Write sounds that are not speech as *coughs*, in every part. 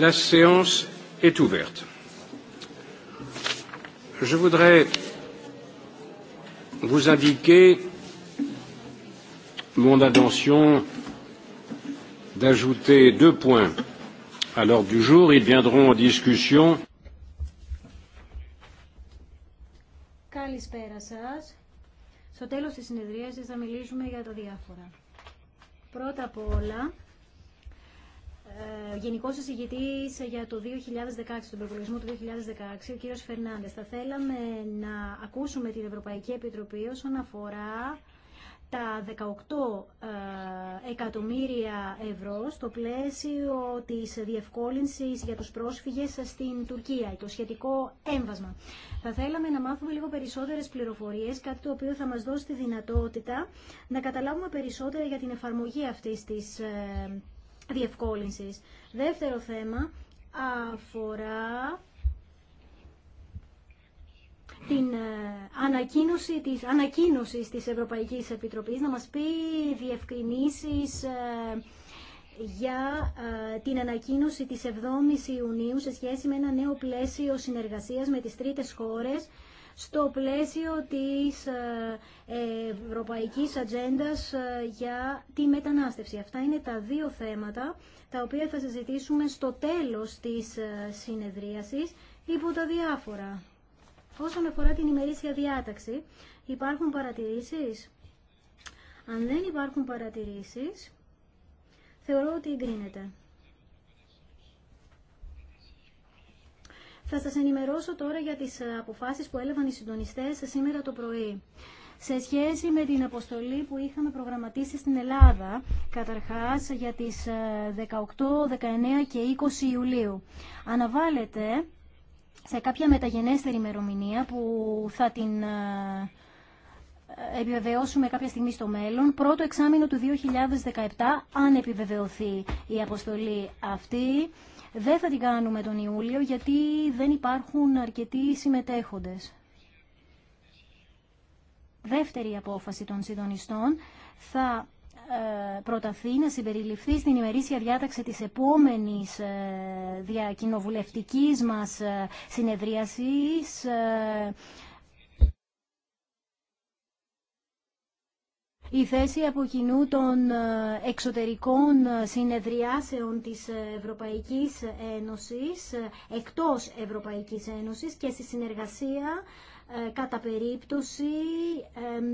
La séance est ouverte. Je voudrais vous indiquer mon intention d'ajouter deux points à l'ordre du jour. Ils viendront en discussion. Καλησπέρα σας. Στο τέλος της συνεδρίασης θα μιλήσουμε για τα διάφορα. Πρώτα απ' όλα, ε, Γενικός Εισηγητής για το 2016, τον προπολογισμό του 2016, ο κύριος Φερνάντες. Θα θέλαμε να ακούσουμε την Ευρωπαϊκή Επιτροπή όσον αφορά τα 18 ε, εκατομμύρια ευρώ στο πλαίσιο της διευκόλυνσης για τους πρόσφυγες στην Τουρκία, το σχετικό έμβασμα. Θα θέλαμε να μάθουμε λίγο περισσότερες πληροφορίες, κάτι το οποίο θα μας δώσει τη δυνατότητα να καταλάβουμε περισσότερα για την εφαρμογή αυτής της ε, διευκόλυνσης. Δεύτερο θέμα αφορά την ε, ανακοίνωση της, ανακοίνωσης της Ευρωπαϊκής Επιτροπής, να μας πει διευκρινήσεις ε, για ε, την ανακοίνωση της 7ης Ιουνίου σε σχέση με ένα νέο πλαίσιο συνεργασίας με τις τρίτες χώρες στο πλαίσιο της ε, ευρωπαϊκής ατζέντα ε, για τη μετανάστευση. Αυτά είναι τα δύο θέματα τα οποία θα συζητήσουμε στο τέλος της ε, συνεδρίασης υπό τα διάφορα. Όσον αφορά την ημερήσια διάταξη, υπάρχουν παρατηρήσεις. Αν δεν υπάρχουν παρατηρήσεις, θεωρώ ότι εγκρίνεται. Θα σας ενημερώσω τώρα για τις ε, αποφάσεις που έλαβαν οι συντονιστές σήμερα το πρωί. Σε σχέση με την αποστολή που είχαμε προγραμματίσει στην Ελλάδα, καταρχάς για τις 18, ε, 19 και 20 Ιουλίου, αναβάλλεται σε κάποια μεταγενέστερη ημερομηνία που θα την ε, επιβεβαιώσουμε κάποια στιγμή στο μέλλον, πρώτο εξάμεινο του 2017, αν επιβεβαιωθεί η αποστολή αυτή. Δεν θα την κάνουμε τον Ιούλιο γιατί δεν υπάρχουν αρκετοί συμμετέχοντες. Δεύτερη απόφαση των συντονιστών θα ε, προταθεί να συμπεριληφθεί στην ημερήσια διάταξη της επόμενης ε, διακοινοβουλευτικής μας ε, συνεδρίασης η θέση από κοινού των ε, εξωτερικών ε, συνεδριάσεων της Ευρωπαϊκής Ένωσης, ε, εκτός Ευρωπαϊκής Ένωσης και στη συνεργασία κατά περίπτωση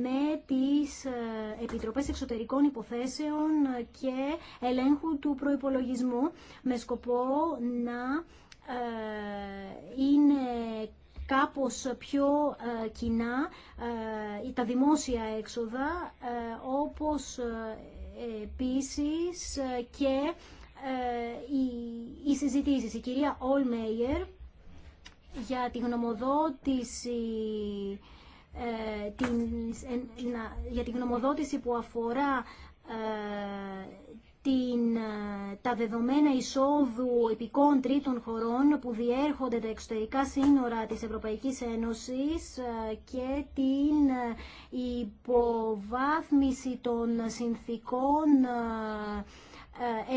με τις Επιτροπές Εξωτερικών Υποθέσεων και Ελέγχου του Προϋπολογισμού με σκοπό να είναι κάπως πιο ε, κοινά ε, τα δημόσια έξοδα, ε, όπως επίσης και οι συζητήσεις. Η κυρία Ολμέιερ για τη γνωμοδότηση την, για τη γνωμοδότηση που αφορά την, ε, τα δεδομένα εισόδου επικών τρίτων χωρών που διέρχονται τα εξωτερικά σύνορα της Ευρωπαϊκής Ένωσης ε, και την ε, υποβάθμιση των συνθήκων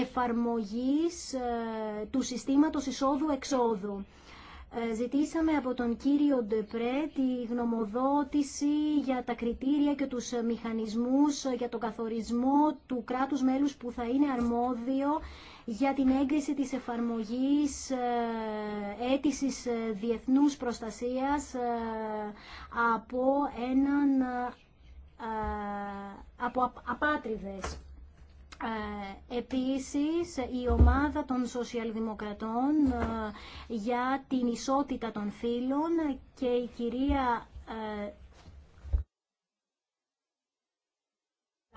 εφαρμογής του συστήματος εισόδου-εξόδου. Ε, ζητήσαμε από τον κύριο Ντεπρέ τη γνωμοδότηση για τα κριτήρια και τους μηχανισμούς για τον καθορισμό του κράτους μέλους που θα είναι αρμόδιο για την έγκριση της εφαρμογής ε, αίτησης ε, διεθνούς προστασίας από έναν από απάτριδες. Ε, επίσης, η ομάδα των σοσιαλδημοκρατών ε, για την ισότητα των φύλων και η κυρία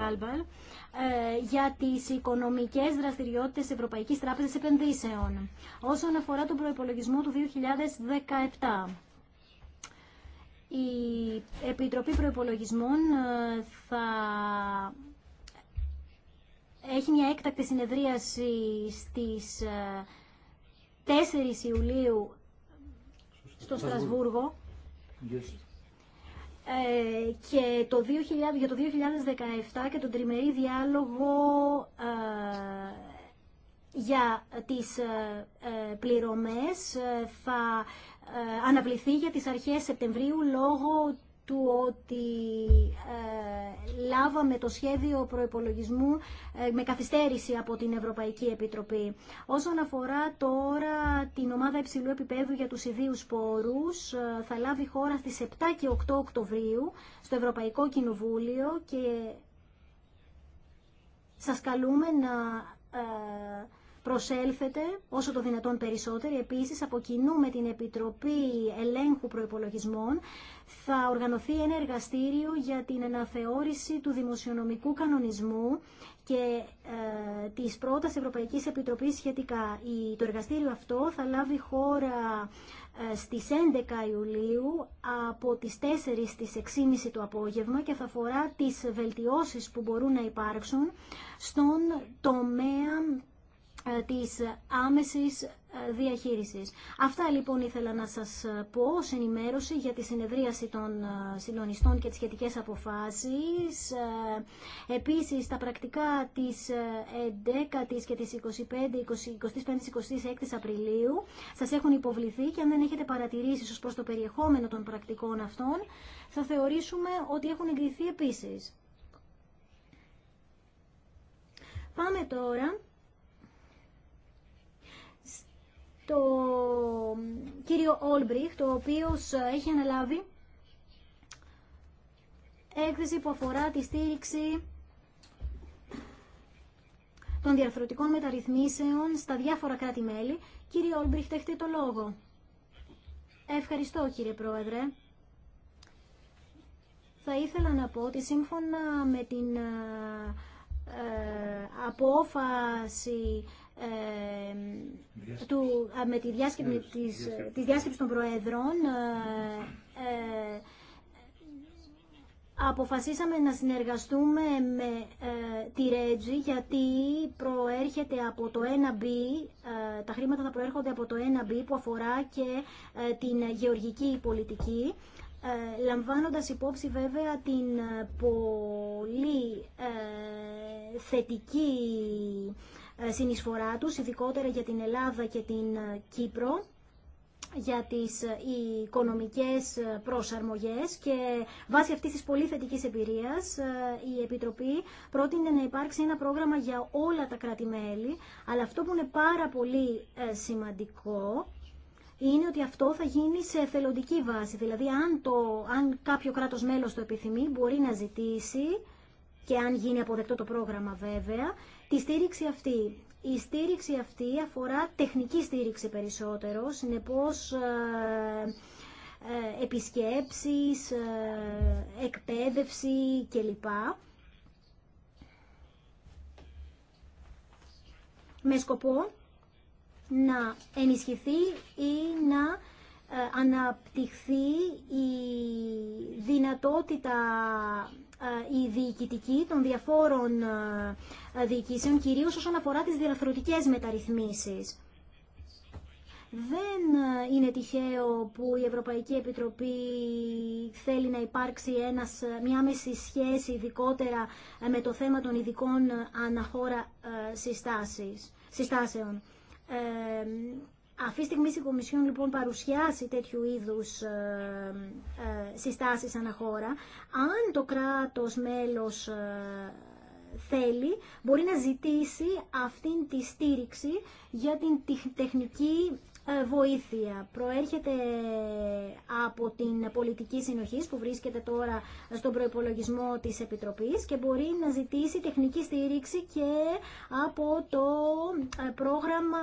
ε, για τις οικονομικές δραστηριότητες Ευρωπαϊκής Τράπεζας Επενδύσεων όσον αφορά τον προϋπολογισμό του 2017. Η Επιτροπή Προϋπολογισμών θα έχει μια έκτακτη συνεδρίαση στις 4 ε, Ιουλίου στο Στρασβούργο. Ε, και το για το 2017 και τον τριμερή διάλογο ε, για τις ε, πληρωμές θα αναβληθεί για τις αρχές Σεπτεμβρίου λόγω του ότι ε, λάβαμε το σχέδιο προϋπολογισμού ε, με καθυστέρηση από την Ευρωπαϊκή Επιτροπή. Όσον αφορά τώρα την ομάδα υψηλού επίπεδου για τους ιδίους πόρους, ε, θα λάβει χώρα στις 7 και 8 Οκτωβρίου στο Ευρωπαϊκό Κοινοβούλιο και σας καλούμε να προσέλθετε όσο το δυνατόν περισσότερο. Επίσης, από κοινού με την Επιτροπή Ελέγχου Προϋπολογισμών θα οργανωθεί ένα εργαστήριο για την αναθεώρηση του δημοσιονομικού κανονισμού και ε, της πρώτας Ευρωπαϊκής Επιτροπής σχετικά. Η, το εργαστήριο αυτό θα λάβει χώρα ε, στις 11 Ιουλίου από τις 4 στις 6.30 το απόγευμα και θα αφορά τις βελτιώσεις που μπορούν να υπάρξουν στον τομέα ε, της άμεσης ε, διαχείρισης. Αυτά λοιπόν ήθελα να σας ε, πω ως ενημέρωση για τη συνεδρίαση των συντονιστών και τις σχετικές αποφάσεις. Επίσης τα πρακτικά της 11ης και της 25, 25 26ης Απριλίου σας έχουν υποβληθεί και αν δεν έχετε παρατηρήσει ως προς το περιεχόμενο των πρακτικών αυτών θα θεωρήσουμε ότι έχουν εγκριθεί επίσης. Πάμε τώρα το κύριο Όλμπριχ, το οποίος ε, έχει αναλάβει έκθεση που αφορά τη στήριξη των διαρθρωτικών μεταρρυθμίσεων στα διάφορα κράτη-μέλη. Κύριε Όλμπριχτ, έχετε το λόγο. Ευχαριστώ, κύριε Πρόεδρε. Θα ήθελα να πω ότι σύμφωνα με την ε, ε απόφαση ε, του, με τη διάσκεψη, ναι, της, της των Προεδρών ε, ε, αποφασίσαμε να συνεργαστούμε με τη Ρέτζη γιατί προέρχεται από το 1B, τα χρήματα θα προέρχονται από το 1B που αφορά και την γεωργική πολιτική. λαμβάνοντας υπόψη βέβαια την πολύ θετική ε, συνεισφορά τους, ειδικότερα για την Ελλάδα και την ε, Κύπρο για τις ε, οικονομικές προσαρμογές και βάσει αυτής της πολύ θετικής εμπειρίας η Επιτροπή πρότεινε να υπάρξει ένα πρόγραμμα για όλα τα κράτη-μέλη αλλά αυτό που είναι πάρα πολύ σημαντικό είναι ότι αυτό θα γίνει σε εθελοντική βάση. Δηλαδή, αν, το, αν κάποιο κράτος μέλος το επιθυμεί, μπορεί να ζητήσει και αν γίνει αποδεκτό το πρόγραμμα βέβαια, τη στήριξη αυτή. Η στήριξη αυτή αφορά τεχνική στήριξη περισσότερο, συνεπώς ε, ε, επισκέψεις, ε, εκπαίδευση κλπ. Με σκοπό να ενισχυθεί ή να αναπτυχθεί η δυνατότητα ε, η διοικητική των διαφόρων ε, διοικήσεων, κυρίως όσον αφορά τις διαρθρωτικές μεταρρυθμίσεις. Δεν ε, είναι τυχαίο που η Ευρωπαϊκή Επιτροπή θέλει να υπάρξει ένας, μια άμεση σχέση ειδικότερα με το θέμα των ειδικών αναχώρα συστάσεων. Αυτή τη στιγμή η Κομισιόν λοιπόν παρουσιάσει τέτοιου είδους ε, ε, συστάσεις αναχώρα. Αν το κράτος μέλος ε, θέλει, μπορεί να ζητήσει αυτήν τη στήριξη για την τεχνική ε, βοήθεια. Προέρχεται από την πολιτική συνοχή που βρίσκεται τώρα στον προπολογισμό της Επιτροπής και μπορεί να ζητήσει τεχνική στήριξη και από το ε, πρόγραμμα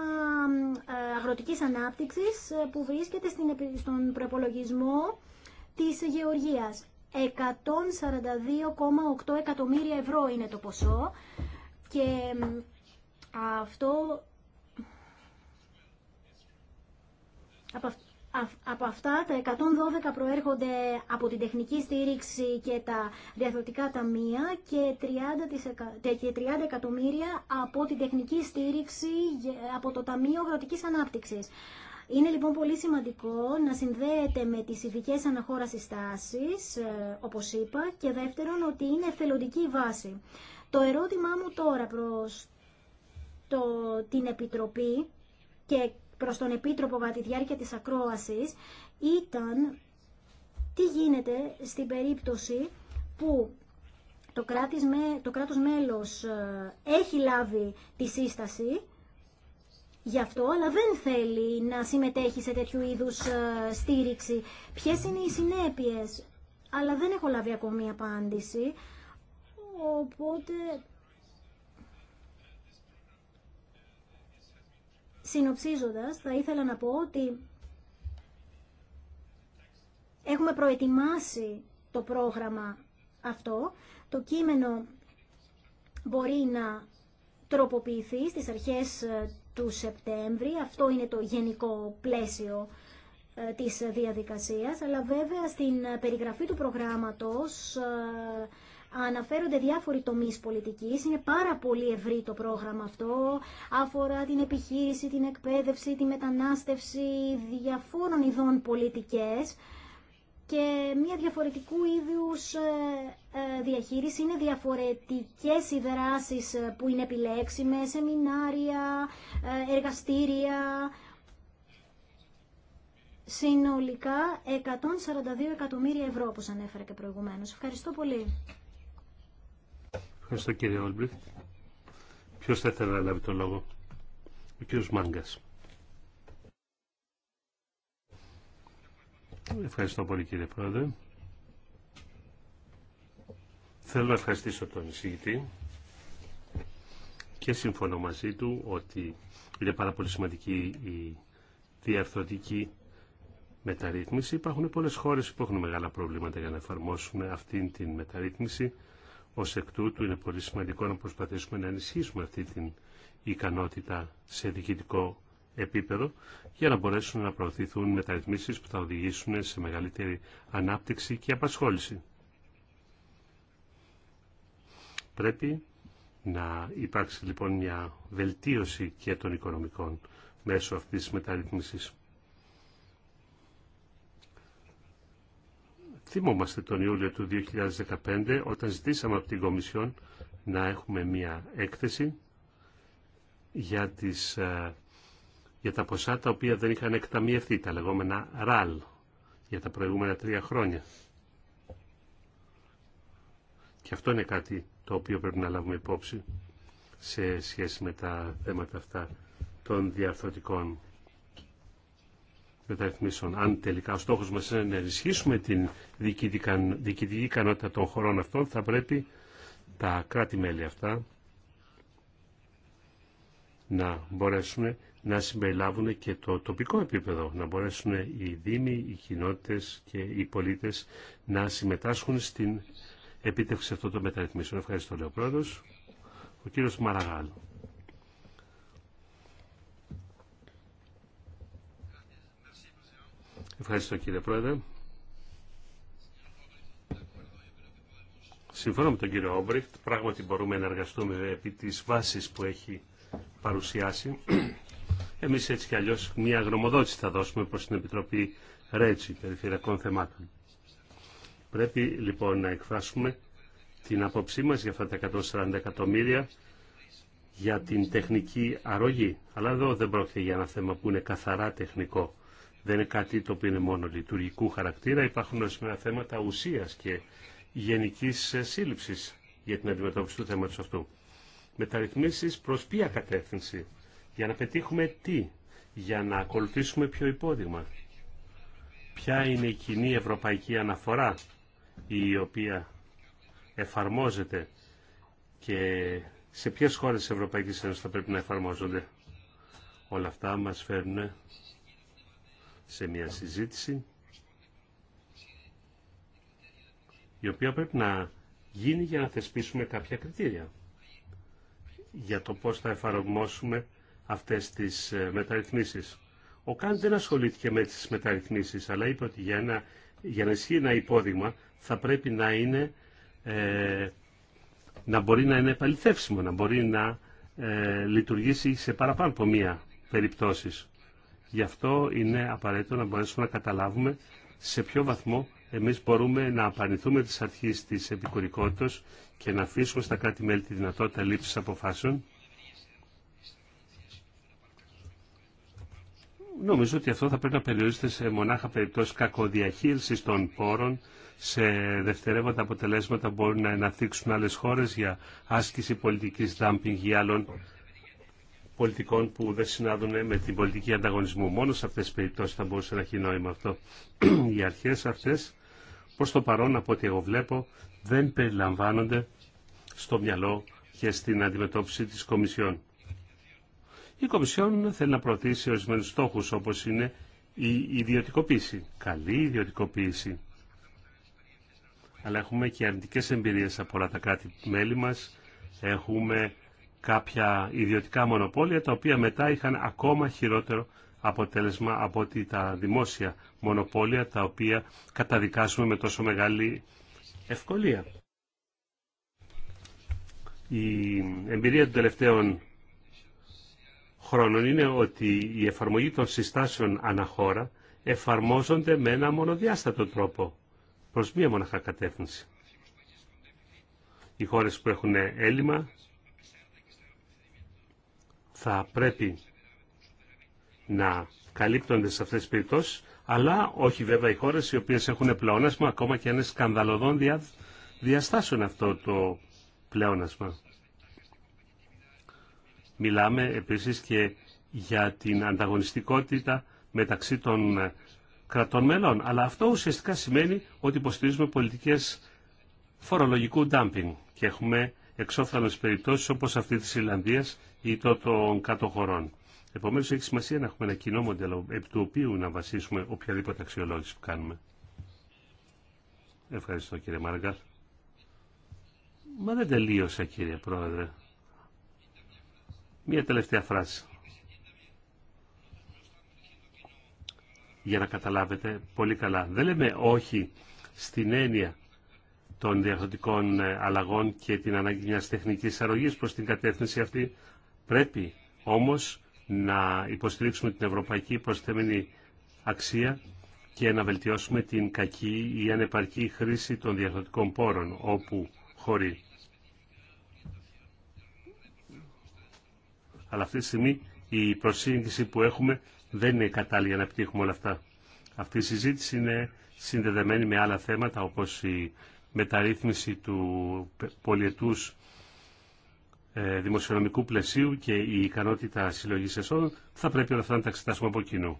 ε, αγροτικής ανάπτυξης που βρίσκεται στον προπολογισμό της Γεωργίας. 142,8 εκατομμύρια ευρώ είναι το ποσό και αυτό Από αυτά τα 112 προέρχονται από την τεχνική στήριξη και τα διαδοτικά ταμεία και 30, εκατομμύρια από την τεχνική στήριξη από το Ταμείο Αγροτικής Ανάπτυξης. Είναι λοιπόν πολύ σημαντικό να συνδέεται με τις ειδικέ αναχώρασης τάσης, ε, όπως είπα, και δεύτερον ότι είναι εθελοντική βάση. Το ερώτημά μου τώρα προς το, την Επιτροπή και προς τον Επίτροπο κατά τη διάρκεια της ακρόασης ήταν τι γίνεται στην περίπτωση που το, κράτης με, το κράτος μέλος ε, έχει λάβει τη σύσταση γι' αυτό, αλλά δεν θέλει να συμμετέχει σε τέτοιου είδους ε, στήριξη. Ποιες είναι οι συνέπειες, αλλά δεν έχω λάβει ακόμη απάντηση, οπότε Συνοψίζοντας, θα ήθελα να πω ότι έχουμε προετοιμάσει το πρόγραμμα αυτό. Το κείμενο μπορεί να τροποποιηθεί στις αρχές ε, του Σεπτέμβρη. Αυτό είναι το γενικό πλαίσιο ε, της διαδικασίας, αλλά βέβαια στην ε, περιγραφή του προγράμματος αναφέρονται διάφοροι τομείς πολιτικής. Είναι πάρα πολύ ευρύ το πρόγραμμα αυτό. Αφορά την επιχείρηση, την εκπαίδευση, τη μετανάστευση, διαφόρων ειδών πολιτικές και μια διαφορετικού είδους ε, ε, διαχείριση. Είναι διαφορετικές οι δράσεις που είναι επιλέξιμες, σεμινάρια, ε, εργαστήρια. Συνολικά 142 εκατομμύρια ευρώ, όπως ανέφερα και προηγουμένως. Ευχαριστώ πολύ. Ευχαριστώ κύριε Όλμπριχτ. Ποιο θα ήθελε να λάβει τον λόγο, ο κύριο Μάγκα. Ευχαριστώ πολύ κύριε Πρόεδρε. Θέλω να ευχαριστήσω τον εισηγητή και συμφωνώ μαζί του ότι είναι πάρα πολύ σημαντική η διαρθρωτική μεταρρύθμιση. Υπάρχουν πολλές χώρες που έχουν μεγάλα προβλήματα για να εφαρμόσουν αυτήν την μεταρρύθμιση ως εκ τούτου είναι πολύ σημαντικό να προσπαθήσουμε να ενισχύσουμε αυτή την ικανότητα σε διοικητικό επίπεδο για να μπορέσουν να προωθηθούν μεταρρυθμίσεις που θα οδηγήσουν σε μεγαλύτερη ανάπτυξη και απασχόληση. Πρέπει να υπάρξει λοιπόν μια βελτίωση και των οικονομικών μέσω αυτής της μεταρρύθμισης. Θυμόμαστε τον Ιούλιο του 2015 όταν ζητήσαμε από την Κομισιόν να έχουμε μία έκθεση για, τις, ε, για τα ποσά τα οποία δεν είχαν εκταμιευτεί, τα λεγόμενα RAL, για τα προηγούμενα τρία χρόνια. Και αυτό είναι κάτι το οποίο πρέπει να λάβουμε υπόψη σε σχέση με τα θέματα αυτά των διαρθωτικών μεταρρυθμίσεων. Αν τελικά ο στόχος μας είναι να ενισχύσουμε την διοικητική ικανότητα των χωρών αυτών, θα πρέπει τα κράτη-μέλη αυτά να μπορέσουν να συμπεριλάβουν και το τοπικό επίπεδο, να μπορέσουν οι δήμοι, οι κοινότητες και οι πολίτες να συμμετάσχουν στην επίτευξη αυτών των μεταρρυθμίσεων. Ευχαριστώ, λέει ο Πρόεδρος. Ο κύριος Μαραγάλου. Ευχαριστώ κύριε Πρόεδρε. Συμφωνώ με τον κύριο Όμπριχτ, πράγματι μπορούμε να εργαστούμε επί της βάσης που έχει παρουσιάσει. Εμείς έτσι κι αλλιώς μια γνωμοδότηση θα δώσουμε προς την Επιτροπή ΡΕΤΣΙ Περιφερειακών Θεμάτων. Πρέπει λοιπόν να εκφράσουμε την απόψή μας για αυτά τα 140 εκατομμύρια για την τεχνική αρρωγή. Αλλά εδώ δεν πρόκειται για ένα θέμα που είναι καθαρά τεχνικό δεν είναι κάτι το οποίο είναι μόνο λειτουργικού χαρακτήρα. Υπάρχουν ορισμένα θέματα ουσίας και γενικής ε, σύλληψης για την αντιμετώπιση του θέματος αυτού. Μεταρρυθμίσεις προς ποια κατεύθυνση, για να πετύχουμε τι, για να ακολουθήσουμε ποιο υπόδειγμα. Ποια είναι η κοινή ευρωπαϊκή αναφορά η οποία εφαρμόζεται και σε ποιες χώρες της Ευρωπαϊκής Ένωσης θα πρέπει να εφαρμόζονται. Όλα αυτά μας φέρνουν σε μια συζήτηση η οποία πρέπει να γίνει για να θεσπίσουμε κάποια κριτήρια για το πώς θα εφαρμόσουμε αυτές τις ε, μεταρρυθμίσεις. Ο Καν δεν ασχολήθηκε με τις μεταρρυθμίσεις, αλλά είπε ότι για, για να ισχύει ένα υπόδειγμα θα πρέπει να είναι ε, να μπορεί να είναι επαληθεύσιμο, να μπορεί να ε, λειτουργήσει σε παραπάνω από μία περιπτώσεις. Γι' αυτό είναι απαραίτητο να μπορέσουμε να καταλάβουμε σε ποιο βαθμό εμείς μπορούμε να απαρνηθούμε τις αρχές της επικουρικότητας και να αφήσουμε στα κράτη-μέλη τη δυνατότητα λήψης αποφάσεων. Νομίζω ότι αυτό θα πρέπει να περιορίζεται σε μονάχα περιπτώσει κακοδιαχείρισης των πόρων, σε δευτερεύοντα αποτελέσματα μπορούν να αναπτύξουν άλλες χώρες για άσκηση πολιτικής dumping ή άλλων πολιτικών που δεν συνάδουν με την πολιτική ανταγωνισμού. Μόνο σε αυτές τις περιπτώσεις θα μπορούσε να έχει νόημα αυτό. *clears throat* Οι αρχές αυτές, προς το παρόν από ό,τι εγώ βλέπω, δεν περιλαμβάνονται στο μυαλό και στην αντιμετώπιση της Κομισιόν. Η Κομισιόν θέλει να προωθήσει ορισμένου στόχου όπω είναι η ιδιωτικοποίηση. Καλή ιδιωτικοποίηση. Αλλά έχουμε και αρνητικέ εμπειρίε από όλα τα κράτη-μέλη μα. Έχουμε κάποια ιδιωτικά μονοπόλια τα οποία μετά είχαν ακόμα χειρότερο αποτέλεσμα από ότι τα δημόσια μονοπόλια τα οποία καταδικάσουμε με τόσο μεγάλη ευκολία. Η εμπειρία των τελευταίων χρόνων είναι ότι η εφαρμογή των συστάσεων αναχώρα εφαρμόζονται με ένα μονοδιάστατο τρόπο προς μία μοναχα κατεύθυνση. Οι χώρες που έχουν έλλειμμα θα πρέπει να καλύπτονται σε αυτές τις περιπτώσεις, αλλά όχι βέβαια οι χώρες οι οποίες έχουν πλεόνασμα, ακόμα και αν είναι σκανδαλωδόν δια, διαστάσεων αυτό το πλεόνασμα. Μιλάμε επίσης και για την ανταγωνιστικότητα μεταξύ των κρατών μελών, αλλά αυτό ουσιαστικά σημαίνει ότι υποστηρίζουμε πολιτικές φορολογικού ντάμπινγκ και έχουμε εξόφθαλμες περιπτώσεις όπως αυτή της Ιλλανδίας ή το των κατοχωρών. Επομένω, έχει σημασία να έχουμε ένα κοινό μοντέλο επί του οποίου να βασίσουμε οποιαδήποτε αξιολόγηση που κάνουμε. Ευχαριστώ κύριε Μάργα. Μα δεν τελείωσα κύριε Πρόεδρε. Μία τελευταία φράση. Για να καταλάβετε πολύ καλά. Δεν λέμε όχι στην έννοια των διαχωτικών ε, αλλαγών και την ανάγκη μιας τεχνικής αρρωγής προς την κατεύθυνση αυτή. Πρέπει όμως να υποστηρίξουμε την ευρωπαϊκή προσθέμενη αξία και να βελτιώσουμε την κακή ή ανεπαρκή χρήση των διαδοτικών πόρων όπου χωρεί. Αλλά αυτή τη στιγμή η προσήγηση που έχουμε δεν είναι κατάλληλη να επιτύχουμε όλα αυτά. Αυτή η συζήτηση είναι συνδεδεμένη με άλλα θέματα όπως η μεταρρύθμιση του πολιετούς ε, δημοσιονομικού πλαισίου και η ικανότητα συλλογής εσόδων, θα πρέπει όλα αυτά να τα εξετάσουμε από κοινού.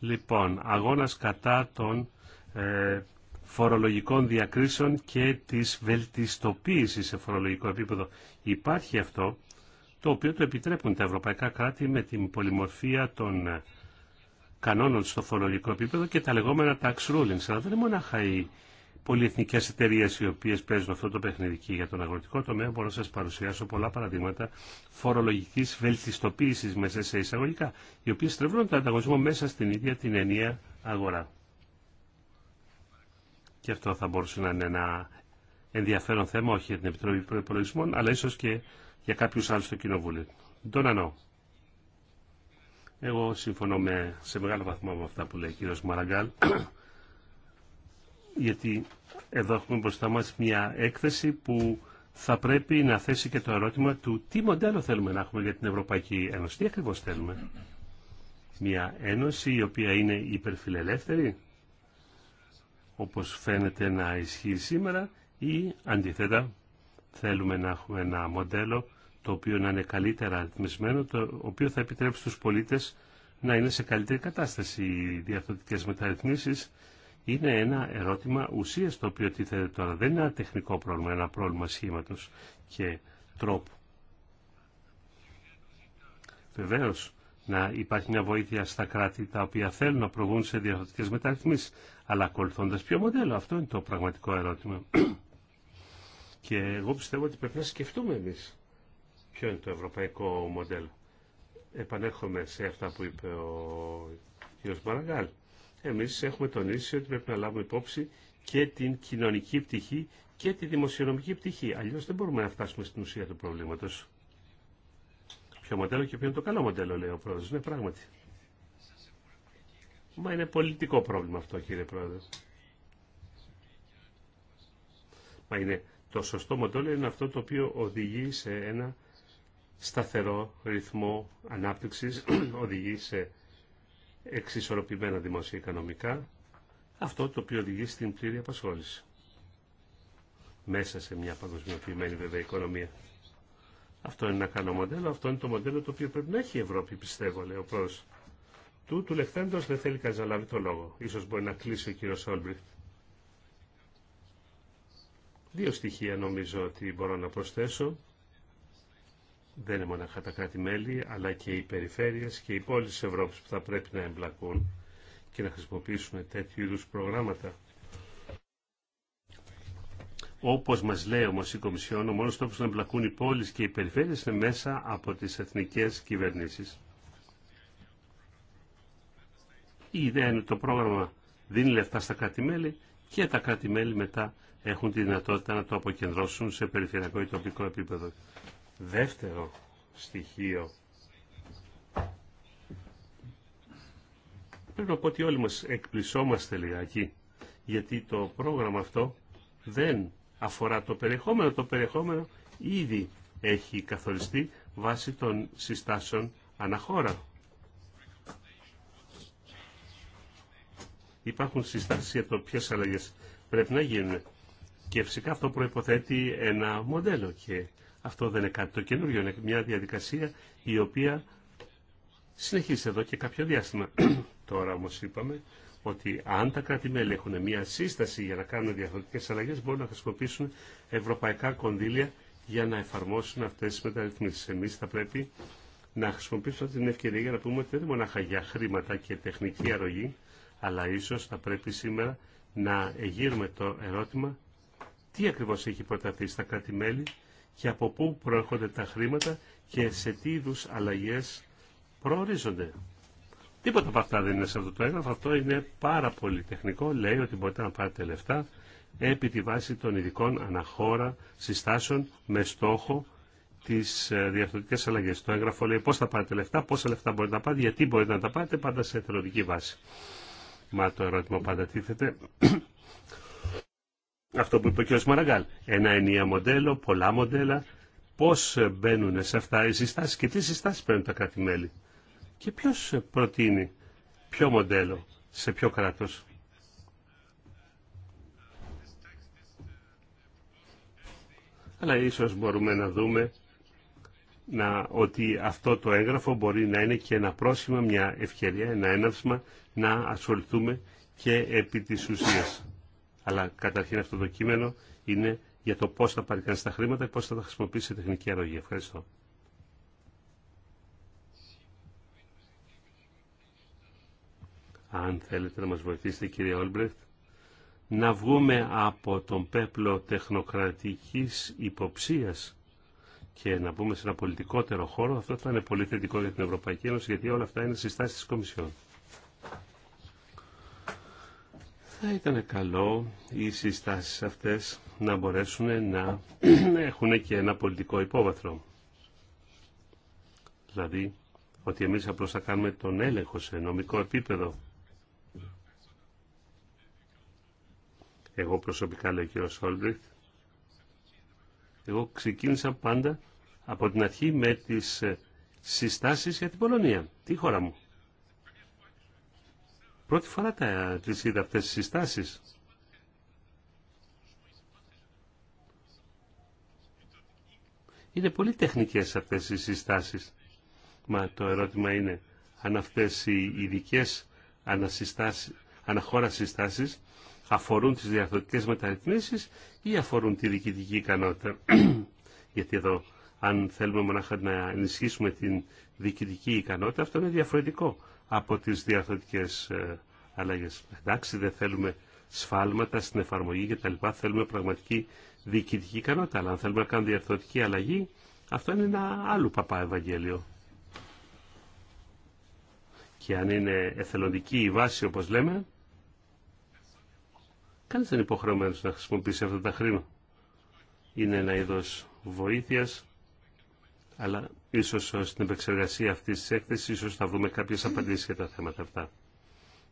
Λοιπόν, αγώνας κατά των ε, φορολογικών διακρίσεων και της βελτιστοποίησης σε φορολογικό επίπεδο. Υπάρχει αυτό, το οποίο το επιτρέπουν τα ευρωπαϊκά κράτη με την πολυμορφία των ε, κανόνων στο φορολογικό επίπεδο και τα λεγόμενα tax rulings. Αλλά δεν είναι μόνο πολυεθνικέ εταιρείε οι οποίε παίζουν αυτό το παιχνίδι για τον αγροτικό τομέα μπορώ να σα παρουσιάσω πολλά παραδείγματα φορολογική βελτιστοποίηση μέσα σε εισαγωγικά οι οποίε στρεβλώνουν τον ανταγωνισμό μέσα στην ίδια την ενία αγορά. Και αυτό θα μπορούσε να είναι ένα ενδιαφέρον θέμα όχι για την Επιτροπή Προπολογισμών αλλά ίσω και για κάποιου άλλου στο Κοινοβούλιο. Ντόνανο. Εγώ συμφωνώ με, σε μεγάλο βαθμό με αυτά που λέει ο κύριο Μαραγκάλ γιατί εδώ έχουμε μπροστά μας μια έκθεση που θα πρέπει να θέσει και το ερώτημα του τι μοντέλο θέλουμε να έχουμε για την Ευρωπαϊκή Ένωση. Τι ακριβώς θέλουμε. Μια ένωση η οποία είναι υπερφιλελεύθερη, όπως φαίνεται να ισχύει σήμερα, ή αντίθετα θέλουμε να έχουμε ένα μοντέλο το οποίο να είναι καλύτερα αριθμισμένο, το οποίο θα επιτρέψει στους πολίτες να είναι σε καλύτερη κατάσταση οι διαφορετικές μεταρρυθμίσεις είναι ένα ερώτημα ουσίας το οποίο τίθεται τώρα. Δεν είναι ένα τεχνικό πρόβλημα, ένα πρόβλημα σχήματος και τρόπου. Βεβαίω να υπάρχει μια βοήθεια στα κράτη τα οποία θέλουν να προβούν σε διαφορετικές μεταρρυθμίσεις, αλλά ακολουθώντα ποιο μοντέλο. Αυτό είναι το πραγματικό ερώτημα. *clears throat* και εγώ πιστεύω ότι πρέπει να σκεφτούμε εμείς ποιο είναι το ευρωπαϊκό μοντέλο. Επανέρχομαι σε αυτά που είπε ο κ. Μαραγκάλ εμείς έχουμε τονίσει ότι πρέπει να λάβουμε υπόψη και την κοινωνική πτυχή και τη δημοσιονομική πτυχή. Αλλιώς δεν μπορούμε να φτάσουμε στην ουσία του προβλήματος. Ποιο μοντέλο και ποιο είναι το καλό μοντέλο, λέει ο πρόεδρος. Ναι, πράγματι. Μα είναι πολιτικό πρόβλημα αυτό, κύριε πρόεδρε. Μα είναι το σωστό μοντέλο είναι αυτό το οποίο οδηγεί σε ένα σταθερό ρυθμό ανάπτυξης, *clears throat* οδηγεί σε εξισορροπημένα οικονομικά, αυτό το οποίο οδηγεί στην πλήρη απασχόληση. Μέσα σε μια παγκοσμιοποιημένη βέβαια οικονομία. Αυτό είναι ένα καλό μοντέλο, αυτό είναι το μοντέλο το οποίο πρέπει να έχει η Ευρώπη, πιστεύω, λέει ο Του, του δεν θέλει κανείς να λάβει το λόγο. Ίσως μπορεί να κλείσει ο κύριος Όλμπριχτ. Δύο στοιχεία νομίζω ότι μπορώ να προσθέσω δεν είναι μόνο τα κράτη-μέλη, αλλά και οι περιφέρειες και οι πόλεις της Ευρώπης που θα πρέπει να εμπλακούν και να χρησιμοποιήσουν τέτοιου είδους προγράμματα. Όπως μας λέει όμως η Κομισιόν, ο μόνος τρόπος να εμπλακούν οι πόλεις και οι περιφέρειες είναι μέσα από τις εθνικές κυβερνήσεις. Η ιδέα είναι το πρόγραμμα δίνει λεφτά στα κράτη-μέλη και τα κράτη-μέλη μετά έχουν τη δυνατότητα να το αποκεντρώσουν σε περιφερειακό ή τοπικό επίπεδο δεύτερο στοιχείο. Πρέπει να πω ότι όλοι μας εκπλησόμαστε λιγάκι, γιατί το πρόγραμμα αυτό δεν αφορά το περιεχόμενο. Το περιεχόμενο ήδη έχει καθοριστεί βάσει των συστάσεων αναχώρα. Υπάρχουν συστάσεις για το ποιες αλλαγές πρέπει να γίνουν. Και φυσικά αυτό προϋποθέτει ένα μοντέλο και αυτό δεν είναι κάτι το καινούργιο, είναι μια διαδικασία η οποία συνεχίζει εδώ και κάποιο διάστημα. *clears throat* Τώρα όμως είπαμε ότι αν τα κράτη-μέλη έχουν μια σύσταση για να κάνουν διαφορετικές αλλαγές, μπορούν να χρησιμοποιήσουν ευρωπαϊκά κονδύλια για να εφαρμόσουν αυτές τις μεταρρυθμίσεις. Εμείς θα πρέπει να χρησιμοποιήσουμε αυτή την ευκαιρία για να πούμε ότι δεν είναι μονάχα για χρήματα και τεχνική αρρωγή, αλλά ίσως θα πρέπει σήμερα να εγείρουμε το ερώτημα τι ακριβώς έχει προταθεί στα κράτη-μέλη και από πού προέρχονται τα χρήματα και σε τι είδου αλλαγέ προορίζονται. Τίποτα από αυτά δεν είναι σε αυτό το έγγραφο. Αυτό είναι πάρα πολύ τεχνικό. Λέει ότι μπορείτε να πάρετε λεφτά επί τη βάση των ειδικών αναχώρα συστάσεων με στόχο τι ε, διαφορετικέ αλλαγέ. Το έγγραφο λέει πώ θα πάρετε λεφτά, πόσα λεφτά μπορείτε να πάρετε, γιατί μπορείτε να τα πάρετε, πάντα σε εθελοντική βάση. Μα το ερώτημα πάντα τίθεται αυτό που είπε ο κ. Μαραγκάλ. Ένα ενιαίο μοντέλο, πολλά μοντέλα. Πώ μπαίνουν σε αυτά οι συστάσει και τι συστάσει παίρνουν τα κράτη-μέλη. Και ποιο προτείνει ποιο μοντέλο σε ποιο κράτο. Αλλά ίσως μπορούμε να δούμε να, ότι αυτό το έγγραφο μπορεί να είναι και ένα πρόσημα, μια ευκαιρία, ένα έναυσμα να ασχοληθούμε και επί της ουσίας. Αλλά καταρχήν αυτό το κείμενο είναι για το πώς θα πάρει κανείς τα χρήματα και πώς θα τα χρησιμοποιήσει η τεχνική αρρωγή. Ευχαριστώ. Αν θέλετε να μας βοηθήσετε κύριε Όλμπρεχτ, να βγούμε από τον πέπλο τεχνοκρατικής υποψίας και να μπούμε σε ένα πολιτικότερο χώρο, αυτό θα είναι πολύ θετικό για την Ευρωπαϊκή Ένωση, γιατί όλα αυτά είναι συστάσεις της Κομισιόν. Θα ήταν καλό οι συστάσεις αυτές να μπορέσουν να *clears throat* έχουν και ένα πολιτικό υπόβαθρο. Δηλαδή ότι εμείς απλώς θα κάνουμε τον έλεγχο σε νομικό επίπεδο. Εγώ προσωπικά, λέει ο κ. Σόλμπριχτ, εγώ ξεκίνησα πάντα από την αρχή με τις ε, συστάσεις για την Πολωνία, τη χώρα μου. Πρώτη φορά τα, τις είδα αυτές τις συστάσεις. Είναι πολύ τεχνικές αυτές οι συστάσεις. Μα το ερώτημα είναι αν αυτές οι ειδικέ αναχώρα συστάσεις αφορούν τις διαρθρωτικές μεταρρυθμίσεις ή αφορούν τη διοικητική ικανότητα. *clears throat* Γιατί εδώ αν θέλουμε μονάχα να ενισχύσουμε την διοικητική ικανότητα αυτό είναι διαφορετικό από τις διαρθρωτικές ε, αλλαγές. Εντάξει, δεν θέλουμε σφάλματα στην εφαρμογή και τα λοιπά, θέλουμε πραγματική διοικητική ικανότητα, αλλά αν θέλουμε να κάνουμε διαρθρωτική αλλαγή, αυτό είναι ένα άλλο παπά Ευαγγέλιο. Και αν είναι εθελοντική η βάση, όπως λέμε, κανείς δεν είναι υποχρεωμένος να χρησιμοποιήσει αυτά τα χρήματα. Είναι ένα είδος βοήθειας αλλά ίσως ε, στην επεξεργασία αυτής της έκθεσης ίσως θα βρούμε κάποιες απαντήσεις για τα θέματα αυτά.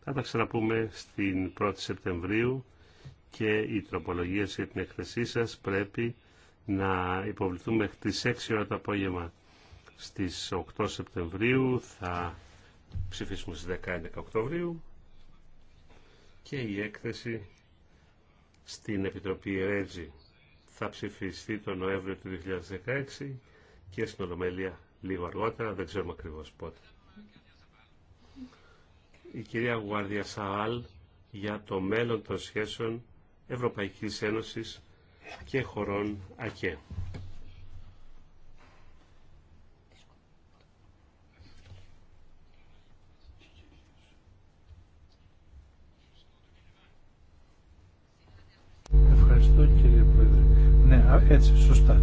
Θα τα ξαναπούμε στην 1η Σεπτεμβρίου και οι τροπολογίε για την έκθεσή σας πρέπει να υποβληθούν μέχρι τις 6 ώρα το απόγευμα στις 8 Σεπτεμβρίου, θα ψηφίσουμε στις 11 Οκτωβρίου και η έκθεση στην Επιτροπή Ρέτζη θα ψηφιστεί τον Νοέμβριο του 2016 και στην Ολομέλεια λίγο αργότερα, δεν ξέρουμε ακριβώ πότε. Η κυρία Γουάρδια Σαάλ για το μέλλον των σχέσεων Ευρωπαϊκής Ένωσης και χωρών ΑΚΕ. Ευχαριστώ κύριε Πρόεδρε. Ναι, έτσι, σωστά.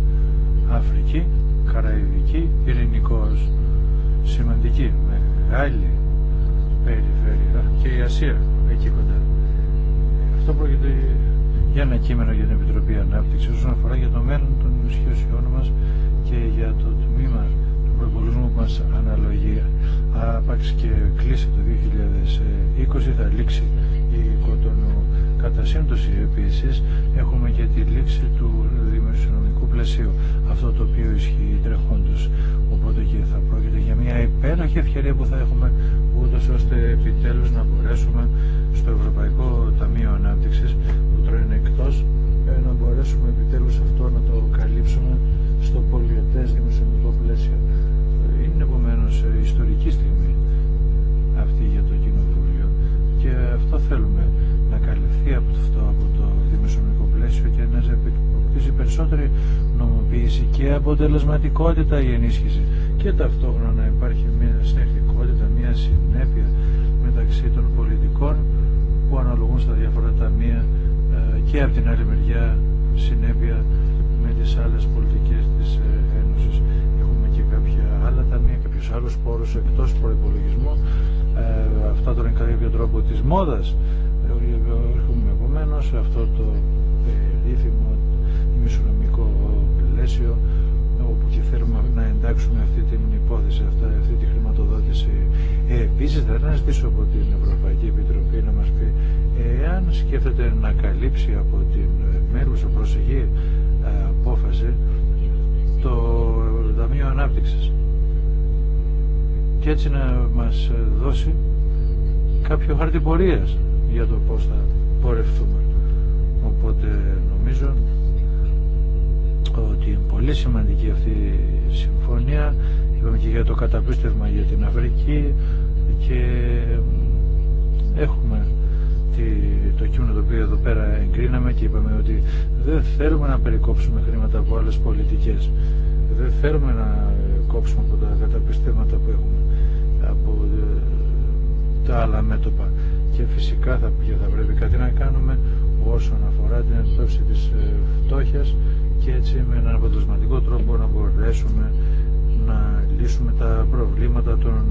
Αφρική, Καραϊβική ειρηνικός σημαντική, μεγάλη περιφέρεια και η Ασία εκεί κοντά. Αυτό πρόκειται για ένα κείμενο για την Επιτροπή Ανάπτυξη όσον αφορά για το μέλλον των ισχυωσιών μας και για το τμήμα του προπολισμού που αναλογία. αναλογεί. Άπαξ και κλείσει το 2020 θα λήξει η Κοτονού Κατά σύμπτωση επίση έχουμε και τη λήξη του δημοσιονομικού πλαισίου, αυτό το οποίο ισχύει τρεχόντω. Οπότε και θα πρόκειται για μια υπέροχη ευκαιρία που θα έχουμε ούτω ώστε επιτέλου να μπορέσουμε στο Ευρωπαϊκό Ταμείο Ανάπτυξη που τώρα είναι εκτός ε, να μπορέσουμε επιτέλου αυτό να το καλύψουμε στο πολιτέ δημοσιονομικό πλαίσιο. Είναι επομένω ε, ιστορική στιγμή αυτή για το Κοινοβούλιο και αυτό θέλουμε να καλυφθεί από αυτό από το δημοσιονομικό πλαίσιο και να αποκτήσει περισσότερη νομοποίηση και αποτελεσματικότητα η ενίσχυση και ταυτόχρονα να υπάρχει μια συνεχτικότητα, μια συνέπεια μεταξύ των πολιτικών που αναλογούν στα διάφορα ταμεία ε, και από την άλλη μεριά συνέπεια με τις άλλες πολιτικές της ε, Ένωσης. Έχουμε και κάποια άλλα ταμεία, κάποιους άλλους πόρους εκτός προϋπολογισμού. Ε, αυτά τώρα είναι κάποιο τρόπο της μόδας έρχομαι επομένω σε αυτό το περίφημο ημισονομικό πλαίσιο όπου και θέλουμε να εντάξουμε αυτή την υπόθεση, αυτή τη χρηματοδότηση. Ε, Επίση, θα να ζητήσω από την Ευρωπαϊκή Επιτροπή να μα πει εάν σκέφτεται να καλύψει από την μέλουσα προσεγή ε, απόφαση το Ταμείο Ανάπτυξη και έτσι να μας δώσει κάποιο χάρτη για το πώς θα πορευτούμε. Οπότε νομίζω ότι είναι πολύ σημαντική αυτή η συμφωνία. Είπαμε και για το καταπίστευμα για την Αφρική και έχουμε το κείμενο το οποίο εδώ πέρα εγκρίναμε και είπαμε ότι δεν θέλουμε να περικόψουμε χρήματα από άλλες πολιτικές. Δεν θέλουμε να κόψουμε από τα καταπιστέματα που έχουμε από ε, τα άλλα μέτωπα και φυσικά θα, πρέπει κάτι να κάνουμε όσον αφορά την εκπτώση της ε, φτώχειας και έτσι με έναν αποτελεσματικό τρόπο να μπορέσουμε να λύσουμε τα προβλήματα των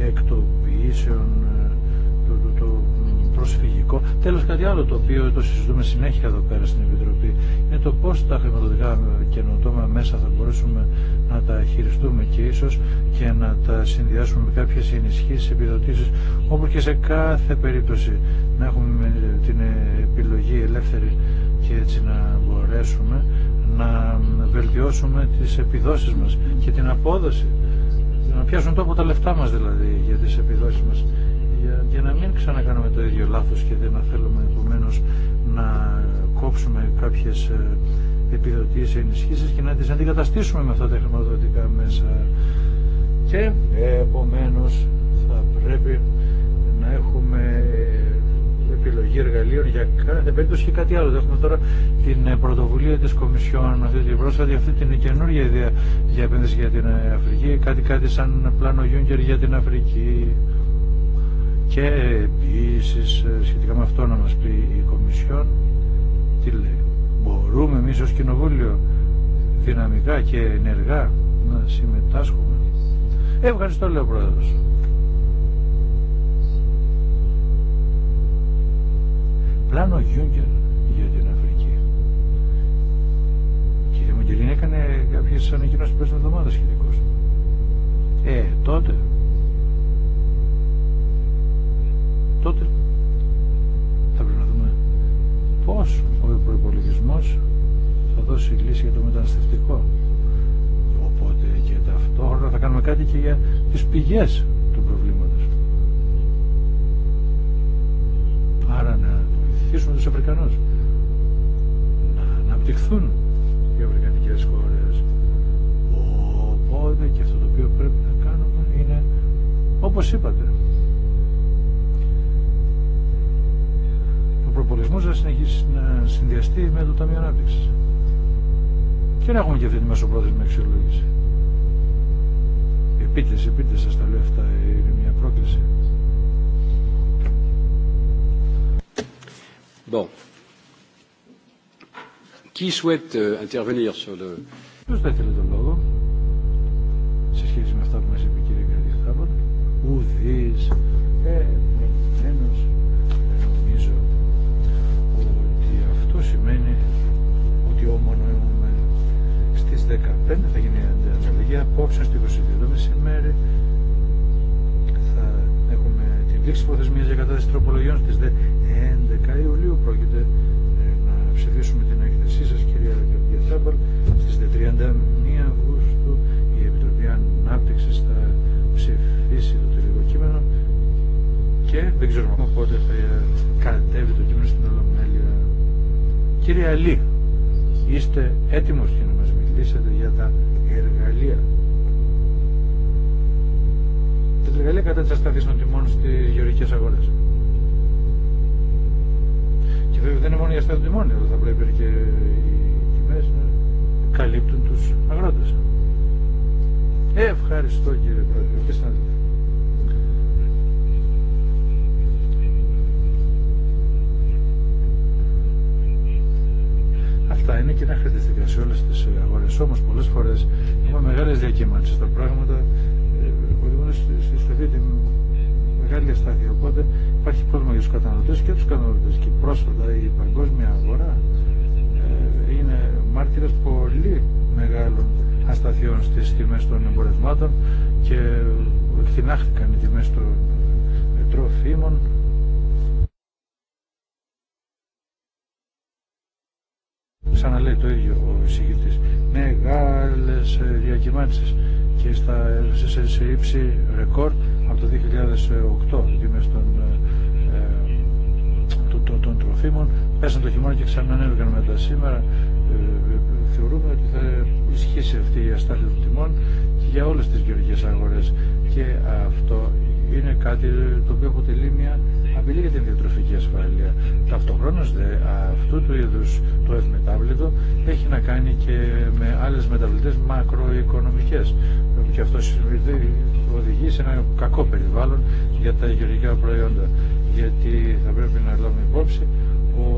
ε, εκτοποιήσεων προσφυγικό. Τέλος κάτι άλλο το οποίο το συζητούμε συνέχεια εδώ πέρα στην Επιτροπή είναι το πώς τα χρηματοδοτικά καινοτόμα μέσα θα μπορέσουμε να τα χειριστούμε και ίσως και να τα συνδυάσουμε με κάποιες ενισχύσεις, επιδοτήσεις όπου και σε κάθε περίπτωση να έχουμε την επιλογή ελεύθερη και έτσι να μπορέσουμε να βελτιώσουμε τις επιδόσεις μας και την απόδοση να πιάσουν τόπο τα λεφτά μας δηλαδή για τις επιδόσεις μας για, να μην ξανακάνουμε το ίδιο λάθος και δεν να θέλουμε επομένω να κόψουμε κάποιες ε, επιδοτήσεις, ενισχύσεις και να τις αντικαταστήσουμε με αυτά τα χρηματοδοτικά μέσα. Και επομένως θα πρέπει να έχουμε ε, επιλογή εργαλείων για κάθε περίπτωση και κάτι άλλο. Έχουμε τώρα την ε, πρωτοβουλία της Κομισιόν, αυτή την πρόσφατη, αυτή την καινούργια ιδέα για επένδυση για την Αφρική, κάτι, κάτι σαν πλάνο Γιούγκερ για την Αφρική. Και επίση ε, σχετικά με αυτό να μα πει η Κομισιόν τι λέει. Μπορούμε εμεί ως Κοινοβούλιο δυναμικά και ενεργά να συμμετάσχουμε. Ε, ευχαριστώ λέω πρόεδρο. Πλάνο Γιούγκερ για την Αφρική. Η κυρία Μογγελίνη έκανε κάποιες ανακοινώσει πριν εβδομάδα σχετικώ. Ε, τότε τότε θα πρέπει να δούμε πώς ο προϋπολογισμός θα δώσει λύση για το μεταναστευτικό. Οπότε και ταυτόχρονα θα κάνουμε κάτι και για τις πηγές του προβλήματος. Άρα να βοηθήσουμε τους Αφρικανούς να αναπτυχθούν οι Αφρικανικές χώρες. Οπότε και αυτό το οποίο πρέπει να κάνουμε είναι όπως είπατε προπολογισμό να συνεχίσει να συνδυαστεί με το Ταμείο Ανάπτυξη. Και να έχουμε και αυτή τη με αξιολόγηση. Επίτευξη, επίτευξη σας τα λέω αυτά, είναι μια πρόκληση. Bon. Euh, Ποιος θα ήθελε τον λόγο σε σχέση με αυτά που μας είπε η κυρία Γκραντιοθάβολα. Ουδή. ε, ενός, ναι, νομίζω σημαίνει ότι ομονοούμε στις 15 θα γίνει η ανταλλαγή απόψε στο 22 μεσημέρι θα έχουμε την λήξη προθεσμία για κατάσταση τροπολογιών στις 11 Ιουλίου πρόκειται να ψηφίσουμε την έκθεσή σας κυρία Καρδιά Τσάπαλ στις 31 Αυγούστου η Επιτροπή Ανάπτυξη θα ψηφίσει το τελικό κείμενο και δεν ξέρουμε πότε θα κατέβει το κείμενο στην Ελλάδα Κύριε Αλή, είστε έτοιμος για να μας μιλήσετε για τα εργαλεία. Τα εργαλεία κατά της ασταθής των τιμών στις γεωργικές αγορές. Και βέβαια δεν είναι μόνο η αστάθεις των τιμών, αλλά θα πρέπει και οι τιμές να καλύπτουν τους αγρότες. Ε, ευχαριστώ κύριε Πρόεδρε. είναι κοινά χαρακτηριστικά σε όλε τι αγορέ. Όμω πολλέ φορέ έχουμε μεγάλε διακύμανσει. Τα πράγματα οδηγούν στη στροφή τη μεγάλη αστάθεια. Οπότε υπάρχει πρόβλημα για του καταναλωτέ και του καταναλωτέ. Και πρόσφατα η παγκόσμια αγορά είναι μάρτυρα πολύ μεγάλων ασταθειών στι τιμέ των εμπορευμάτων και εκτινάχθηκαν οι τιμέ των τροφίμων και στα, σε, σε ύψη ρεκόρ από το 2008 οι τιμές των, ε, τροφίμων πέσαν το χειμώνα και ξανά μετά σήμερα ε, θεωρούμε ότι θα ισχύσει αυτή η αστάθεια των τιμών και για όλες τις γεωργικές αγορές και αυτό είναι κάτι το οποίο αποτελεί μια απειλεί για την διατροφική ασφάλεια. Ταυτοχρόνω, δε αυτού του είδου το ευμετάβλητο έχει να κάνει και με άλλες μεταβλητές μακροοικονομικές και αυτό οδηγεί σε ένα κακό περιβάλλον για τα υγειοργικά προϊόντα γιατί θα πρέπει να λάβουμε υπόψη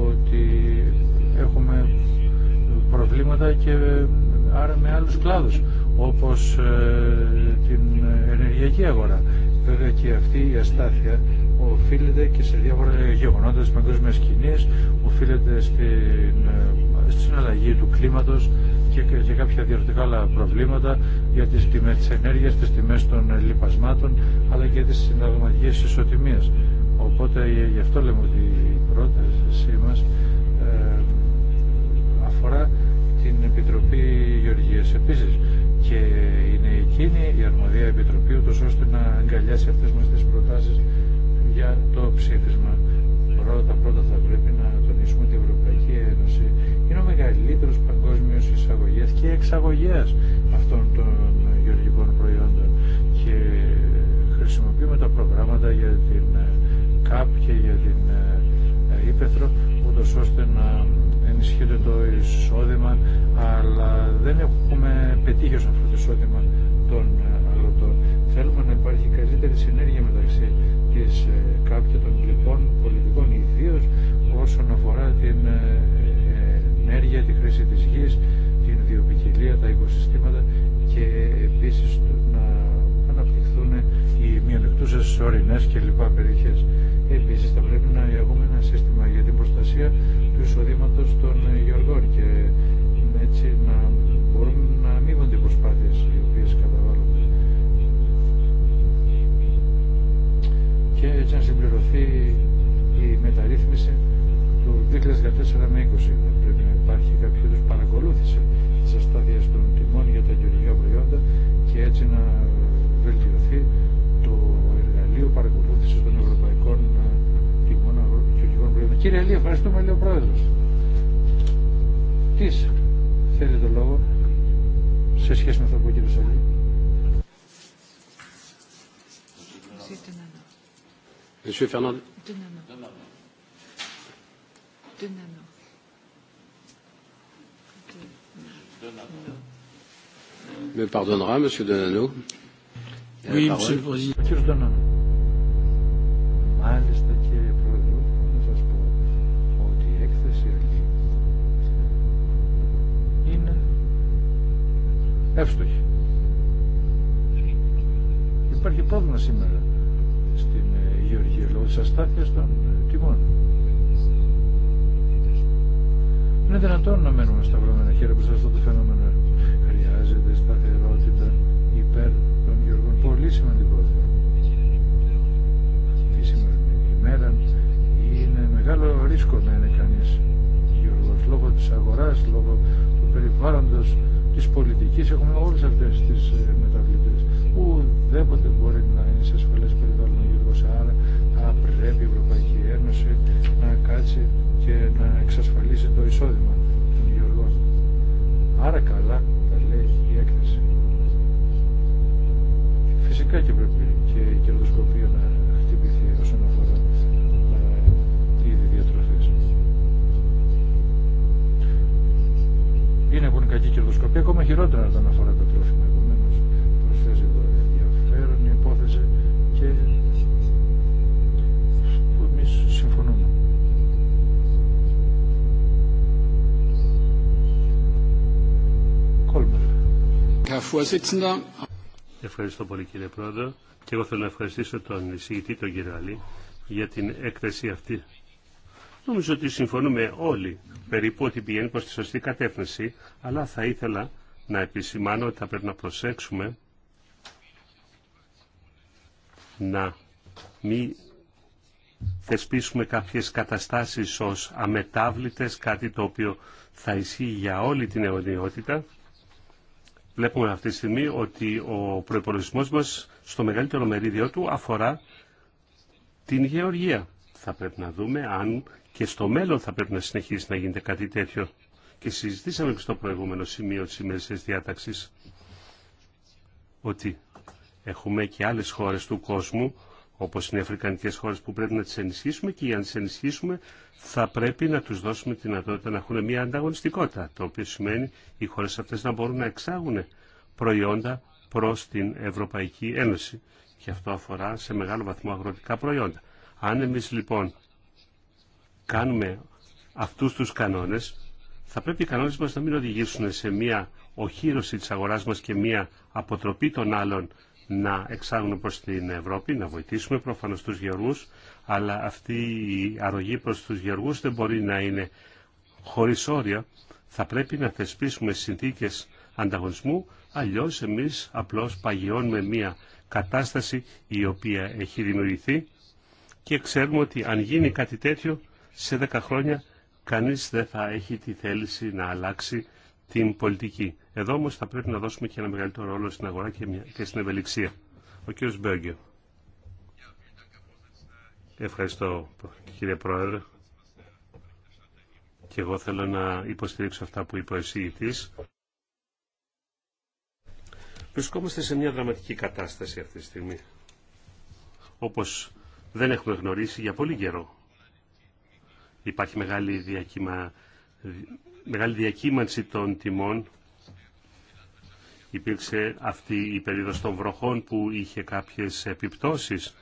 ότι έχουμε προβλήματα και άρα με άλλους κλάδους όπως ε, την ενεργειακή αγορά. Βέβαια και αυτή η αστάθεια οφείλεται και σε διάφορα γεγονότα της παγκόσμια κοινή, οφείλεται στην, ε, στην αλλαγή του κλίματος και, και κάποια διαρκτικά άλλα προβλήματα για τις τιμές της ενέργειας, τις τιμές των λιπασμάτων, αλλά και τις συνταγματικές ισοτιμίες. Οπότε γι' αυτό λέμε ότι η πρόταση μας ε, αφορά την Επιτροπή Γεωργίας επίσης και είναι εκείνη η αρμοδία επιτροπή ούτως ώστε να αγκαλιάσει αυτές μας τις προτάσεις για το ψήφισμα. Πρώτα πρώτα θα πρέπει να τονίσουμε ότι η Ευρωπαϊκή Ένωση είναι ο μεγαλύτερο παγκόσμιο εισαγωγέ και εξαγωγέ αυτών των γεωργικών προϊόντων και χρησιμοποιούμε τα προγράμματα για την ε, ΚΑΠ και για την ε, ε, Ήπεθρο ούτω ώστε να ενισχύεται το εισόδημα αλλά δεν έχουμε πετύχει ως αυτό το εισόδημα των αλλοτών. Θέλουμε να υπάρχει καλύτερη συνέργεια μεταξύ κάποια κάποιων των λοιπών πολιτικών ιδίω όσον αφορά την ε, ε, ενέργεια, τη χρήση της γης, την βιοπικιλία, τα οικοσυστήματα και επίσης να αναπτυχθούν οι μειονεκτούσες ορεινές και λοιπά περιοχές. Επίσης θα πρέπει να έχουμε ένα σύστημα για την προστασία του εισοδήματο των γεωργών και έτσι να μπορούν να αμείβονται οι προσπάθειες οι οποίες καταβάλλουν και έτσι να συμπληρωθεί η μεταρρύθμιση του 2014 με 20. Πρέπει να υπάρχει κάποιο είδου παρακολούθηση τη αστάθεια των τιμών για τα γεωργικά προϊόντα και έτσι να βελτιωθεί το εργαλείο παρακολούθηση των ευρωπαϊκών ε, τιμών γεωργικών προϊόντων. Κύριε Αλή, ευχαριστούμε, λέει ο πρόεδρο. Τι θέλει το λόγο σε σχέση με αυτό που ο κύριο Αλή. Monsieur Fernandez. Me pardonnera, Monsieur Donano. Oui, Monsieur le Président. Monsieur εύστοχη. Υπάρχει πρόβλημα σήμερα στην γεωργία λόγω της αστάθειας των ε, τιμών. Είναι δυνατόν να μένουμε στα βρωμένα χέρια προς αυτό το φαινόμενο. Χρειάζεται σταθερότητα υπέρ των γεωργών. Πολύ σημαντικό αυτό. Τη σημερινή ημέρα είναι μεγάλο ρίσκο να είναι κανείς γεωργός. Λόγω της αγοράς, λόγω του περιβάλλοντος, της πολιτικής έχουμε όλες αυτές τις ε, μεταβλητές. Ουδέποτε μπορεί να είναι σε ασφαλές περιβάλλον διάλογος. Άρα θα πρέπει η Ευρωπαϊκή Ένωση να κάτσει και να εξασφαλίσει το εισόδημα των γεωργών. Άρα καλά τα λέει η έκθεση. Φυσικά και πρέπει και η κερδοσκοπία να χτυπηθεί όσον αφορά ε, τη Είναι πολύ κακή κερδοσκοπία, ακόμα χειρότερα όταν αφορά τα τρόφιμα. Ευχαριστώ πολύ κύριε Πρόεδρε. και εγώ θέλω να ευχαριστήσω τον εισηγητή τον κύριο Αλή για την έκθεση αυτή. Νομίζω ότι συμφωνούμε όλοι περίπου ότι πηγαίνει προς τη σωστή κατεύθυνση αλλά θα ήθελα να επισημάνω ότι θα πρέπει να προσέξουμε να μην θεσπίσουμε κάποιες καταστάσεις ως αμετάβλητες, κάτι το οποίο θα ισχύει για όλη την αιωνιότητα Βλέπουμε αυτή τη στιγμή ότι ο προπολογισμό μας στο μεγαλύτερο μερίδιό του αφορά την γεωργία. Θα πρέπει να δούμε αν και στο μέλλον θα πρέπει να συνεχίσει να γίνεται κάτι τέτοιο. Και συζητήσαμε στο προηγούμενο σημείο της τη διάταξη ότι έχουμε και άλλες χώρες του κόσμου όπως είναι οι αφρικανικές χώρες που πρέπει να τις ενισχύσουμε και για να τις ενισχύσουμε θα πρέπει να τους δώσουμε τη δυνατότητα να έχουν μια ανταγωνιστικότητα, το οποίο σημαίνει οι χώρες αυτές να μπορούν να εξάγουν προϊόντα προς την Ευρωπαϊκή Ένωση και αυτό αφορά σε μεγάλο βαθμό αγροτικά προϊόντα. Αν εμείς λοιπόν κάνουμε αυτούς τους κανόνες, θα πρέπει οι κανόνες μας να μην οδηγήσουν σε μια οχύρωση της αγοράς μας και μια αποτροπή των άλλων να εξάγουν προς την Ευρώπη, να βοηθήσουμε προφανώς τους γεωργούς, αλλά αυτή η αρρωγή προς τους γεωργούς δεν μπορεί να είναι χωρίς όρια. Θα πρέπει να θεσπίσουμε συνθήκες ανταγωνισμού, αλλιώς εμείς απλώς παγιώνουμε μία κατάσταση η οποία έχει δημιουργηθεί και ξέρουμε ότι αν γίνει κάτι τέτοιο σε 10 χρόνια κανείς δεν θα έχει τη θέληση να αλλάξει την πολιτική. Εδώ όμω θα πρέπει να δώσουμε και ένα μεγαλύτερο ρόλο στην αγορά και, μια, και στην ευελιξία. Ο κύριο Μπέργκερ. Ευχαριστώ κύριε Πρόεδρε. Και εγώ θέλω να υποστηρίξω αυτά που είπε ο εισηγητής. Βρισκόμαστε σε μια δραματική κατάσταση αυτή τη στιγμή. Όπως δεν έχουμε γνωρίσει για πολύ καιρό. Υπάρχει μεγάλη, διακύμα... μεγάλη διακύμανση των τιμών υπήρξε αυτή η περίοδος των βροχών που είχε κάποιες επιπτώσεις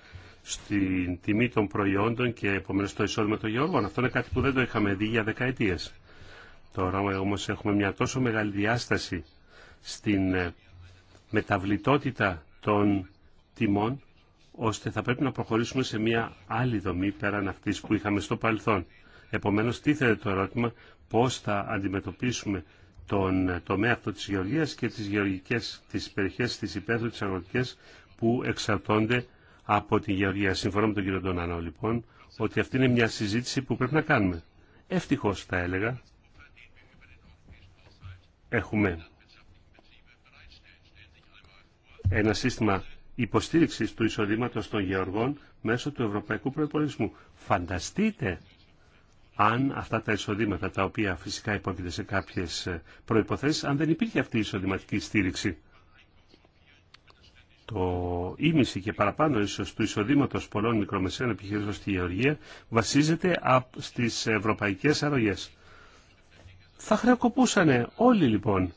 στην τιμή των προϊόντων και επομένως το εισόδημα των γεωργών. Αυτό είναι κάτι που δεν το είχαμε δει για δεκαετίες. Τώρα όμως έχουμε μια τόσο μεγάλη διάσταση στην ε, μεταβλητότητα των τιμών ώστε θα πρέπει να προχωρήσουμε σε μια άλλη δομή πέραν αυτής που είχαμε στο παρελθόν. Επομένως, τίθεται το ερώτημα πώς θα αντιμετωπίσουμε τον τομέα αυτό της γεωργίας και τις γεωργικές, τις περιοχές της υπαίθρου, τις αγροτικές που εξαρτώνται από τη γεωργία. Συμφωνώ με τον κύριο Ντονάνο λοιπόν ότι αυτή είναι μια συζήτηση που πρέπει να κάνουμε. Ευτυχώς θα έλεγα έχουμε ένα σύστημα υποστήριξης του εισοδήματος των γεωργών μέσω του ευρωπαϊκού προϋπολογισμού. Φανταστείτε αν αυτά τα εισοδήματα, τα οποία φυσικά υπόκειται σε κάποιες ε, προϋποθέσεις, αν δεν υπήρχε αυτή η εισοδηματική στήριξη. Το ίμιση και παραπάνω ίσως του εισοδήματος πολλών μικρομεσαίων επιχειρήσεων στη Γεωργία βασίζεται στις ευρωπαϊκές αρρωγές. Θα χρεοκοπούσανε όλοι λοιπόν.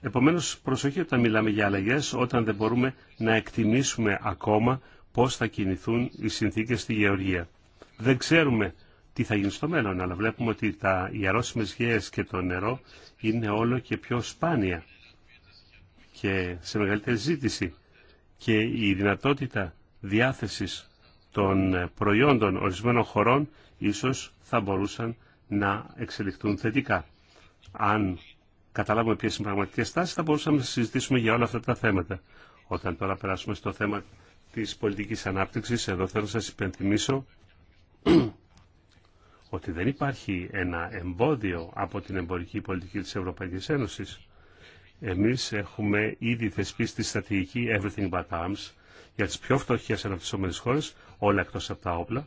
Επομένως προσοχή όταν μιλάμε για αλλαγές, όταν δεν μπορούμε να εκτιμήσουμε ακόμα πώς θα κινηθούν οι συνθήκες στη Γεωργία δεν ξέρουμε τι θα γίνει στο μέλλον, αλλά βλέπουμε ότι τα, οι αρρώσιμες γέες και το νερό είναι όλο και πιο σπάνια και σε μεγαλύτερη ζήτηση και η δυνατότητα διάθεσης των προϊόντων ορισμένων χωρών ίσως θα μπορούσαν να εξελιχθούν θετικά. Αν καταλάβουμε ποιες είναι οι πραγματικές τάσεις θα μπορούσαμε να συζητήσουμε για όλα αυτά τα θέματα. Όταν τώρα περάσουμε στο θέμα της πολιτικής ανάπτυξης, εδώ θέλω να σας υπενθυμίσω *clears throat* ότι δεν υπάρχει ένα εμπόδιο από την εμπορική πολιτική της Ευρωπαϊκής Ένωσης. Εμείς έχουμε ήδη θεσπίσει τη στρατηγική Everything But Arms για τις πιο φτωχές αναπτυσσόμενες χώρες, όλα εκτός από τα όπλα,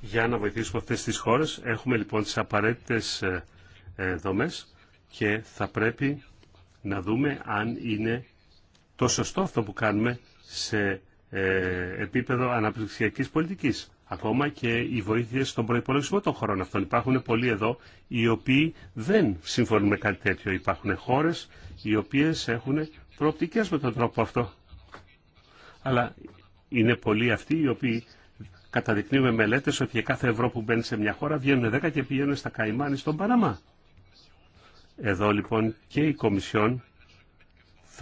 για να βοηθήσουμε αυτές τις χώρες. Έχουμε λοιπόν τις απαραίτητες ε, ε, δομές και θα πρέπει να δούμε αν είναι το σωστό αυτό που κάνουμε σε ε, επίπεδο αναπτυξιακής πολιτικής. Ακόμα και οι βοήθειε στον προπολογισμό των χωρών αυτών. Υπάρχουν πολλοί εδώ οι οποίοι δεν συμφωνούν με κάτι τέτοιο. Υπάρχουν χώρε οι οποίε έχουν προοπτικέ με τον τρόπο αυτό. Αλλά είναι πολλοί αυτοί οι οποίοι καταδεικνύουν με μελέτε ότι για κάθε ευρώ που μπαίνει σε μια χώρα βγαίνουν 10 και πηγαίνουν στα Καϊμάνι στον Παναμά. Εδώ λοιπόν και η Κομισιόν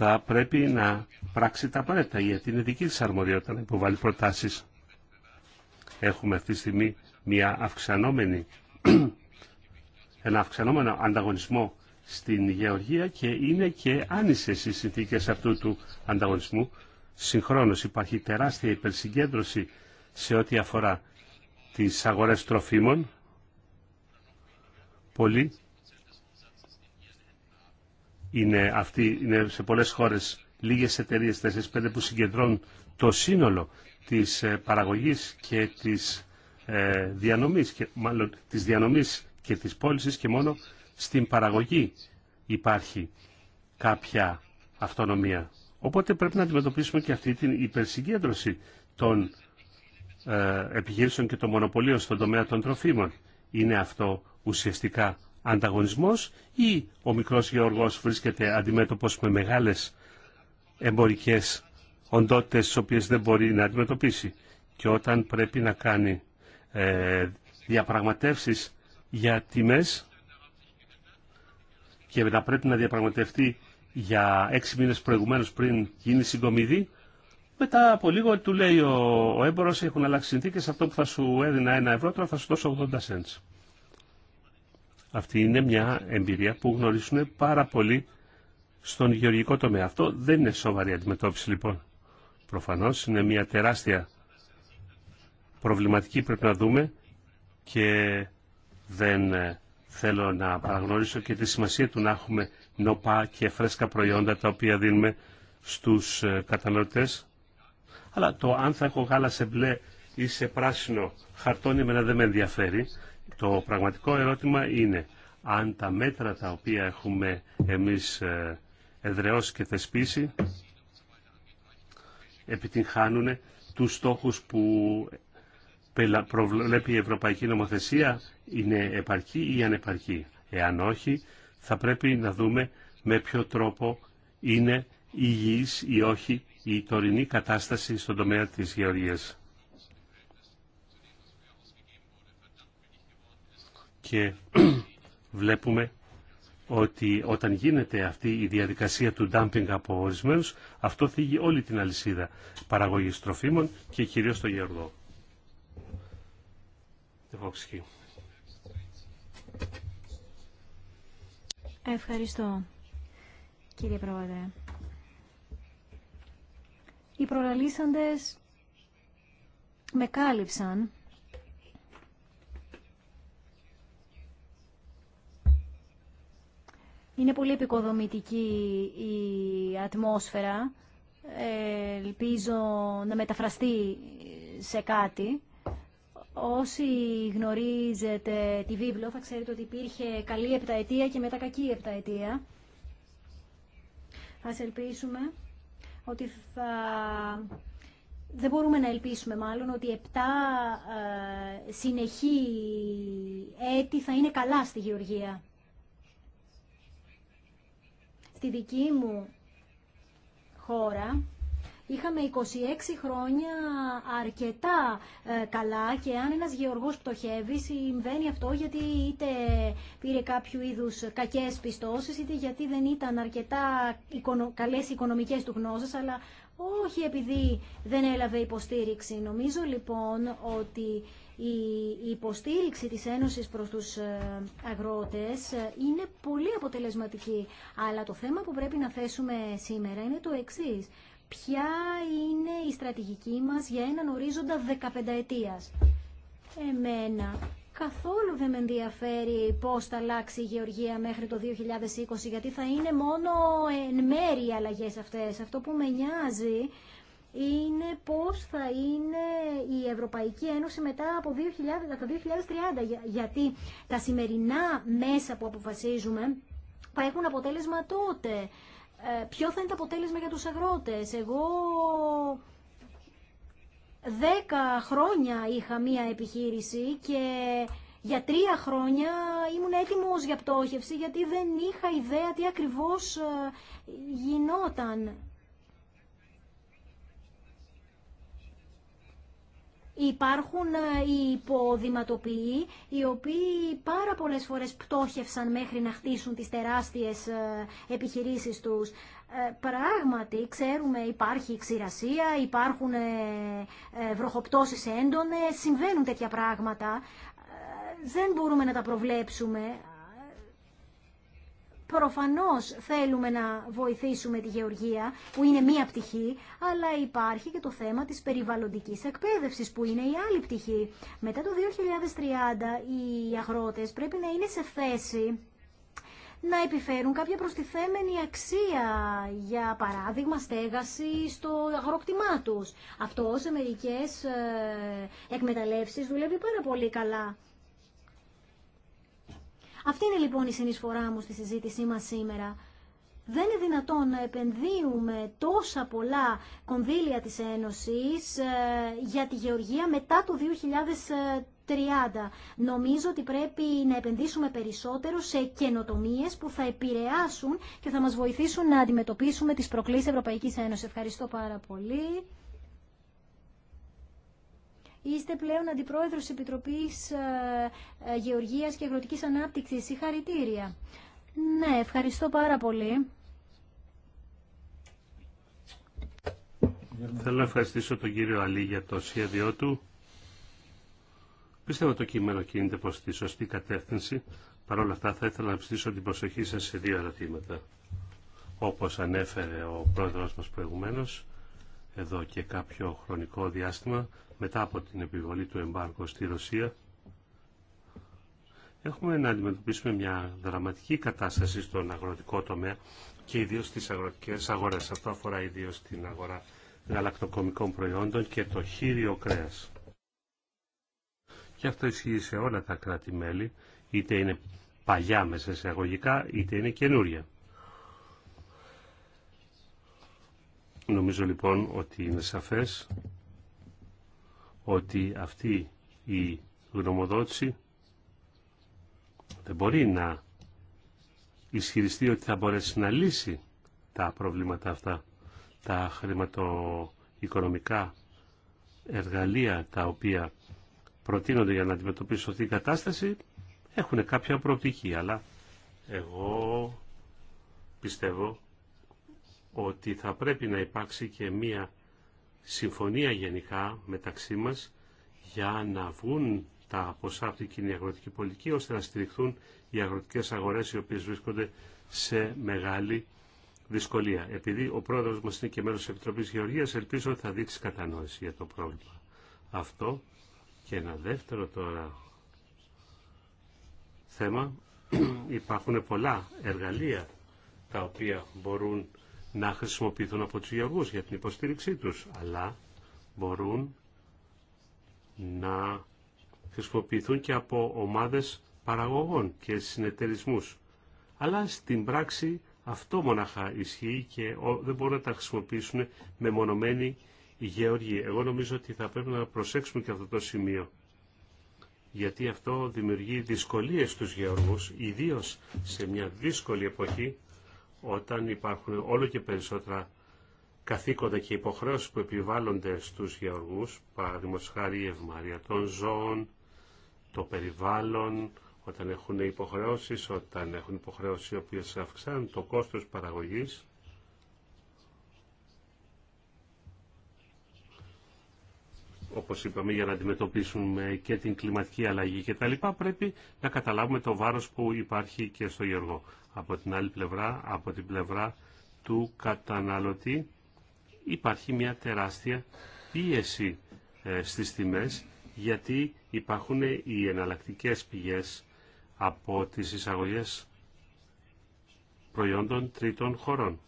θα πρέπει να πράξει τα απαραίτητα, γιατί είναι δική της αρμοδιότητα να υποβάλει προτάσεις. Έχουμε αυτή τη στιγμή μια αυξανόμενη, *clears throat* ένα αυξανόμενο ανταγωνισμό στην γεωργία και είναι και άνισες οι συνθήκες αυτού του ανταγωνισμού. Συγχρόνως υπάρχει τεράστια υπερσυγκέντρωση σε ό,τι αφορά τις αγορές τροφίμων. Πολλοί είναι, αυτή, είναι σε πολλές χώρες λίγες εταιρείες 4-5 που συγκεντρώνουν το σύνολο της ε, παραγωγής και της ε, διανομής και μάλλον της διανομής και της πώλησης και μόνο στην παραγωγή υπάρχει κάποια αυτονομία. Οπότε πρέπει να αντιμετωπίσουμε και αυτή την υπερσυγκέντρωση των ε, επιχειρήσεων και των μονοπωλίων στον τομέα των τροφίμων. Είναι αυτό ουσιαστικά ανταγωνισμός ή ο μικρός γεωργός βρίσκεται αντιμέτωπος με μεγάλες εμπορικές οντότητες τις οποίες δεν μπορεί να αντιμετωπίσει και όταν πρέπει να κάνει ε, διαπραγματεύσεις για τιμές και να πρέπει να διαπραγματευτεί για έξι μήνες προηγουμένως πριν γίνει συγκομιδή, μετά από λίγο του λέει ο, ο έμπορος έχουν αλλάξει συνθήκες, αυτό που θα σου έδινα ένα ευρώ τώρα θα σου δώσω 80 cents. Αυτή είναι μια εμπειρία που γνωρίζουν πάρα πολύ στον γεωργικό τομέα. Αυτό δεν είναι σοβαρή αντιμετώπιση λοιπόν. Προφανώς είναι μια τεράστια προβληματική πρέπει να δούμε και δεν ε, θέλω να παραγνωρίσω και τη σημασία του να έχουμε νοπά και φρέσκα προϊόντα τα οποία δίνουμε στους ε, καταναλωτές. Αλλά το αν θα έχω γάλα σε μπλε ή σε πράσινο χαρτόνι εμένα δεν με ενδιαφέρει. Το πραγματικό ερώτημα είναι αν τα μέτρα τα οποία έχουμε εμείς ε, εδραιώσει και θεσπίσει επιτυγχάνουν τους στόχους που προβλέπει η Ευρωπαϊκή Νομοθεσία είναι επαρκή ή ανεπαρκή. Εάν όχι, θα πρέπει να δούμε με ποιο τρόπο είναι υγιής ή όχι η τωρινή κατάσταση στον τομέα της γεωργίας. και *clears throat* βλέπουμε ότι όταν γίνεται αυτή η διαδικασία του ντάμπινγκ από ορισμένου, αυτό θίγει όλη την αλυσίδα παραγωγής τροφίμων και κυρίως το γερδό. Ευχαριστώ, κύριε Πρόεδρε. Οι προλαλήσαντες με κάλυψαν Είναι πολύ επικοδομητική η ατμόσφαιρα. Ε, ελπίζω να μεταφραστεί σε κάτι. Όσοι γνωρίζετε τη βίβλο θα ξέρετε ότι υπήρχε καλή επταετία και μετά κακή επταετία. Ας ελπίσουμε ότι θα... Δεν μπορούμε να ελπίσουμε μάλλον ότι επτά ε, συνεχή έτη θα είναι καλά στη Γεωργία. Στη δική μου χώρα είχαμε 26 χρόνια αρκετά ε, καλά και αν ένας γεωργός πτωχεύει συμβαίνει αυτό γιατί είτε πήρε κάποιο είδους κακές πιστώσεις είτε γιατί δεν ήταν αρκετά καλές οικονομικές του γνώσεις αλλά όχι επειδή δεν έλαβε υποστήριξη. Νομίζω λοιπόν ότι η υποστήριξη της Ένωσης προς τους ε, αγρότες ε, είναι πολύ αποτελεσματική. Αλλά το θέμα που πρέπει να θέσουμε σήμερα είναι το εξής. Ποια είναι η στρατηγική μας για έναν ορίζοντα 15 ετίας. Εμένα καθόλου δεν με ενδιαφέρει πώς θα αλλάξει η γεωργία μέχρι το 2020, γιατί θα είναι μόνο εν μέρη οι αλλαγές αυτές. Αυτό που με νοιάζει είναι πώς θα είναι η Ευρωπαϊκή Ένωση μετά από 2000, το 2030. Γιατί τα σημερινά μέσα που αποφασίζουμε θα έχουν αποτέλεσμα τότε. Ε, ποιο θα είναι το αποτέλεσμα για τους αγρότες. Εγώ δέκα χρόνια είχα μία επιχείρηση και για τρία χρόνια ήμουν έτοιμος για πτώχευση γιατί δεν είχα ιδέα τι ακριβώς ε, γινόταν. Υπάρχουν ε, οι υποδηματοποιοί, οι οποίοι πάρα πολλές φορές πτώχευσαν μέχρι να χτίσουν τις τεράστιες ε, επιχειρήσεις τους. Ε, πράγματι, ξέρουμε, υπάρχει ξηρασία, υπάρχουν βροχοπτώσεις έντονες, συμβαίνουν τέτοια πράγματα. Δεν μπορούμε να τα προβλέψουμε, Προφανώς θέλουμε να βοηθήσουμε τη γεωργία, που είναι μία πτυχή, αλλά υπάρχει και το θέμα της περιβαλλοντικής εκπαίδευσης, που είναι η άλλη πτυχή. Μετά το 2030 οι αγρότες πρέπει να είναι σε θέση να επιφέρουν κάποια προστιθέμενη αξία, για παράδειγμα στέγαση στο αγροκτημά τους. Αυτό σε μερικές ε, εκμεταλλεύσεις δουλεύει πάρα πολύ καλά. Αυτή είναι λοιπόν η συνεισφορά μου στη συζήτησή μας σήμερα. Δεν είναι δυνατόν να επενδύουμε τόσα πολλά κονδύλια της Ένωσης ε, για τη γεωργία μετά το 2030. Νομίζω ότι πρέπει να επενδύσουμε περισσότερο σε καινοτομίες που θα επηρεάσουν και θα μας βοηθήσουν να αντιμετωπίσουμε τις προκλήσεις Ευρωπαϊκής Ένωσης. Ευχαριστώ πάρα πολύ. Είστε πλέον αντιπρόεδρος της Επιτροπής ε, ε, Γεωργίας και Αγροτικής Ανάπτυξης. Συγχαρητήρια. Ναι, ευχαριστώ πάρα πολύ. Θέλω να ευχαριστήσω τον κύριο Αλή για το σχέδιό του. Πιστεύω το κείμενο κινείται προς τη σωστή κατεύθυνση. Παρ' όλα αυτά θα ήθελα να πιστήσω την προσοχή σας σε δύο ερωτήματα. Όπως ανέφερε ο πρόεδρος μας προηγουμένως, εδώ και κάποιο χρονικό διάστημα μετά από την επιβολή του εμπάρκου στη Ρωσία, έχουμε να αντιμετωπίσουμε μια δραματική κατάσταση στον αγροτικό τομέα και ιδίως στις αγροτικές αγορές. Αυτό αφορά ιδίως την αγορά γαλακτοκομικών προϊόντων και το χείριο κρέας. Και αυτό ισχύει σε όλα τα κράτη-μέλη, είτε είναι παλιά μέσα σε αγωγικά, είτε είναι καινούρια. Νομίζω λοιπόν ότι είναι σαφές ότι αυτή η γνωμοδότηση δεν μπορεί να ισχυριστεί ότι θα μπορέσει να λύσει τα προβλήματα αυτά, τα χρηματοοικονομικά εργαλεία τα οποία προτείνονται για να αντιμετωπίσουν αυτή η κατάσταση έχουν κάποια προοπτική, αλλά εγώ πιστεύω ότι θα πρέπει να υπάρξει και μία συμφωνία γενικά μεταξύ μας για να βγουν τα ποσά από την κοινή αγροτική πολιτική ώστε να στηριχθούν οι αγροτικές αγορές οι οποίες βρίσκονται σε μεγάλη δυσκολία. Επειδή ο πρόεδρος μας είναι και μέλος της Επιτροπής Γεωργίας, ελπίζω ότι θα δείξει κατανόηση για το πρόβλημα αυτό. Και ένα δεύτερο τώρα θέμα. *clears throat* Υπάρχουν πολλά εργαλεία τα οποία μπορούν να χρησιμοποιηθούν από τους γεωργούς για την υποστήριξή τους, αλλά μπορούν να χρησιμοποιηθούν και από ομάδες παραγωγών και συνεταιρισμούς. Αλλά στην πράξη αυτό μονάχα ισχύει και δεν μπορούν να τα χρησιμοποιήσουν με μονομένη γεωργία. Εγώ νομίζω ότι θα πρέπει να προσέξουμε και αυτό το σημείο. Γιατί αυτό δημιουργεί δυσκολίες στους γεωργούς, ιδίως σε μια δύσκολη εποχή όταν υπάρχουν όλο και περισσότερα καθήκοντα και υποχρέωσεις που επιβάλλονται στους γεωργούς, παραδείγματος χάρη ευμαρία των ζώων, το περιβάλλον, όταν έχουν υποχρεώσεις, όταν έχουν υποχρεώσεις οι οποίες αυξάνουν το κόστος παραγωγής, όπως είπαμε, για να αντιμετωπίσουμε και την κλιματική αλλαγή και τα λοιπά, πρέπει να καταλάβουμε το βάρος που υπάρχει και στο Γεωργό. Από την άλλη πλευρά, από την πλευρά του καταναλωτή υπάρχει μια τεράστια πίεση ε, στις τιμές γιατί υπάρχουν οι εναλλακτικές πηγές από τις εισαγωγές προϊόντων τρίτων χωρών.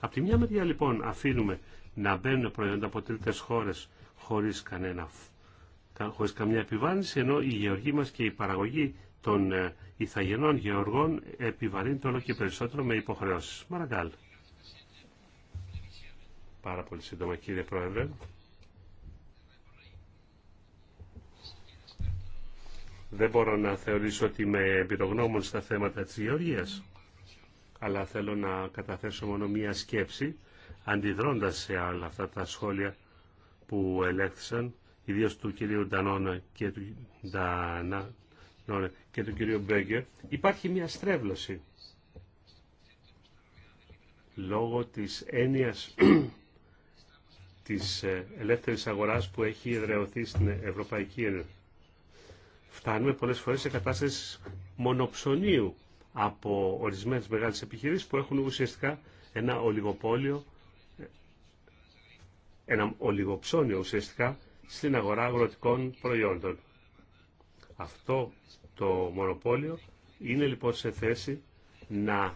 Από τη μια μεριά λοιπόν αφήνουμε να μπαίνουν προϊόντα από τρίτες χώρες χωρίς, κανένα, χωρίς καμιά επιβάλληση, ενώ η γεωργοί μας και η παραγωγή των ε, ηθαγενών γεωργών επιβαρύνεται όλο και περισσότερο με υποχρεώσεις. Μαραγκάλ. Πάρα πολύ σύντομα κύριε Πρόεδρε. Δεν μπορώ να θεωρήσω ότι είμαι εμπειρογνώμων στα θέματα της γεωργίας, αλλά θέλω να καταθέσω μόνο μία σκέψη, αντιδρώντας σε όλα αυτά τα σχόλια που ελέγχθησαν, ιδίως του κυρίου Ντανόνα και του Ντανά, και τον κύριο Μπέγκερ, υπάρχει μια στρέβλωση λόγω της έννοιας *clears throat* της ε, ελεύθερης αγοράς που έχει εδραιωθεί στην Ευρωπαϊκή Ένωση. Φτάνουμε πολλές φορές σε κατάσταση μονοψωνίου από ορισμένες μεγάλες επιχειρήσεις που έχουν ουσιαστικά ένα ολιγοπόλιο, ε, ένα ολιγοψώνιο ουσιαστικά στην αγορά αγροτικών προϊόντων. Αυτό το μονοπόλιο είναι λοιπόν σε θέση να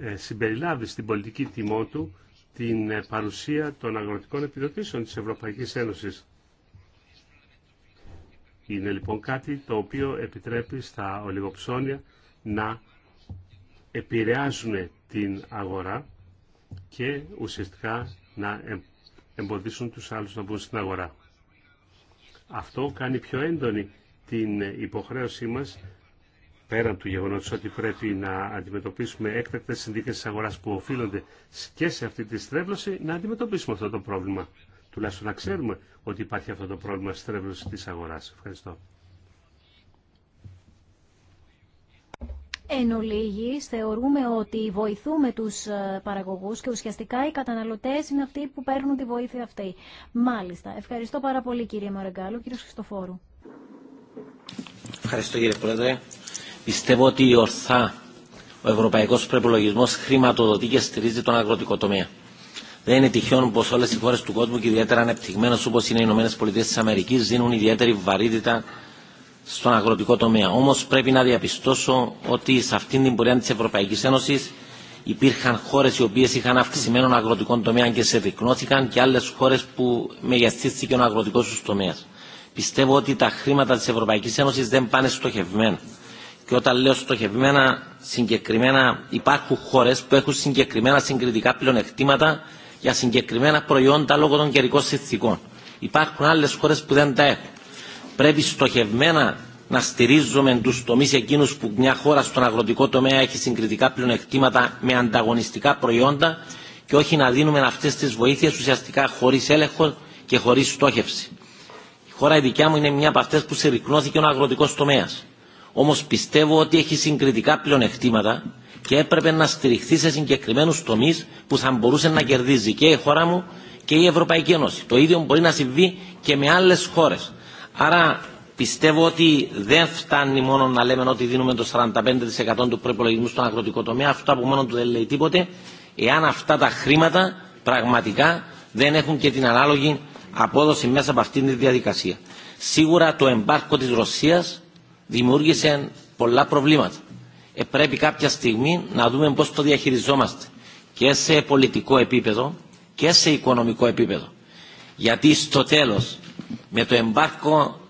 ε, συμπεριλάβει στην πολιτική τιμό του την ε, παρουσία των αγροτικών επιδοτήσεων της Ευρωπαϊκής Ένωσης. Είναι λοιπόν κάτι το οποίο επιτρέπει στα ολιγοψώνια να επηρεάζουν την αγορά και ουσιαστικά να εμποδίσουν τους άλλους να μπουν στην αγορά. Αυτό κάνει πιο έντονη την υποχρέωσή μας πέραν του γεγονότος ότι πρέπει να αντιμετωπίσουμε έκτακτες συνδίκες της αγοράς που οφείλονται και σε αυτή τη στρέβλωση, να αντιμετωπίσουμε αυτό το πρόβλημα. Τουλάχιστον να ξέρουμε ότι υπάρχει αυτό το πρόβλημα στρέβλωση της αγοράς. Ευχαριστώ. Εν ολίγης, θεωρούμε ότι βοηθούμε τους ε, παραγωγούς και ουσιαστικά οι καταναλωτές είναι αυτοί που παίρνουν τη βοήθεια αυτή. Μάλιστα. Ευχαριστώ πάρα πολύ κύριε Μαρεγκάλο. Κύριε Χριστοφόρου. Ευχαριστώ κύριε Πρόεδρε. Πιστεύω ότι ορθά ο ευρωπαϊκός προπολογισμό χρηματοδοτεί και στηρίζει τον αγροτικό Δεν είναι τυχόν πω όλε οι χώρε του κόσμου και ιδιαίτερα ανεπτυγμένε όπω είναι οι ΗΠΑ δίνουν ιδιαίτερη βαρύτητα στον αγροτικό τομέα. Όμως πρέπει να διαπιστώσω ότι σε αυτήν την πορεία της Ευρωπαϊκής Ένωσης υπήρχαν χώρες οι οποίες είχαν αυξημένο αγροτικό τομέα και σε δεικνώθηκαν και άλλες χώρες που μεγεθύστηκε ο αγροτικός του τομέας. Πιστεύω ότι τα χρήματα της Ευρωπαϊκής Ένωσης δεν πάνε στοχευμένα. Και όταν λέω στοχευμένα, συγκεκριμένα υπάρχουν χώρες που έχουν συγκεκριμένα συγκριτικά πλεονεκτήματα για συγκεκριμένα προϊόντα λόγω των καιρικών συνθήκων. Υπάρχουν άλλες χώρες που δεν τα έχουν πρέπει στοχευμένα να στηρίζουμε του τομεί εκείνου που μια χώρα στον αγροτικό τομέα έχει συγκριτικά πλεονεκτήματα με ανταγωνιστικά προϊόντα και όχι να δίνουμε αυτέ τι βοήθειε ουσιαστικά χωρί έλεγχο και χωρί στόχευση. Η χώρα η δικιά μου είναι μια από αυτέ που συρρυκνώθηκε ο αγροτικό τομέα. Όμω πιστεύω ότι έχει συγκριτικά πλεονεκτήματα και έπρεπε να στηριχθεί σε συγκεκριμένου τομεί που θα μπορούσε να κερδίζει και η χώρα μου και η Ευρωπαϊκή Ένωση. Το ίδιο μπορεί να συμβεί και με άλλε χώρε. Άρα πιστεύω ότι δεν φτάνει μόνο να λέμε ότι δίνουμε το 45% του προπολογισμού στον αγροτικό τομέα. Αυτό από μόνο του δεν λέει τίποτε. Εάν αυτά τα χρήματα πραγματικά δεν έχουν και την ανάλογη απόδοση μέσα από αυτήν τη διαδικασία. Σίγουρα το εμπάρκο της Ρωσίας δημιούργησε πολλά προβλήματα. Ε, πρέπει κάποια στιγμή να δούμε πώς το διαχειριζόμαστε και σε πολιτικό επίπεδο και σε οικονομικό επίπεδο. Γιατί στο τέλος με το εμπάρκο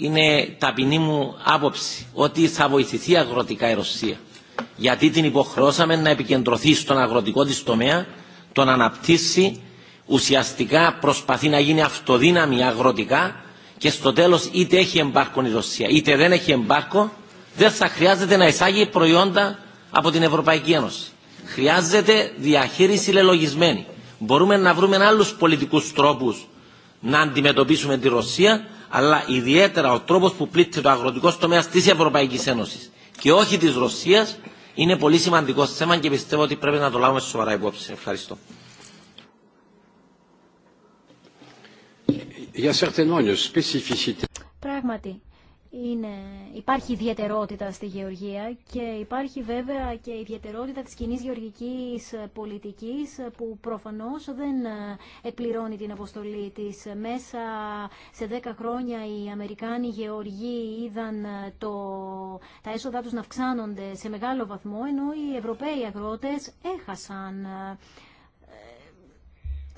είναι ταπεινή μου άποψη ότι θα βοηθηθεί αγροτικά η Ρωσία. Γιατί την υποχρεώσαμε να επικεντρωθεί στον αγροτικό της τομέα, τον αναπτύσσει, ουσιαστικά προσπαθεί να γίνει αυτοδύναμη αγροτικά και στο τέλος είτε έχει εμπάρκο η Ρωσία είτε δεν έχει εμπάρκο, δεν θα χρειάζεται να εισάγει προϊόντα από την Ευρωπαϊκή Ένωση. Χρειάζεται διαχείριση λελογισμένη. Μπορούμε να βρούμε άλλους πολιτικούς τρόπους να αντιμετωπίσουμε τη Ρωσία, αλλά ιδιαίτερα ο τρόπο που πλήττει το αγροτικό τομέα τη Ευρωπαϊκή Ένωση και όχι τη Ρωσία είναι πολύ σημαντικό θέμα και πιστεύω ότι πρέπει να το λάβουμε σοβαρά υπόψη. Ευχαριστώ. Πράγματι, είναι, υπάρχει ιδιαιτερότητα στη γεωργία και υπάρχει βέβαια και ιδιαιτερότητα της κοινή γεωργικής πολιτικής που προφανώς δεν ε, εκπληρώνει την αποστολή της. Μέσα σε δέκα χρόνια οι Αμερικάνοι γεωργοί είδαν ε, το, τα έσοδά τους να αυξάνονται σε μεγάλο βαθμό ενώ οι Ευρωπαίοι αγρότες έχασαν ε,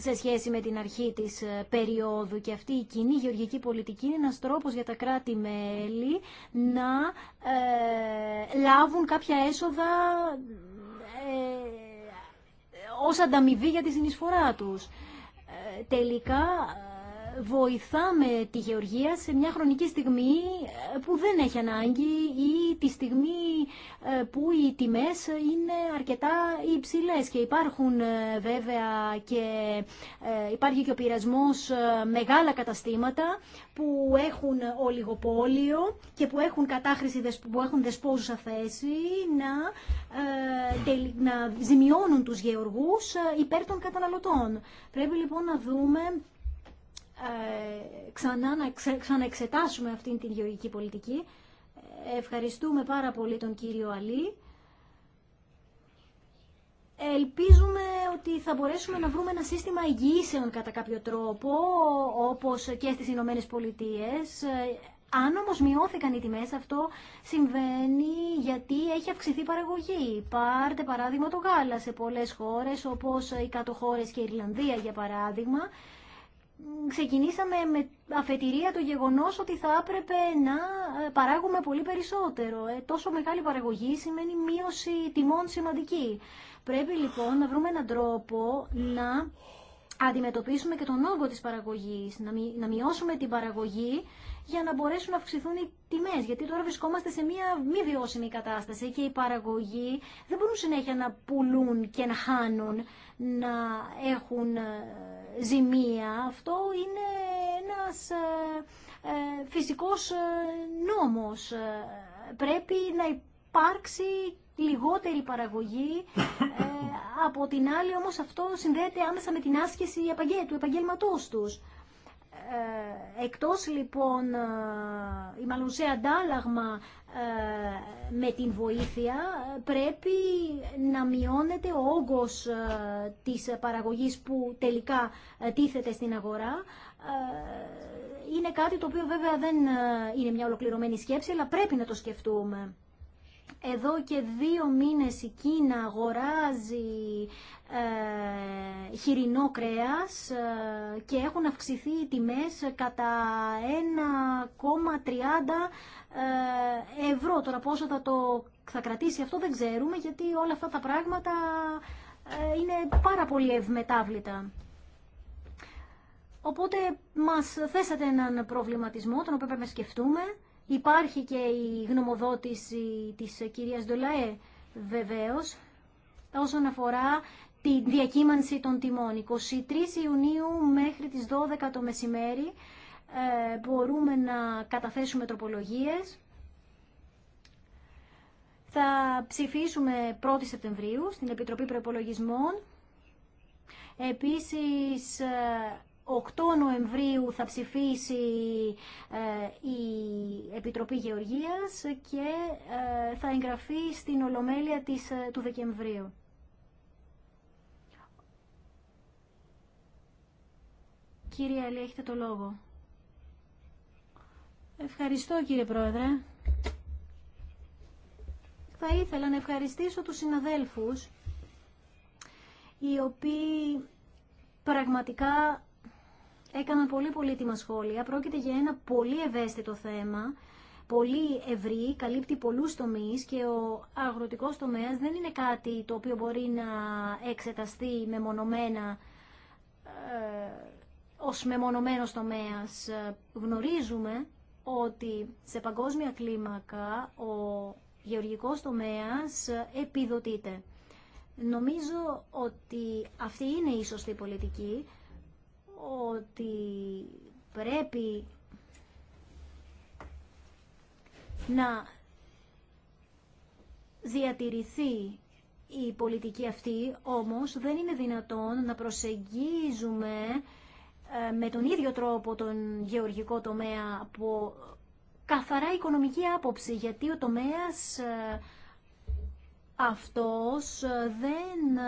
σε σχέση με την αρχή της ε, περίοδου και αυτή η κοινή γεωργική πολιτική είναι ένας τρόπος για τα κράτη-μέλη να ε, λάβουν κάποια έσοδα ε, ως ανταμοιβή για τη συνεισφορά τους. Ε, τελικά βοηθάμε τη γεωργία σε μια χρονική στιγμή ε, που δεν έχει ανάγκη ή τη στιγμή ε, που οι τιμές είναι αρκετά υψηλές και υπάρχουν ε, βέβαια και υπάρχει και ο πειρασμός μεγάλα καταστήματα που έχουν ολιγοπόλιο και που έχουν κατάχρηση, που έχουν δεσπόζουσα θέση να, να ζημιώνουν τους γεωργούς υπέρ των καταναλωτών. Πρέπει λοιπόν να δούμε ε, ξανά να εξετάσουμε ξαναεξετάσουμε αυτήν την γεωργική πολιτική. Ε, ευχαριστούμε πάρα πολύ τον κύριο Αλή. Ελπίζουμε ότι θα μπορέσουμε να βρούμε ένα σύστημα εγγυήσεων κατά κάποιο τρόπο, όπως και στις Ηνωμένε Πολιτείες. Ε, αν όμως μειώθηκαν οι τιμές, αυτό συμβαίνει γιατί έχει αυξηθεί η παραγωγή. Πάρτε παράδειγμα το γάλα σε πολλές χώρες, όπως οι κατοχώρες και η Ιρλανδία για παράδειγμα, ξεκινήσαμε με αφετηρία το γεγονός ότι θα έπρεπε να ε, παράγουμε πολύ περισσότερο. Ε, τόσο μεγάλη παραγωγή σημαίνει μείωση τιμών σημαντική. Πρέπει λοιπόν να βρούμε έναν τρόπο να αντιμετωπίσουμε και τον όγκο της παραγωγής, να μειώσουμε την παραγωγή για να μπορέσουν να αυξηθούν οι τιμές. Γιατί τώρα βρισκόμαστε σε μια μη βιώσιμη κατάσταση και οι παραγωγοί δεν μπορούν συνέχεια να πουλούν και να χάνουν, να έχουν ε, ζημία. Αυτό είναι ένας ε, ε, φυσικός νόμος. Πρέπει να υπάρξει λιγότερη παραγωγή. από την άλλη όμως αυτό συνδέεται άμεσα με την άσκηση του επαγγέλματός τους. Ε, εκτός λοιπόν, ε, ή μάλλον σε αντάλλαγμα ε, με την βοήθεια, πρέπει να μειώνεται ο όγκος της παραγωγής που τελικά τίθεται στην αγορά. Είναι κάτι το οποίο βέβαια δεν είναι μια ολοκληρωμένη σκέψη, αλλά πρέπει να το σκεφτούμε. Εδώ και δύο μήνες η Κίνα αγοράζει ε, χοιρινό κρέας ε, και έχουν αυξηθεί οι τιμές κατά 1,30 ε, ευρώ. Τώρα πόσο θα το θα κρατήσει αυτό δεν ξέρουμε γιατί όλα αυτά τα πράγματα ε, είναι πάρα πολύ ευμετάβλητα. Οπότε μας θέσατε έναν προβληματισμό τον οποίο πρέπει να σκεφτούμε Υπάρχει και η γνωμοδότηση της κυρίας Ντολαέ, βεβαίως, όσον αφορά τη διακύμανση των τιμών. 23 Ιουνίου μέχρι τις 12 το μεσημέρι ε, μπορούμε να καταθέσουμε τροπολογίες. Θα ψηφίσουμε 1η Σεπτεμβρίου στην Επιτροπή Προπολογισμών. Επίσης ε, 8 Νοεμβρίου θα ψηφίσει ε, η Επιτροπή Γεωργίας και ε, θα εγγραφεί στην Ολομέλεια της, ε, του Δεκεμβρίου. Κύριε Αλή, έχετε το λόγο. Ευχαριστώ κύριε Πρόεδρε. Θα ήθελα να ευχαριστήσω τους συναδέλφους οι οποίοι πραγματικά έκαναν πολύ πολύτιμα σχόλια. Πρόκειται για ένα πολύ ευαίσθητο θέμα, πολύ ευρύ, καλύπτει πολλούς τομείς και ο αγροτικός τομέας δεν είναι κάτι το οποίο μπορεί να εξεταστεί μεμονωμένα ε, ως μεμονωμένος τομέας. Γνωρίζουμε ότι σε παγκόσμια κλίμακα ο γεωργικός τομέας επιδοτείται. Νομίζω ότι αυτή είναι η σωστή πολιτική ότι πρέπει να διατηρηθεί η πολιτική αυτή, όμως δεν είναι δυνατόν να προσεγγίζουμε ε, με τον ίδιο τρόπο τον γεωργικό τομέα από καθαρά οικονομική άποψη, γιατί ο τομέας ε, αυτός ε, δεν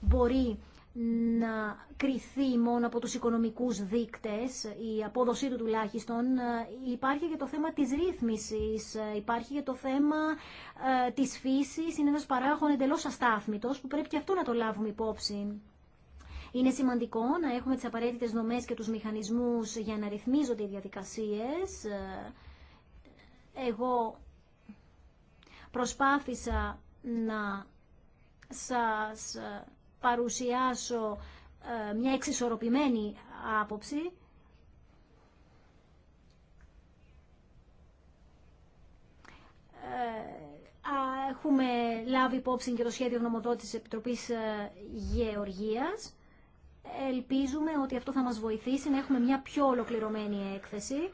μπορεί να κριθεί μόνο από τους οικονομικούς δείκτες, η απόδοσή του τουλάχιστον, ε, υπάρχει και το θέμα της ρύθμισης, ε, υπάρχει και το θέμα ε, της φύσης, είναι ένας παράγων εντελώς αστάθμητος που πρέπει και αυτό να το λάβουμε υπόψη. Είναι σημαντικό να έχουμε τις απαραίτητες νομές και τους μηχανισμούς για να ρυθμίζονται οι διαδικασίες. Εγώ προσπάθησα να σας παρουσιάσω ε, μια εξισορροπημένη άποψη. Ε, έχουμε λάβει υπόψη και το σχέδιο γνωμοδότησης της Επιτροπής ε, Γεωργίας. Ελπίζουμε ότι αυτό θα μας βοηθήσει να έχουμε μια πιο ολοκληρωμένη έκθεση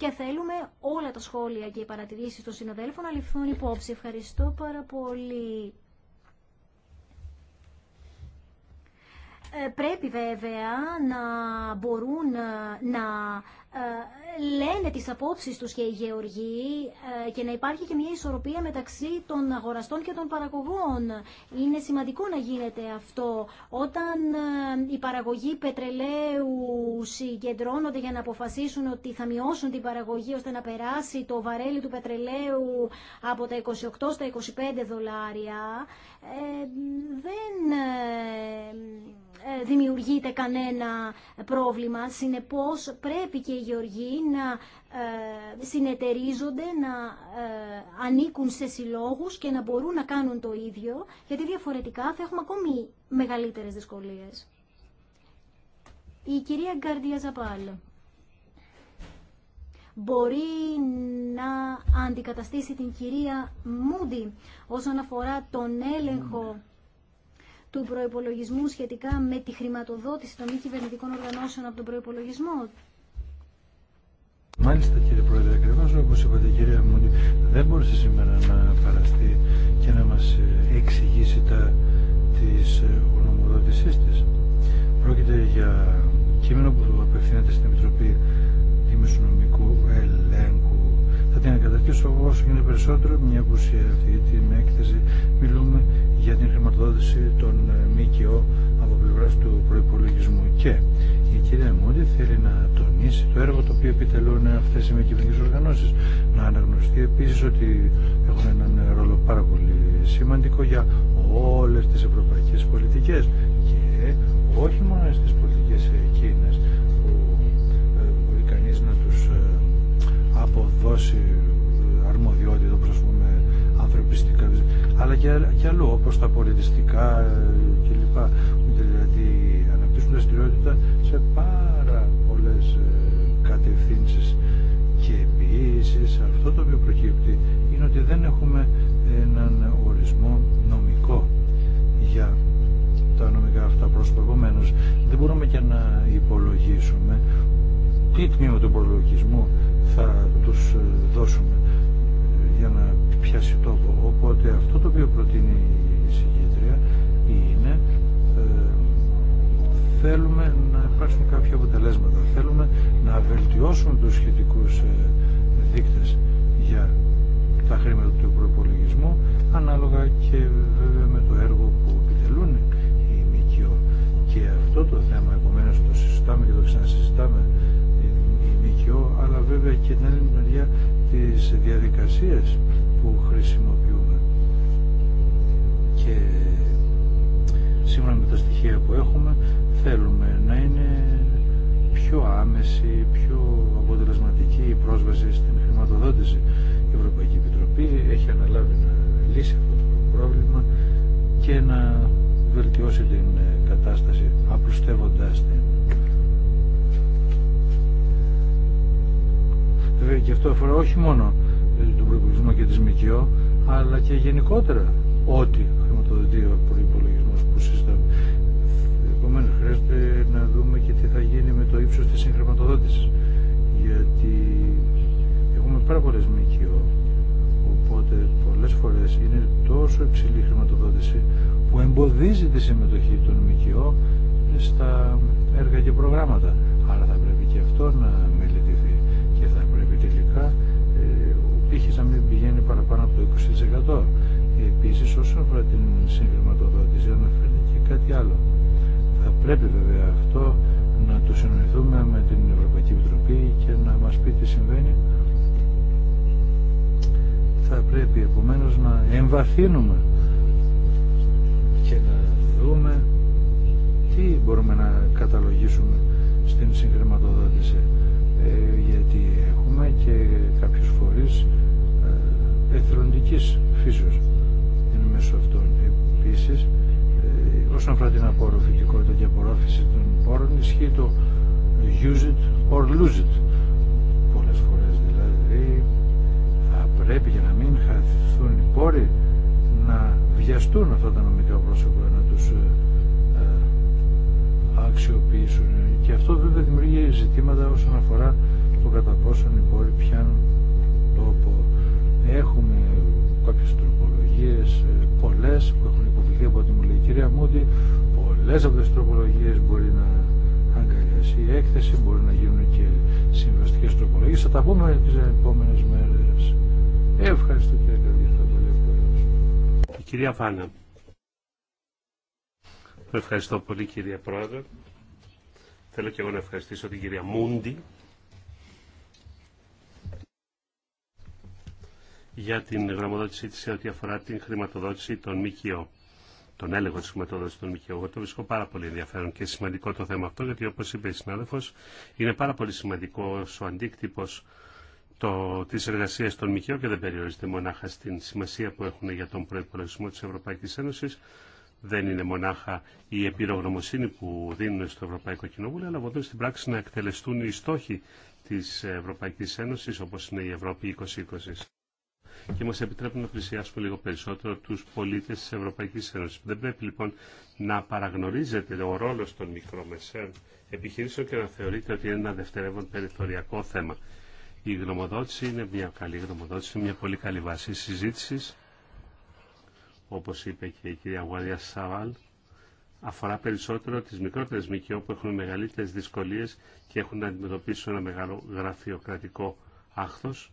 και θέλουμε όλα τα σχόλια και οι παρατηρήσεις των συναδέλφων να ληφθούν υπόψη. Ευχαριστώ πάρα πολύ. Ε, πρέπει βέβαια να μπορούν να ε, λένε τις απόψεις τους και οι γεωργοί ε, και να υπάρχει και μια ισορροπία μεταξύ των αγοραστών και των παραγωγών. Είναι σημαντικό να γίνεται αυτό. Όταν ε, οι παραγωγοί πετρελαίου συγκεντρώνονται για να αποφασίσουν ότι θα μειώσουν την παραγωγή ώστε να περάσει το βαρέλι του πετρελαίου από τα 28 στα 25 δολάρια, δεν δημιουργείται κανένα πρόβλημα. Συνεπώς πρέπει και γεωργοί να ε, συνεταιρίζονται, να ε, ανήκουν σε συλλόγους και να μπορούν να κάνουν το ίδιο, γιατί διαφορετικά θα έχουμε ακόμη μεγαλύτερες δυσκολίες. Η κυρία Γκαρδία Ζαπάλ μπορεί να αντικαταστήσει την κυρία Μούντι όσον αφορά τον έλεγχο του προϋπολογισμού σχετικά με τη χρηματοδότηση των μη κυβερνητικών οργανώσεων από τον προϋπολογισμό Μάλιστα κύριε Πρόεδρε, ακριβώ όπω είπατε κυρία Μούντι, δεν μπορούσε σήμερα να παραστεί και να μα ε, εξηγήσει τα τη ε, γνωμοδότησή τη. Πρόκειται για κείμενο που απευθύνεται στην Επιτροπή Δημοσιονομικού Ελέγχου. Θα την καταρχήσω όσο γίνεται περισσότερο, μια που σε αυτή την έκθεση μιλούμε για την χρηματοδότηση των ε, ΜΚΟ από πλευρά του προπολογισμού. Και η κυρία Μούντι θέλει να το το έργο το οποίο επιτελούν αυτές οι μη οργανώσεις. Να αναγνωριστεί επίσης ότι έχουν έναν ρόλο πάρα πολύ σημαντικό για όλες τις ευρωπαϊκέ πολιτικές και όχι μόνο στις πολιτικές εκείνε που ε, μπορεί κανεί να του ε, αποδώσει αρμοδιότητα όπως πούμε ανθρωπιστικά αλλά και, αλλού όπως τα πολιτιστικά ε, κλπ. Δηλαδή αναπτύσσουν δραστηριότητα σε πάρα κατευθύνσει και επίσης αυτό το οποίο προκύπτει είναι ότι δεν έχουμε έναν ορισμό νομικό για τα νομικά αυτά προσπαγωμένω. δεν μπορούμε και να υπολογίσουμε τι τμήμα του υπολογισμού θα τους δώσουμε για να πιάσει τόπο. Οπότε αυτό το οποίο προτείνει η συγκέντρια είναι θέλουμε να υπάρξουν κάποια αποτελέσματα. Θέλουμε να βελτιώσουμε τους σχετικούς ε, δείκτες για τα χρήματα του προπολογισμού ανάλογα και βέβαια με το έργο που επιτελούν οι ΜΚΟ. Και αυτό το θέμα επομένως το συζητάμε και το ξανασυζητάμε οι ΜΚΟ αλλά βέβαια και την άλλη μεριά τις διαδικασίες που χρησιμοποιούμε σύμφωνα με τα στοιχεία που έχουμε θέλουμε να είναι πιο άμεση, πιο αποτελεσματική η πρόσβαση στην χρηματοδότηση. Η Ευρωπαϊκή Επιτροπή έχει αναλάβει να λύσει αυτό το πρόβλημα και να βελτιώσει την κατάσταση απλουστεύοντας την. Βέβαια και αυτό αφορά όχι μόνο τον προπολογισμό και τη ΜΚΟ, αλλά και γενικότερα ό,τι χρηματοδοτεί ο που συζητάμε. Επομένω, χρειάζεται να δούμε και τι θα γίνει με το ύψο τη συγχρηματοδότηση. Γιατί έχουμε πάρα πολλέ ΜΚΟ, οπότε πολλέ φορέ είναι τόσο υψηλή η χρηματοδότηση που εμποδίζει τη συμμετοχή των ΜΚΟ στα έργα και προγράμματα. Άρα θα πρέπει και αυτό να μελετηθεί και θα πρέπει τελικά ε, ο πύχης να μην πηγαίνει παραπάνω από το 20%. Ε, επίσης όσον αφορά την συγχρηματοδότηση αναφέρεται και κάτι άλλο. Θα πρέπει βέβαια αυτό να το συνοηθούμε με την Ευρωπαϊκή Επιτροπή και να μας πει τι συμβαίνει. Θα πρέπει επομένως να εμβαθύνουμε και να δούμε τι μπορούμε να καταλογίσουμε στην συγχρηματοδότηση. Ε, γιατί έχουμε και κάποιους φορείς ε, εθελοντικής φύσεως μέσω αυτών. Επίσης, ε, όσον αφορά την απορροφητικότητα και απορρόφηση των πόρων, ισχύει το use it or lose it. Πολλές φορές δηλαδή θα πρέπει για να μην χαθούν οι πόροι να βιαστούν αυτά τα νομικά πρόσωπα, να τους ε, ε, αξιοποιήσουν. Και αυτό βέβαια δημιουργεί ζητήματα όσον αφορά το κατά πόσον οι πόροι πιάνουν τόπο. Έχουμε κάποιους τροπολογίες ε, πολλές που έχουν υποβληθεί από ό,τι μου λέει η κυρία Μούντι πολλές από τις τροπολογίες μπορεί να αγκαλιάσει η έκθεση μπορεί να γίνουν και συμβαστικές τροπολογίες θα τα πούμε τις επόμενες μέρες Ευχαριστώ κύριε Καλίστα Η κυρία Φάνα Ευχαριστώ πολύ κύριε Πρόεδρε Θέλω και εγώ να ευχαριστήσω την κυρία Μούντι για την γραμμοδότησή της σε ό,τι αφορά την χρηματοδότηση των ΜΚΟ. Τον έλεγχο τη χρηματοδότηση των ΜΚΟ. Εγώ το βρίσκω πάρα πολύ ενδιαφέρον και σημαντικό το θέμα αυτό, γιατί όπω είπε η συνάδελφο, είναι πάρα πολύ σημαντικό ο αντίκτυπο τη εργασία των ΜΚΟ και δεν περιορίζεται μονάχα στην σημασία που έχουν για τον προπολογισμό τη Ευρωπαϊκή Ένωση, δεν είναι μονάχα η επιρρογνωμοσύνη που δίνουν στο Ευρωπαϊκό Κοινοβούλιο, αλλά βοηθούν στην πράξη να εκτελεστούν οι στόχοι της Ευρωπαϊκής Ένωσης, όπως είναι η Ευρώπη 2020 και μας επιτρέπουν να πλησιάσουμε λίγο περισσότερο τους πολίτες της Ευρωπαϊκής Ένωσης. Δεν πρέπει λοιπόν να παραγνωρίζεται ο ρόλος των μικρομεσαίων επιχειρήσεων και να θεωρείται ότι είναι ένα δευτερεύον περιθωριακό θέμα. Η γνωμοδότηση είναι μια καλή γνωμοδότηση, μια πολύ καλή βάση συζήτηση, όπως είπε και η κυρία Γουάρια Σαβάλ, αφορά περισσότερο τις μικρότερες ΜΚΟ που έχουν μεγαλύτερες δυσκολίες και έχουν να αντιμετωπίσουν ένα μεγάλο γραφειοκρατικό άχθος.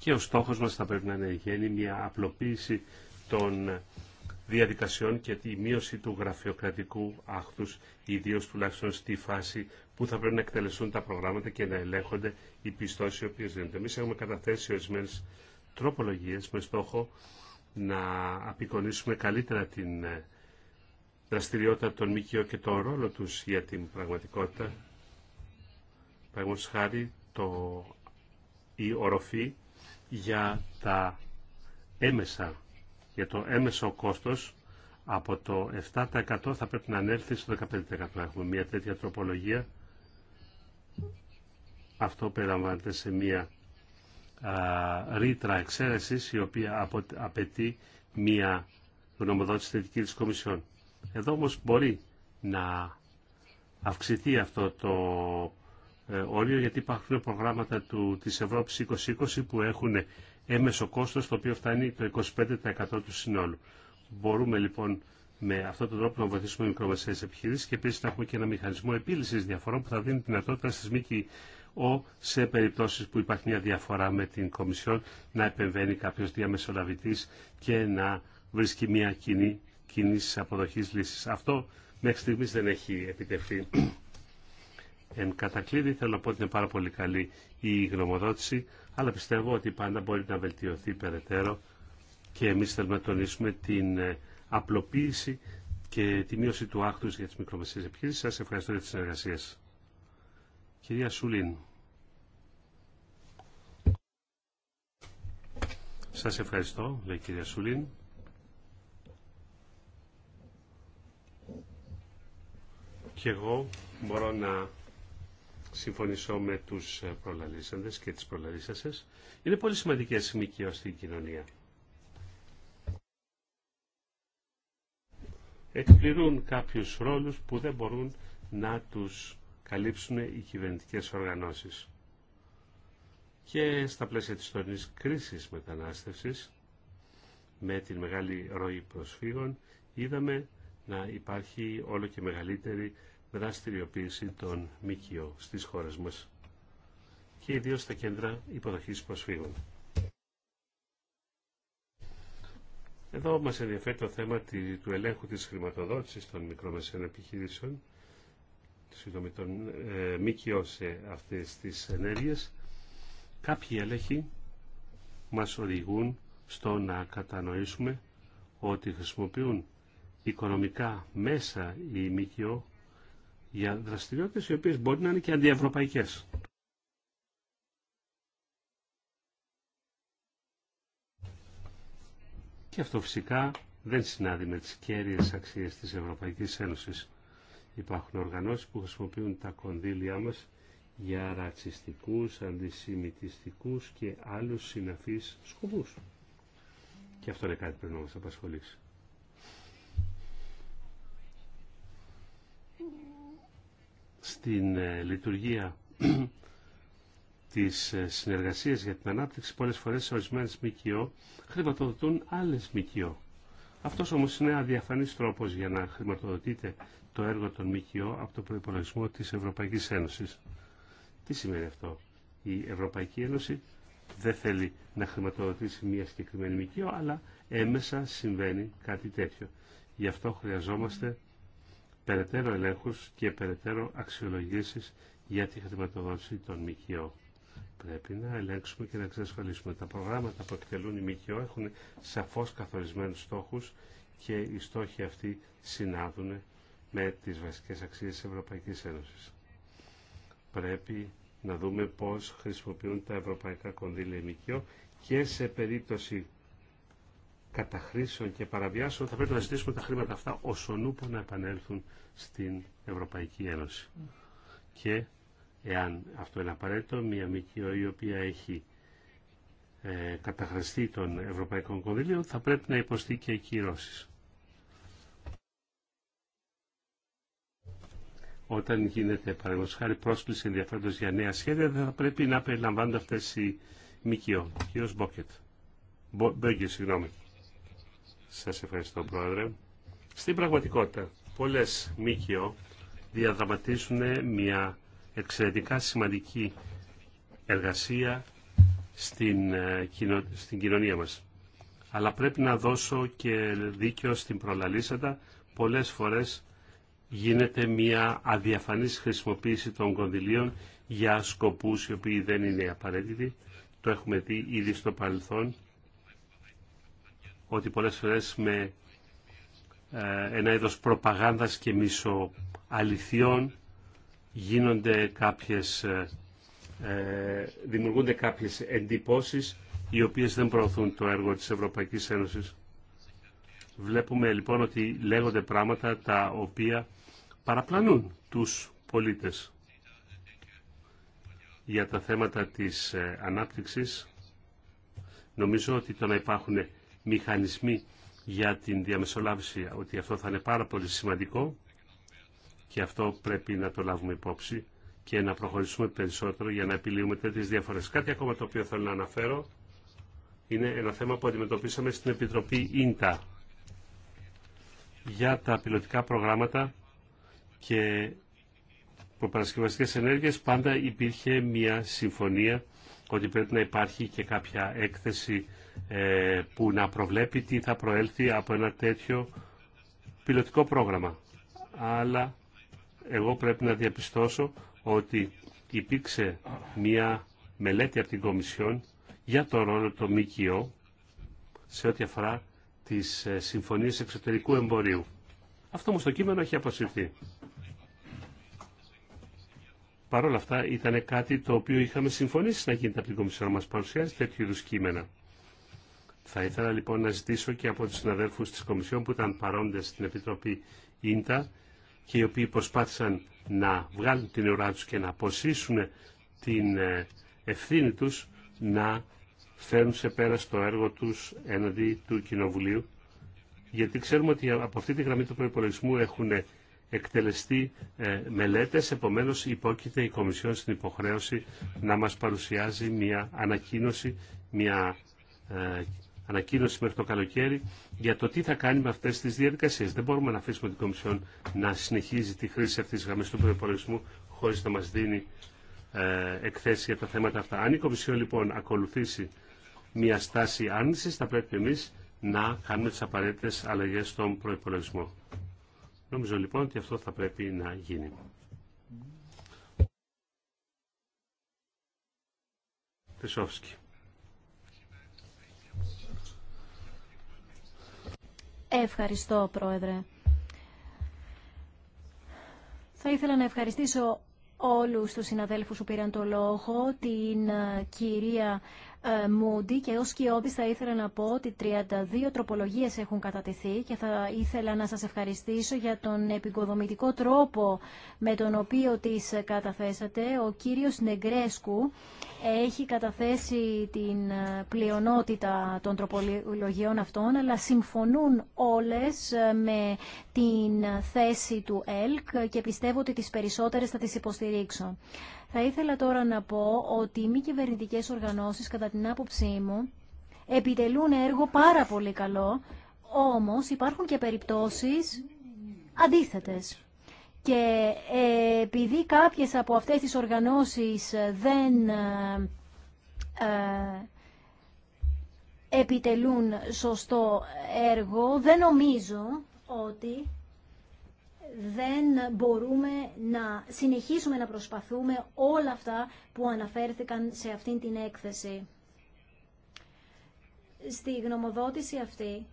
και ο στόχος μας θα πρέπει να είναι γέννη μια απλοποίηση των διαδικασιών και τη μείωση του γραφειοκρατικού άχθους, ιδίως τουλάχιστον στη φάση που θα πρέπει να εκτελεστούν τα προγράμματα και να ελέγχονται οι πιστώσεις οι οποίε δίνονται. Εμεί έχουμε καταθέσει ορισμένε τροπολογίες με στόχο να απεικονίσουμε καλύτερα την ε, δραστηριότητα των ΜΚΟ και τον ρόλο τους για την πραγματικότητα. Παραδείγματος το, η οροφή για τα έμεσα, για το έμεσο κόστος από το 7% θα πρέπει να ανέλθει στο 15%. Έχουμε μια τέτοια τροπολογία. Αυτό περιλαμβάνεται σε μια α, ρήτρα εξαίρεσης η οποία απαιτεί μια γνωμοδότηση θετική της Κομισιόν. Εδώ όμως μπορεί να αυξηθεί αυτό το ε, όριο γιατί υπάρχουν προγράμματα του, της Ευρώπης 2020 που έχουν έμεσο κόστος το οποίο φτάνει το 25% του συνόλου. Μπορούμε λοιπόν με αυτόν τον τρόπο να βοηθήσουμε μικρομεσαίε επιχειρήσει και επίση να έχουμε και ένα μηχανισμό επίλυση διαφορών που θα δίνει δυνατότητα στι ΜΚΟ σε περιπτώσει που υπάρχει μια διαφορά με την Κομισιόν να επεμβαίνει κάποιο διαμεσολαβητή και να βρίσκει μια κοινή αποδοχή λύση. Αυτό μέχρι στιγμή δεν έχει επιτευχθεί Εν κατακλείδη θέλω να πω ότι είναι πάρα πολύ καλή η γνωμοδότηση, αλλά πιστεύω ότι πάντα μπορεί να βελτιωθεί περαιτέρω και εμείς θέλουμε να τονίσουμε την ε, απλοποίηση και τη μείωση του άκτους για τις μικρομεσαίες επιχείρησεις. Σας ευχαριστώ για τη συνεργασία Κυρία Σουλίν. Σας ευχαριστώ, λέει η κυρία Σουλίν. Και εγώ μπορώ να συμφωνήσω με τους ε, προλαλήσαντες και τις προλαλήσασες. Είναι πολύ σημαντικές οι ως στην κοινωνία. Εκπληρούν κάποιους ρόλους που δεν μπορούν να τους καλύψουν οι κυβερνητικές οργανώσεις. Και στα πλαίσια της τωρινής κρίσης μετανάστευσης, με την μεγάλη ροή προσφύγων, είδαμε να υπάρχει όλο και μεγαλύτερη δραστηριοποίηση των ΜΚΟ στις χώρες μας και ιδίως στα κέντρα υποδοχής προσφύγων. Εδώ μας ενδιαφέρει το θέμα του ελέγχου της χρηματοδότησης των μικρομεσαίων επιχειρήσεων, συγγνώμη, των ε, σε αυτές τις ενέργειες. Κάποιοι έλεγχοι μας οδηγούν στο να κατανοήσουμε ότι χρησιμοποιούν οικονομικά μέσα η ΜΚΟ για δραστηριότητες οι οποίες μπορεί να είναι και αντιευρωπαϊκές. Και αυτό φυσικά δεν συνάδει με τις κέρυες αξίες της Ευρωπαϊκής Ένωσης. Υπάρχουν οργανώσεις που χρησιμοποιούν τα κονδύλια μας για ρατσιστικούς, αντισημιτιστικούς και άλλους συναφείς σκοπούς. Και αυτό είναι κάτι που πρέπει να μας απασχολήσει στην ε, λειτουργία *clears throat* της ε, συνεργασίας για την ανάπτυξη πολλές φορές σε ορισμένες ΜΚΟ χρηματοδοτούν άλλες ΜΚΟ. Αυτός όμως είναι αδιαφανής τρόπος για να χρηματοδοτείται το έργο των ΜΚΟ από το προϋπολογισμό της Ευρωπαϊκής Ένωσης. Τι σημαίνει αυτό. Η Ευρωπαϊκή Ένωση δεν θέλει να χρηματοδοτήσει μια συγκεκριμένη ΜΚΟ, αλλά έμεσα συμβαίνει κάτι τέτοιο. Γι' αυτό χρειαζόμαστε περαιτέρω ελέγχους και περαιτέρω αξιολογήσεις για τη χρηματοδότηση των ΜΚΟ. Πρέπει να ελέγξουμε και να εξασφαλίσουμε τα προγράμματα που εκτελούν οι ΜΚΟ έχουν σαφώς καθορισμένους στόχους και οι στόχοι αυτοί συνάδουν με τις βασικές αξίες της Ευρωπαϊκής Ένωσης. Πρέπει να δούμε πώς χρησιμοποιούν τα ευρωπαϊκά κονδύλια ΜΚΟ και σε περίπτωση καταχρήσεων και παραβιάσεων, θα πρέπει να ζητήσουμε τα χρήματα αυτά όσον να επανέλθουν στην Ευρωπαϊκή Ένωση. Και εάν αυτό είναι απαραίτητο, μια ΜΚΟ η οποία έχει ε, καταχρηστεί των Ευρωπαϊκών Κονδυλίων θα πρέπει να υποστεί και κυρώσει. Όταν γίνεται παραδείγματο χάρη πρόσκληση ενδιαφέροντο για νέα σχέδια, δεν θα πρέπει να περιλαμβάνονται αυτέ οι ΜΚΟ. Κύριο Μπόκετ. Μπόκετ, συγγνώμη. Σας ευχαριστώ Πρόεδρε. Στην πραγματικότητα, πολλές ΜΚΟ διαδραματίζουν μια εξαιρετικά σημαντική εργασία στην, ε, στην κοινωνία μας. Αλλά πρέπει να δώσω και δίκιο στην προλαλήσατα. Πολλές φορές γίνεται μια αδιαφανής χρησιμοποίηση των κονδυλίων για σκοπούς οι οποίοι δεν είναι απαραίτητοι. Το έχουμε δει ήδη στο παρελθόν ότι πολλές φορές με ε, ένα είδος προπαγάνδας και μισοαληθιών γίνονται κάποιες, ε, ε, δημιουργούνται κάποιες εντυπώσεις οι οποίες δεν προωθούν το έργο της Ευρωπαϊκής Ένωσης. Βλέπουμε λοιπόν ότι λέγονται πράγματα τα οποία παραπλανούν τους πολίτες για τα θέματα της ανάπτυξης. Νομίζω ότι το να υπάρχουν μηχανισμοί για την διαμεσολάβηση, ότι αυτό θα είναι πάρα πολύ σημαντικό και αυτό πρέπει να το λάβουμε υπόψη και να προχωρήσουμε περισσότερο για να επιλύουμε τέτοιες διαφορές. Κάτι ακόμα το οποίο θέλω να αναφέρω είναι ένα θέμα που αντιμετωπίσαμε στην Επιτροπή ΙΝΤΑ για τα πιλωτικά προγράμματα και προπαρασκευαστικές ενέργειες πάντα υπήρχε μια συμφωνία ότι πρέπει να υπάρχει και κάποια έκθεση ε, που να προβλέπει τι θα προέλθει από ένα τέτοιο πιλωτικό πρόγραμμα. Αλλά εγώ πρέπει να διαπιστώσω ότι υπήρξε μια μελέτη από την Κομισιόν για το ρόλο του ΜΚΟ σε ό,τι αφορά τις ε, συμφωνίες εξωτερικού εμπορίου. Αυτό όμως το κείμενο έχει αποσυρθεί. Παρ' όλα αυτά ήταν κάτι το οποίο είχαμε συμφωνήσει να γίνεται από την Κομισιόν να μας παρουσιάζει τέτοιου είδου κείμενα. Θα ήθελα λοιπόν να ζητήσω και από τους συναδέλφους της Κομισιόν που ήταν παρόντες στην Επιτροπή Ίντα και οι οποίοι προσπάθησαν να βγάλουν την ουρά τους και να αποσύσουν την ε, ευθύνη τους να φέρουν σε πέρα στο έργο τους έναντι του Κοινοβουλίου γιατί ξέρουμε ότι από αυτή τη γραμμή του προϋπολογισμού έχουν εκτελεστεί ε, μελέτες, επομένως υπόκειται η Κομισιόν στην υποχρέωση να μας παρουσιάζει μια ανακοίνωση, μια ε, ανακοίνωση μέχρι το καλοκαίρι για το τι θα κάνει με αυτές τις διαδικασίε. Δεν μπορούμε να αφήσουμε την Κομισιόν να συνεχίζει τη χρήση αυτή τη γραμμή του προπολογισμού χωρίς να μας δίνει ε, εκθέσει για τα θέματα αυτά. Αν η Κομισιόν λοιπόν ακολουθήσει μια στάση άρνηση, θα πρέπει εμείς να κάνουμε τι απαραίτητε αλλαγέ στον προπολογισμό. Νομίζω λοιπόν ότι αυτό θα πρέπει να γίνει. Ευχαριστώ, Πρόεδρε. Θα ήθελα να ευχαριστήσω όλους τους συναδέλφους που πήραν το λόγο, την ε, κυρία ε, Μούντι και ως θα ήθελα να πω ότι 32 τροπολογίες έχουν κατατεθεί και θα ήθελα να σας ευχαριστήσω για τον επικοδομητικό τρόπο με τον οποίο τις καταθέσατε. Ο κύριος Νεγκρέσκου έχει καταθέσει την ε, πλειονότητα των τροπολογιών αυτών, αλλά συμφωνούν όλες ε, με την θέση του ΕΛΚ και πιστεύω ότι τις περισσότερες θα τις υποστηρίξω. Θα ήθελα τώρα να πω ότι οι μη κυβερνητικέ οργανώσεις κατά την άποψή μου, επιτελούν έργο πάρα πολύ καλό, όμως υπάρχουν και περιπτώσεις αντίθετες. Και ε, επειδή κάποιες από αυτές τις οργανώσεις δεν ε, επιτελούν σωστό έργο, δεν νομίζω ότι δεν μπορούμε να συνεχίσουμε να προσπαθούμε όλα αυτά που αναφέρθηκαν σε αυτήν την έκθεση. Στη γνωμοδότηση αυτή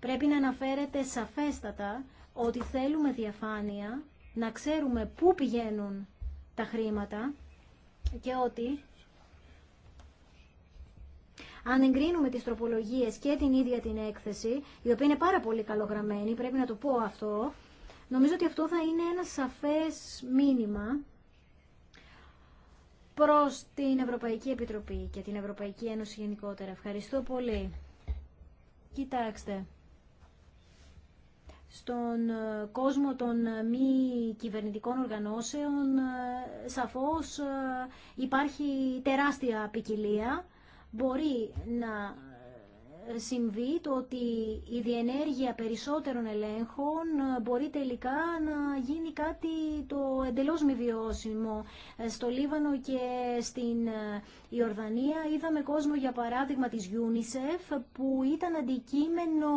πρέπει να αναφέρεται σαφέστατα ότι θέλουμε διαφάνεια, να ξέρουμε πού πηγαίνουν τα χρήματα και ότι αν εγκρίνουμε τις τροπολογίες και την ίδια την έκθεση, η οποία είναι πάρα πολύ καλογραμμένη, πρέπει να το πω αυτό, νομίζω ότι αυτό θα είναι ένα σαφές μήνυμα προς την Ευρωπαϊκή Επιτροπή και την Ευρωπαϊκή Ένωση γενικότερα. Ευχαριστώ πολύ. Κοιτάξτε, στον ε, κόσμο των ε, μη κυβερνητικών οργανώσεων ε, σαφώς υπάρχει τεράστια ποικιλία. Μπορεί να συμβεί το ότι η διενέργεια περισσότερων ελέγχων ε, μπορεί τελικά να γίνει κάτι το εντελώς μη βιώσιμο. Ε, στο Λίβανο και στην ε, Ιορδανία είδαμε κόσμο για παράδειγμα της UNICEF που ήταν αντικείμενο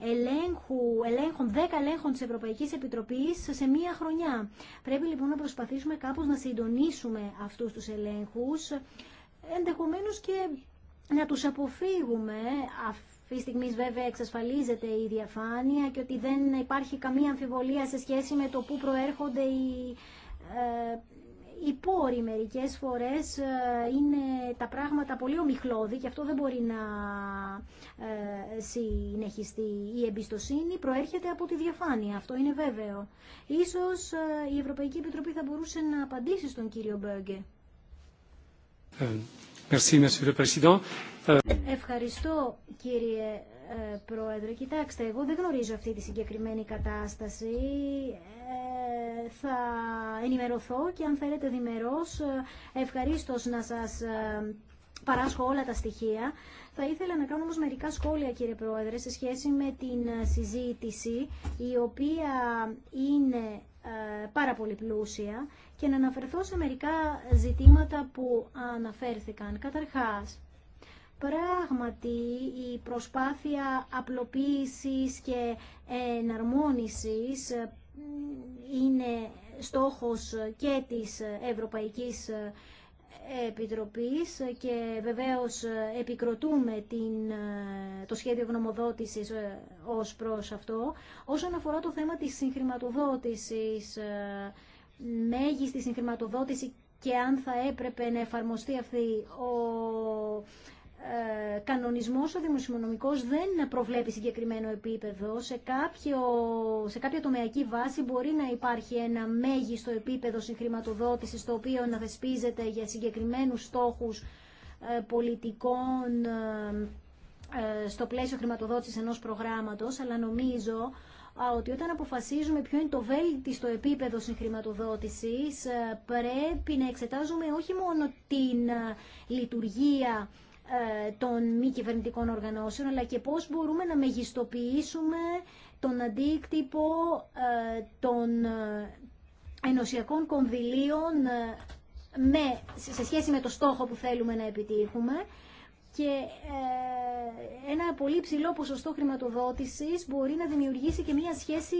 ελέγχου, ελέγχων, 10 ελέγχων της Ευρωπαϊκής Επιτροπής σε μία χρονιά. Πρέπει λοιπόν να προσπαθήσουμε κάπως να συντονίσουμε αυτούς τους ελέγχους ενδεχομένως και να τους αποφύγουμε. Αυτή τη στιγμή βέβαια εξασφαλίζεται η διαφάνεια και ότι δεν υπάρχει καμία αμφιβολία σε σχέση με το πού προέρχονται οι, ε, οι πόροι. Μερικές φορές ε, είναι τα πράγματα πολύ ομιχλώδη και αυτό δεν μπορεί να ε, συνεχιστεί. Η εμπιστοσύνη προέρχεται από τη διαφάνεια, αυτό είναι βέβαιο. Ίσως ε, η Ευρωπαϊκή Επιτροπή θα μπορούσε να απαντήσει στον κύριο Μπέγκε. Ε, Euh, Ευχαριστώ κύριε ε, Πρόεδρε. Κοιτάξτε, εγώ δεν γνωρίζω αυτή τη συγκεκριμένη κατάσταση. Ε, θα ενημερωθώ και αν θέλετε διμερώς ε, ευχαρίστως να σας ε, παράσχω όλα τα στοιχεία. Θα ήθελα να κάνω όμως μερικά σχόλια, κύριε Πρόεδρε, σε σχέση με την ε, συζήτηση, η οποία είναι ε, πάρα πολύ πλούσια, και να αναφερθώ σε μερικά ζητήματα που αναφέρθηκαν. Καταρχάς, πράγματι η προσπάθεια απλοποίησης και εναρμόνισης ε, είναι στόχος και της Ευρωπαϊκής Επιτροπής και βεβαίως επικροτούμε την, το σχέδιο γνωμοδότησης ε, ως προς αυτό. Όσον αφορά το θέμα της συγχρηματοδότησης, ε, μέγιστη συγχρηματοδότηση και αν θα έπρεπε να εφαρμοστεί αυτή ο ε, κανονισμός ο δημοσιονομικός δεν προβλέπει συγκεκριμένο επίπεδο. Σε, κάποιο, σε κάποια τομεακή βάση μπορεί να υπάρχει ένα μέγιστο επίπεδο συγχρηματοδότησης το οποίο να δεσπίζεται για συγκεκριμένους στόχους ε, πολιτικών ε, στο πλαίσιο χρηματοδότησης ενός προγράμματος, αλλά νομίζω ότι όταν αποφασίζουμε ποιο είναι το βέλτιστο επίπεδο συγχρηματοδότησης πρέπει να εξετάζουμε όχι μόνο την λειτουργία ε, των μη κυβερνητικών οργανώσεων, αλλά και πώς μπορούμε να μεγιστοποιήσουμε τον αντίκτυπο ε, των ε, ενωσιακών κονδυλίων με, σε σχέση με το στόχο που θέλουμε να επιτύχουμε και ένα πολύ ψηλό ποσοστό χρηματοδότησης μπορεί να δημιουργήσει και μια σχέση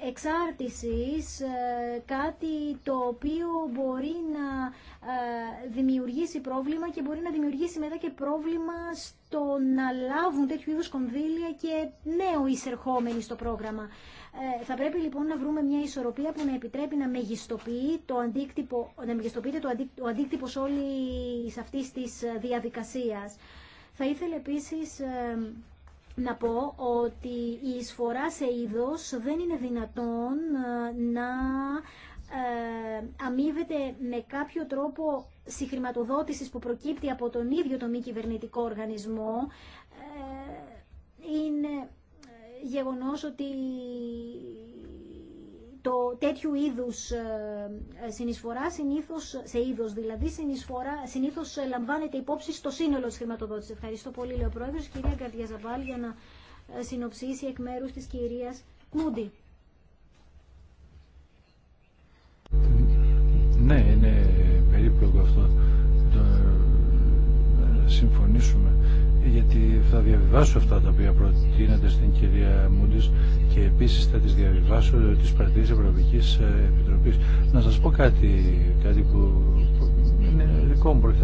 εξάρτησης, ε, κάτι το οποίο μπορεί να ε, δημιουργήσει πρόβλημα και μπορεί να δημιουργήσει μετά και πρόβλημα στο να λάβουν τέτοιου είδους κονδύλια και νέο εισερχόμενοι στο πρόγραμμα. Ε, θα πρέπει λοιπόν να βρούμε μια ισορροπία που να επιτρέπει να μεγιστοποιεί το αντίκτυπο, να μεγιστοποιείται το αντίκτυπο, ο αντίκτυπος όλης αυτής της διαδικασίας. Θα ήθελε επίσης να πω ότι η εισφορά σε είδος δεν είναι δυνατόν ε, να ε, αμείβεται με κάποιο τρόπο συγχρηματοδότησης που προκύπτει από τον ίδιο το μη κυβερνητικό οργανισμό. Ε, είναι γεγονός ότι το τέτοιου είδους ε, ε, συνεισφορά συνήθως, σε είδος δηλαδή συνεισφορά, συνήθως ε, λαμβάνεται υπόψη στο σύνολο της χρηματοδότησης. Ευχαριστώ πολύ, λέει ο Πρόεδρος, κυρία Καρδιαζαμπάλ, για να συνοψίσει εκ μέρου της κυρίας Κούντι. Ναι, είναι περίπλοκο αυτό να συμφωνήσουμε γιατί θα διαβιβάσω αυτά τα οποία προτείνεται στην κυρία Μούντις και επίσης θα τις διαβιβάσω της Παρτίδης Ευρωπαϊκής ε, Επιτροπής. Να σας πω κάτι, κάτι που είναι δικό μου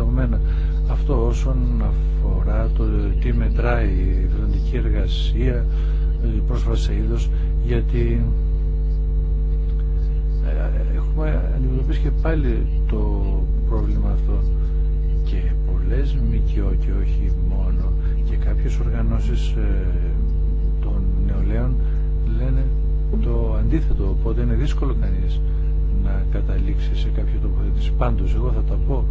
Αυτό όσον αφορά το τι μετράει η φροντική εργασία, πρόσφατα πρόσφαση σε είδος, γιατί ε, έχουμε αντιμετωπίσει και πάλι το πρόβλημα αυτό και πολλές μη και όχι και κάποιες οργανώσεις ε, των νεολαίων λένε το αντίθετο, οπότε είναι δύσκολο κανείς να καταλήξει σε κάποια τοποθέτηση. Πάντως, εγώ θα τα πω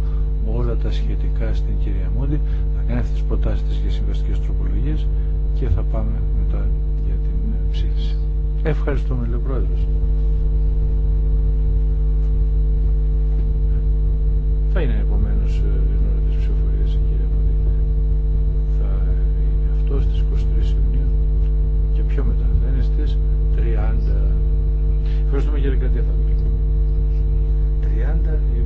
όλα τα σχετικά στην κυρία Μούντι, θα κάνει αυτές τις προτάσεις της για συμβαστικές τροπολογίες και θα πάμε μετά για την ψήφιση. Ευχαριστούμε, λέει ο Πρόεδρος. Θα είναι επομένως ε, αυτό στις 23 Ιουνίου και πιο μετά θα είναι στις 30. Ευχαριστούμε κύριε Κατία 30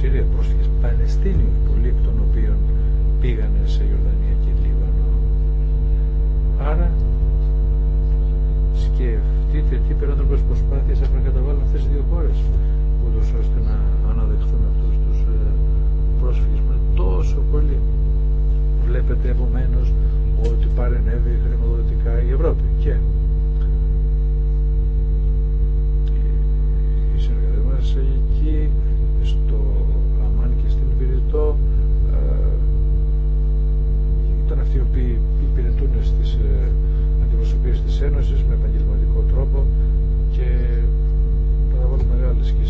Σύρια πρόσφυγες Παλαιστίνιου, πολλοί εκ των οποίων πήγανε σε Ιορδανία και Λίβανο άρα σκεφτείτε τι περάνθρωπες προσπάθειες έπρεπε να καταβάλουν αυτές οι δύο χώρες ούτως ώστε να αναδεχθούν αυτούς τους ε, πρόσφυγες με τόσο πολύ βλέπετε επομένω ότι παρενέβη χρηματοδοτικά η Ευρώπη και αυτό ε, ήταν αυτοί οι οποίοι υπηρετούν στις ε, αντιπροσωπείες της Ένωσης με επαγγελματικό τρόπο και παραβάλλουν μεγάλες και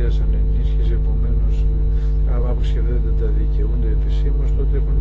χρειάζεται ενίσχυση επομένως από σχεδόν δεν τα δικαιούνται επισήμως τότε έχουν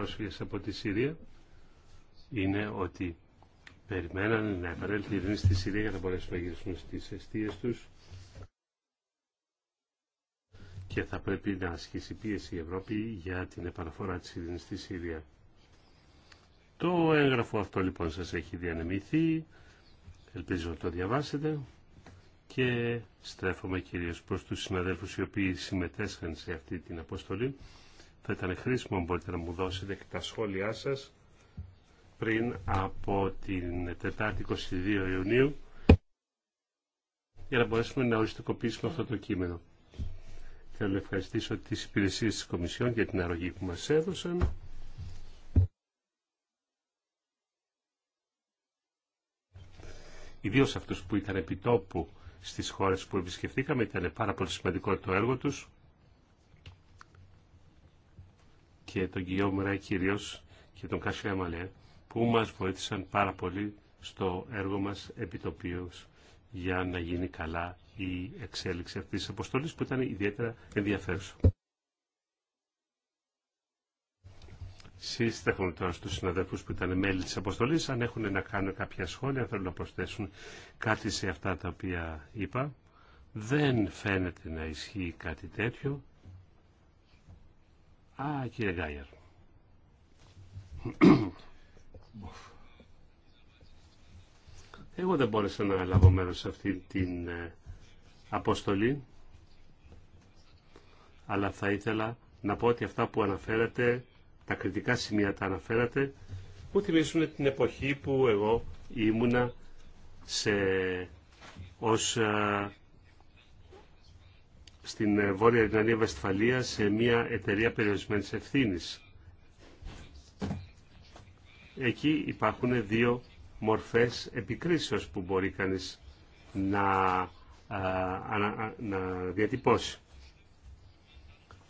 πρόσφυγες από τη Συρία είναι ότι περιμένανε να επανέλθει η ειρήνη στη Συρία για να μπορέσουν να γυρίσουν στις αιστείες τους και θα πρέπει να ασκήσει πίεση η Ευρώπη για την επαναφορά της ειρήνης στη Συρία. Το έγγραφο αυτό λοιπόν σας έχει διανεμηθεί, ελπίζω να το διαβάσετε και στρέφομαι κυρίως προς τους συναδέλφους οι οποίοι συμμετέσχαν σε αυτή την αποστολή θα ήταν χρήσιμο αν μπορείτε να μου δώσετε και τα σχόλιά σας πριν από την Τετάρτη 22 Ιουνίου για να μπορέσουμε να οριστικοποιήσουμε αυτό το κείμενο. Θέλω να ευχαριστήσω τις υπηρεσίες της Κομισιόν για την αρρωγή που μας έδωσαν. Ιδίω αυτούς που ήταν επιτόπου στις χώρες που επισκεφτήκαμε ήταν πάρα πολύ σημαντικό το έργο τους. και τον κύριο Μουράκη κυρίω και τον Κάσιο Αμαλέ που μας βοήθησαν πάρα πολύ στο έργο μας επιτοπίως για να γίνει καλά η εξέλιξη αυτής της αποστολής που ήταν ιδιαίτερα ενδιαφέρουσα. Σύσταχουν τώρα στους συναδελφούς που ήταν μέλη της αποστολής αν έχουν να κάνουν κάποια σχόλια, θέλουν να προσθέσουν κάτι σε αυτά τα οποία είπα. Δεν φαίνεται να ισχύει κάτι τέτοιο. Α, κύριε Γκάιερ. Εγώ δεν μπόρεσα να λάβω μέρος σε αυτή την ε, αποστολή, αλλά θα ήθελα να πω ότι αυτά που αναφέρατε, τα κριτικά σημεία τα αναφέρατε, μου θυμίσουν την εποχή που εγώ ήμουνα σε, ως ε, στην ε, Βόρεια Ιρλανδία Βεσφαλία σε μια εταιρεία περιορισμένη ευθύνη. Εκεί υπάρχουν δύο μορφές επικρίσεως που μπορεί κανείς να, διατυπώσει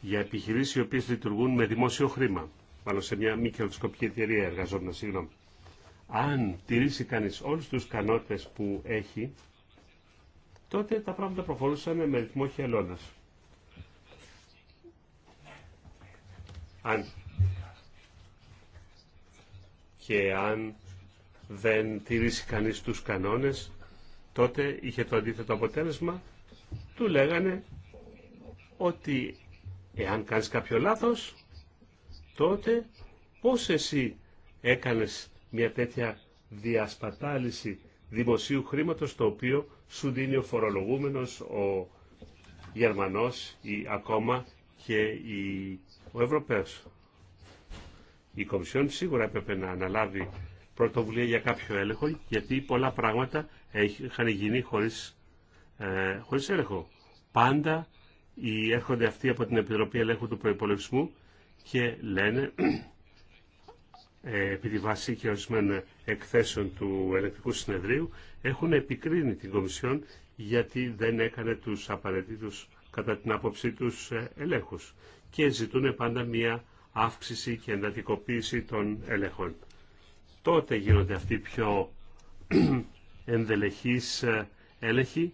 για επιχειρήσεις οι οποίες λειτουργούν με δημόσιο χρήμα. Πάνω σε μια μη κερδοσκοπική εταιρεία εργαζόμενα, συγγνώμη. Αν τηρήσει κανείς όλους τους κανόνες που έχει, τότε τα πράγματα προχωρούσαν με ρυθμό χελώνα. Αν... Και αν δεν τηρήσει κανείς τους κανόνες, τότε είχε το αντίθετο αποτέλεσμα. Του λέγανε ότι εάν κάνεις κάποιο λάθος, τότε πώς εσύ έκανες μια τέτοια διασπατάληση δημοσίου χρήματος το οποίο σου δίνει ο φορολογούμενος, ο Γερμανός ή ακόμα και ο Ευρωπαίος. Η Κομισιόν σίγουρα έπρεπε να αναλάβει πρωτοβουλία για κάποιο έλεγχο γιατί πολλά πράγματα είχαν γίνει χωρίς, ε, χωρίς έλεγχο. Πάντα οι έρχονται αυτοί από την Επιτροπή Ελέγχου του Προϋπολογισμού και λένε ε, επί τη βάση και ορισμένων εκθέσεων του Ελεκτικού Συνεδρίου, έχουν επικρίνει την Κομισιόν γιατί δεν έκανε τους απαραίτητους, κατά την άποψή τους, ε, ελέγχους και ζητούν πάντα μία αύξηση και εντατικοποίηση των ελέγχων. Τότε γίνονται αυτοί πιο *clears throat* ενδελεχείς ε, έλεγχοι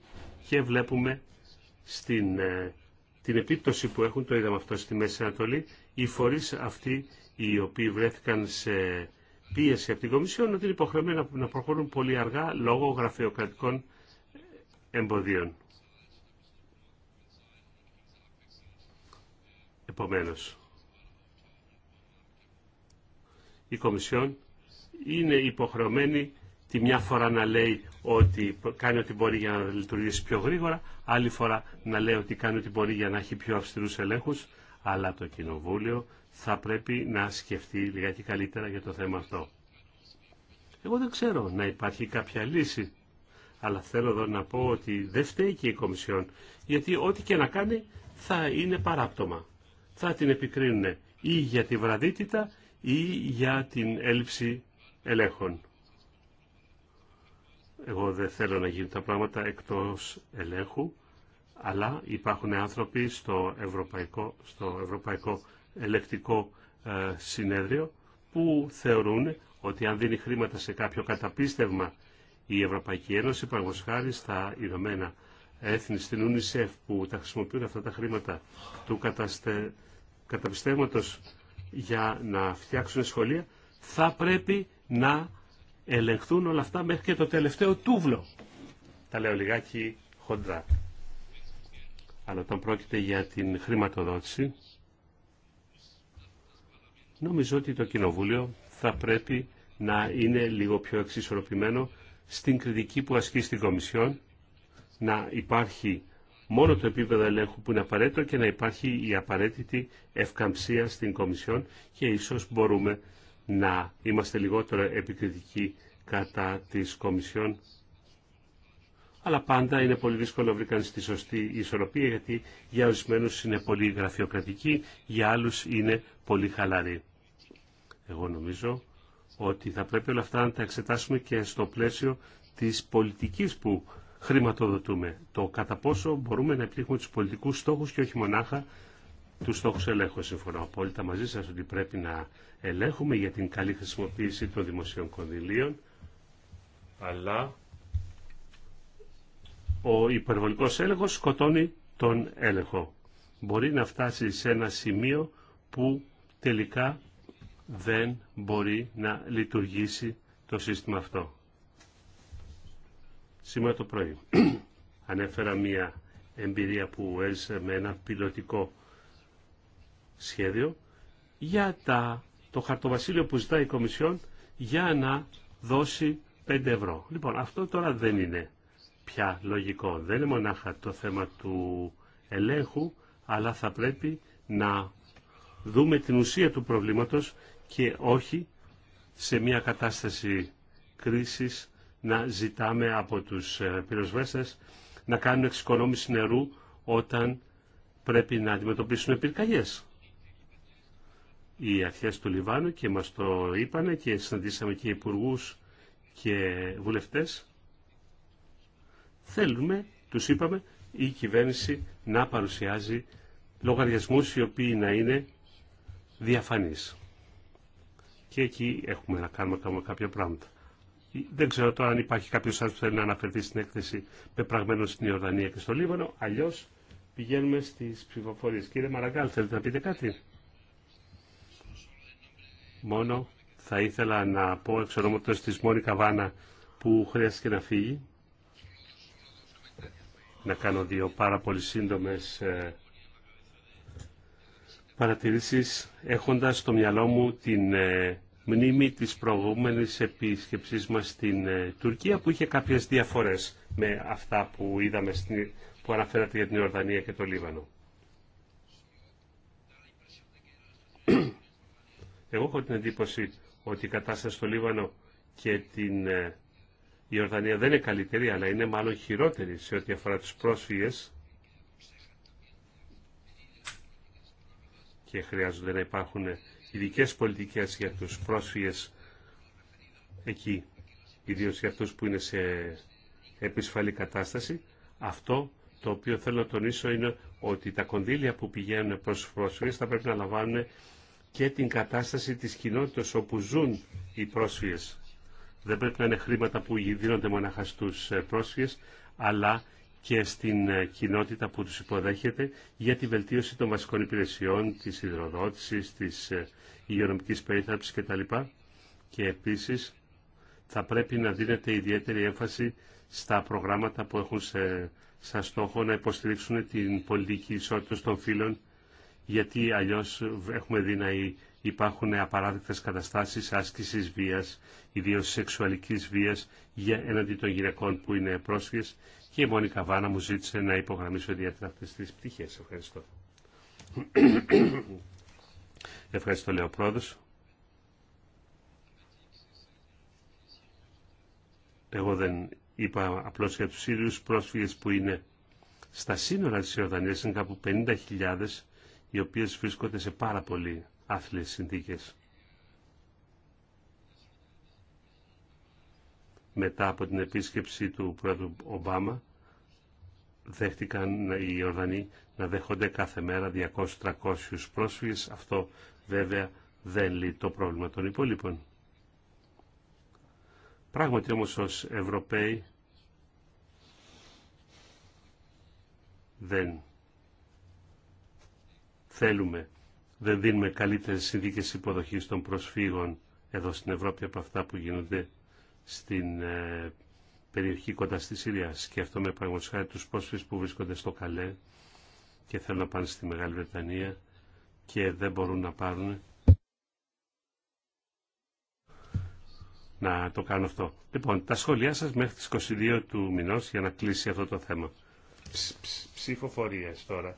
και βλέπουμε στην, την επίπτωση που έχουν, το είδαμε αυτό στη Μέση Ανατολή, οι φορείς αυτοί οι οποίοι βρέθηκαν σε πίεση από την Κομισιόν ότι είναι υποχρεωμένοι να προχωρούν πολύ αργά λόγω γραφειοκρατικών εμποδίων. Επομένως, η Κομισιόν είναι υποχρεωμένη τη μια φορά να λέει ότι κάνει ό,τι μπορεί για να λειτουργήσει πιο γρήγορα, άλλη φορά να λέει ότι κάνει ό,τι μπορεί για να έχει πιο αυστηρούς ελέγχους, αλλά το Κοινοβούλιο θα πρέπει να σκεφτεί λιγάκι καλύτερα για το θέμα αυτό. Εγώ δεν ξέρω να υπάρχει κάποια λύση, αλλά θέλω εδώ να πω ότι δεν φταίει και η Κομισιόν, γιατί ό,τι και να κάνει θα είναι παράπτωμα. Θα την επικρίνουν ή για τη βραδύτητα ή για την έλλειψη ελέγχων. Εγώ δεν θέλω να γίνουν τα πράγματα εκτός ελέγχου, αλλά υπάρχουν άνθρωποι στο Ευρωπαϊκό, στο Ευρωπαϊκό ελεκτικό ε, συνέδριο που θεωρούν ότι αν δίνει χρήματα σε κάποιο καταπίστευμα η Ευρωπαϊκή Ένωση, χάρη στα Ηνωμένα Έθνη, στην UNICEF που τα χρησιμοποιούν αυτά τα χρήματα του καταστε... καταπιστεύματος για να φτιάξουν σχολεία, θα πρέπει να ελεγχθούν όλα αυτά μέχρι και το τελευταίο τούβλο. Τα λέω λιγάκι χοντρά. Αλλά όταν πρόκειται για την χρηματοδότηση, Νομίζω ότι το Κοινοβούλιο θα πρέπει να είναι λίγο πιο εξισορροπημένο στην κριτική που ασκεί στην Κομισιόν, να υπάρχει μόνο το επίπεδο ελέγχου που είναι απαραίτητο και να υπάρχει η απαραίτητη ευκαμψία στην Κομισιόν και ίσως μπορούμε να είμαστε λιγότερο επικριτικοί κατά της Κομισιόν αλλά πάντα είναι πολύ δύσκολο να βρει κανεί τη σωστή ισορροπία, γιατί για ορισμένου είναι πολύ γραφειοκρατική, για άλλου είναι πολύ χαλαρή. Εγώ νομίζω ότι θα πρέπει όλα αυτά να τα εξετάσουμε και στο πλαίσιο της πολιτικής που χρηματοδοτούμε. Το κατά πόσο μπορούμε να επιτύχουμε τους πολιτικούς στόχους και όχι μονάχα τους στόχους ελέγχου. Συμφωνώ απόλυτα μαζί σας ότι πρέπει να ελέγχουμε για την καλή χρησιμοποίηση των δημοσίων κονδυλίων, αλλά ο υπερβολικός έλεγχος σκοτώνει τον έλεγχο. Μπορεί να φτάσει σε ένα σημείο που τελικά δεν μπορεί να λειτουργήσει το σύστημα αυτό. Σήμερα το πρωί *clears throat* ανέφερα μία εμπειρία που έζησε με ένα πιλωτικό σχέδιο για τα, το χαρτοβασίλειο που ζητάει η Κομισιόν για να δώσει 5 ευρώ. Λοιπόν, αυτό τώρα δεν είναι πια λογικό. Δεν είναι μονάχα το θέμα του ελέγχου, αλλά θα πρέπει να δούμε την ουσία του προβλήματος και όχι σε μια κατάσταση κρίσης να ζητάμε από τους ε, πυροσβέστες να κάνουν εξοικονόμηση νερού όταν πρέπει να αντιμετωπίσουν πυρκαγιές. Οι αρχές του Λιβάνου και μας το είπανε και συναντήσαμε και υπουργούς και βουλευτές Θέλουμε, τους είπαμε, η κυβέρνηση να παρουσιάζει λογαριασμούς οι οποίοι να είναι διαφανείς. Και εκεί έχουμε να κάνουμε, ακόμα κάποια πράγματα. Δεν ξέρω τώρα αν υπάρχει κάποιο άλλο που θέλει να αναφερθεί στην έκθεση πεπραγμένο στην Ιορδανία και στο Λίβανο. Αλλιώ πηγαίνουμε στι ψηφοφορίε. Κύριε Μαραγκάλ, θέλετε να πείτε κάτι. Μόνο θα ήθελα να πω εξ ονόματο τη Μόνικα Βάνα που χρειάστηκε να φύγει να κάνω δύο πάρα πολύ σύντομες ε, παρατηρήσεις έχοντας στο μυαλό μου την ε, μνήμη της προηγούμενης επίσκεψής μας στην ε, Τουρκία που είχε κάποιες διαφορές με αυτά που είδαμε στην, που αναφέρατε για την Ιορδανία και το Λίβανο. Εγώ έχω την εντύπωση ότι η κατάσταση στο Λίβανο και την η Ορδανία δεν είναι καλύτερη, αλλά είναι μάλλον χειρότερη σε ό,τι αφορά τους πρόσφυγες και χρειάζονται να υπάρχουν ειδικέ πολιτικές για τους πρόσφυγες εκεί, ιδίω για αυτούς που είναι σε επισφαλή κατάσταση. Αυτό το οποίο θέλω να τονίσω είναι ότι τα κονδύλια που πηγαίνουν προς τους πρόσφυγες θα πρέπει να λαμβάνουν και την κατάσταση της κοινότητας όπου ζουν οι πρόσφυγες δεν πρέπει να είναι χρήματα που δίνονται μονάχα στους ε, πρόσφυγες, αλλά και στην ε, κοινότητα που τους υποδέχεται για τη βελτίωση των βασικών υπηρεσιών, της υδροδότησης, της ε, υγειονομικής περίθαλψης κτλ. Και επίσης θα πρέπει να δίνεται ιδιαίτερη έμφαση στα προγράμματα που έχουν σαν στόχο να υποστηρίξουν την πολιτική ισότητα των φύλων γιατί αλλιώς έχουμε δει να υπάρχουν απαράδεκτες καταστάσεις άσκησης βίας, ιδίως σεξουαλικής βίας για έναντι των γυναικών που είναι πρόσφυγες και η Μόνικα Βάνα μου ζήτησε να υπογραμμίσω ιδιαίτερα αυτές τις πτυχές. Ευχαριστώ. Ευχαριστώ, λέω πρόεδρος. Εγώ δεν είπα απλώς για τους ίδιους πρόσφυγες που είναι στα σύνορα της Ιορδανίας, είναι κάπου 50.000 οι οποίες βρίσκονται σε πάρα πολύ άθλιες συνθήκες. Μετά από την επίσκεψη του πρόεδρου Ομπάμα, δέχτηκαν οι Ορδανοί να δέχονται κάθε μέρα 200-300 πρόσφυγες. Αυτό βέβαια δεν λύει το πρόβλημα των υπόλοιπων. Πράγματι όμως ως Ευρωπαίοι δεν θέλουμε, δεν δίνουμε καλύτερες συνθήκες υποδοχή των προσφύγων εδώ στην Ευρώπη από αυτά που γίνονται στην ε, περιοχή κοντά στη Συρία. Σκέφτομαι με χάρη τους πρόσφυγες που βρίσκονται στο Καλέ και θέλουν να πάνε στη Μεγάλη Βρετανία και δεν μπορούν να πάρουν να το κάνω αυτό. Λοιπόν, τα σχόλιά σας μέχρι τις 22 του μηνός για να κλείσει αυτό το θέμα. Ψ, ψηφοφορίες τώρα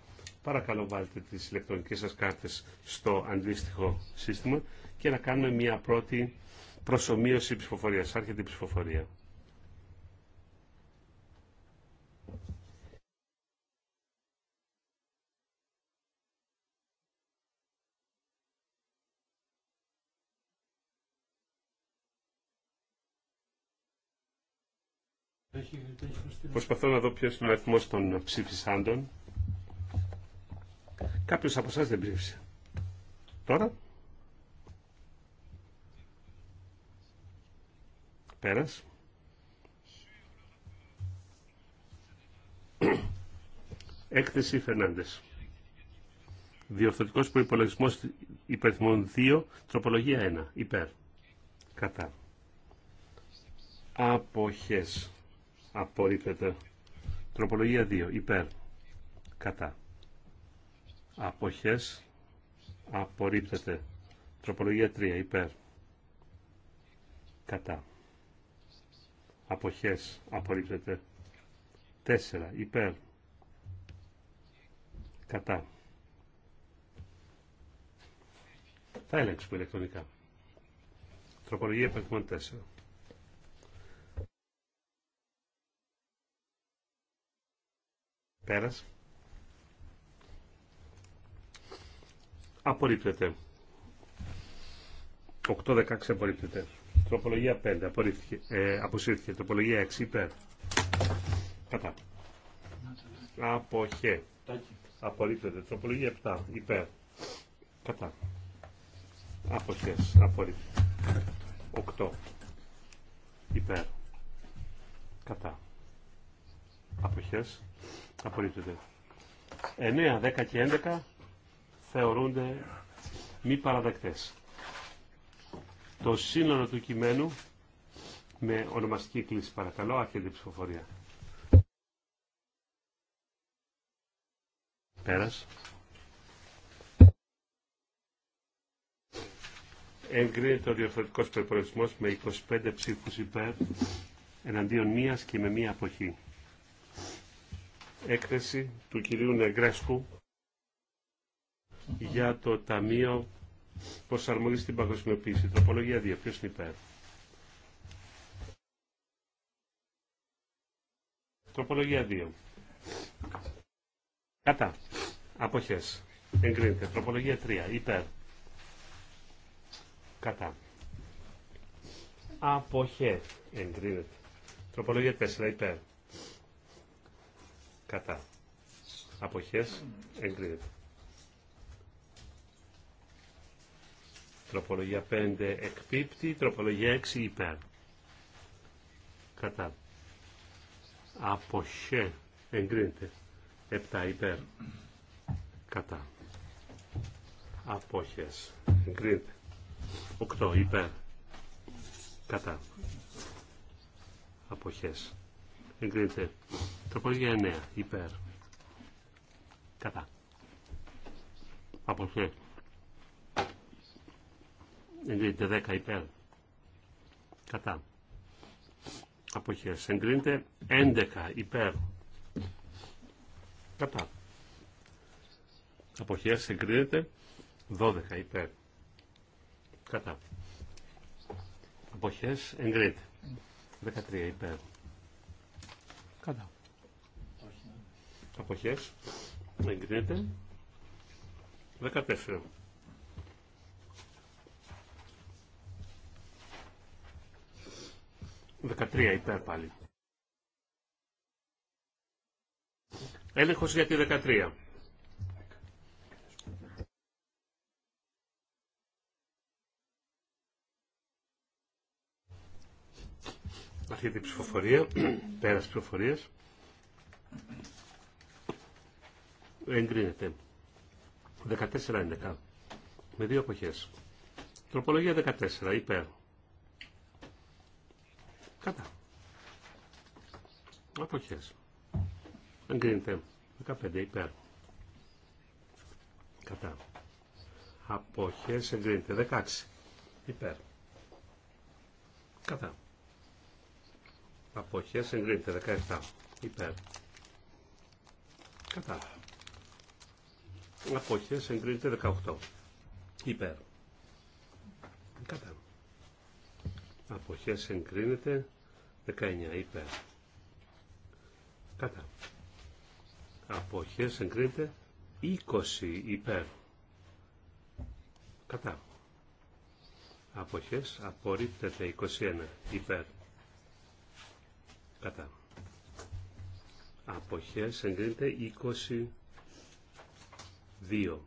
παρακαλώ βάλτε τις ηλεκτρονικές σας κάρτες στο αντίστοιχο σύστημα και να κάνουμε μια πρώτη προσωμείωση ψηφοφορίας. Άρχεται η ψηφοφορία. Προσπαθώ να δω ποιος είναι ο αριθμός των ψηφισάντων. Κάποιος από εσάς δεν ψήφισε. Τώρα. Πέρας. Έκθεση Φερνάντες. Διορθωτικός προϋπολογισμός υπερθυμών 2, τροπολογία 1, υπέρ. Κατά. Αποχές. Απορρίπτεται. Τροπολογία 2, υπέρ. Κατά αποχές απορρίπτεται. Τροπολογία 3 υπέρ κατά αποχές απορρίπτεται. 4 υπέρ κατά. Θα ελέγξουμε ηλεκτρονικά. Τροπολογία επαγγελμών 4. Πέρασε. απορρίπτεται. 8-16 απορρίπτεται. Τροπολογία 5 απορρίφθηκε, ε, αποσύρθηκε. Τροπολογία 6 υπέρ. Κατά. Αποχέ. Απορρίπτεται. Τροπολογία 7 υπέρ. Κατά. Αποχές. Απορρίπτεται. 8 υπέρ. Κατά. Αποχές. Απορρίπτεται. 9, 10 και 11 θεωρούνται μη παραδεκτές. Το σύνολο του κειμένου με ονομαστική κλίση παρακαλώ, άρχεται ψηφοφορία. Πέρας. Εγκρίνεται ο διορθωτικός προπολογισμό με 25 ψήφους υπέρ εναντίον μίας και με μία αποχή. Έκθεση του κυρίου Νεγκρέσκου για το Ταμείο Προσαρμογής στην Παγκοσμιοποίηση. Τροπολογία 2. Ποιος είναι υπέρ. Τροπολογία 2. Κατά. Αποχές. Εγκρίνεται. Τροπολογία 3. Υπέρ. Κατά. Αποχέ. Εγκρίνεται. Τροπολογία 4. Υπέρ. Κατά. Αποχές. Εγκρίνεται. Τροπολογία 5 εκπίπτει. Τροπολογία 6 υπέρ. Κατά. Αποχέ. Εγκρίνεται. 7 υπέρ. Κατά. Απόχες. Εγκρίνεται. 8 υπέρ. Κατά. Αποχές. Εγκρίνεται. Τροπολογία 9 υπέρ. Κατά. Αποχές. Εγκρίνεται 10 υπέρ. Κατά. Αποχές. Εγκρίνεται 11 υπέρ. Κατά. Αποχέ Εγκρίνεται 12 υπέρ. Κατά. Αποχές. Εγκρίνεται 13 υπέρ. Κατά. Αποχές. Εγκρίνεται 14 13 υπέρ πάλι. Έλεγχος για τη 13. Αυτή την ψηφοφορία, *clears throat* πέρας ψηφοφορίας, εγκρίνεται. 14 11. Με δύο εποχές. Τροπολογία 14 υπέρ. Κατά. Αποχές. Εγκρίνεται. 15 υπέρ. Κατά. Αποχές εγκρίνεται. 16 υπέρ. Κατά. Αποχές εγκρίνεται. 17 υπέρ. Κατά. Αποχές εγκρίνεται 18. Υπέρ. Κατά. Αποχές εγκρίνεται 19 υπέρ. Κατά. Αποχές εγκρίνεται 20 υπέρ. Κατά. Αποχές απορρίπτεται 21 υπέρ. Κατά. Αποχές εγκρίνεται 22.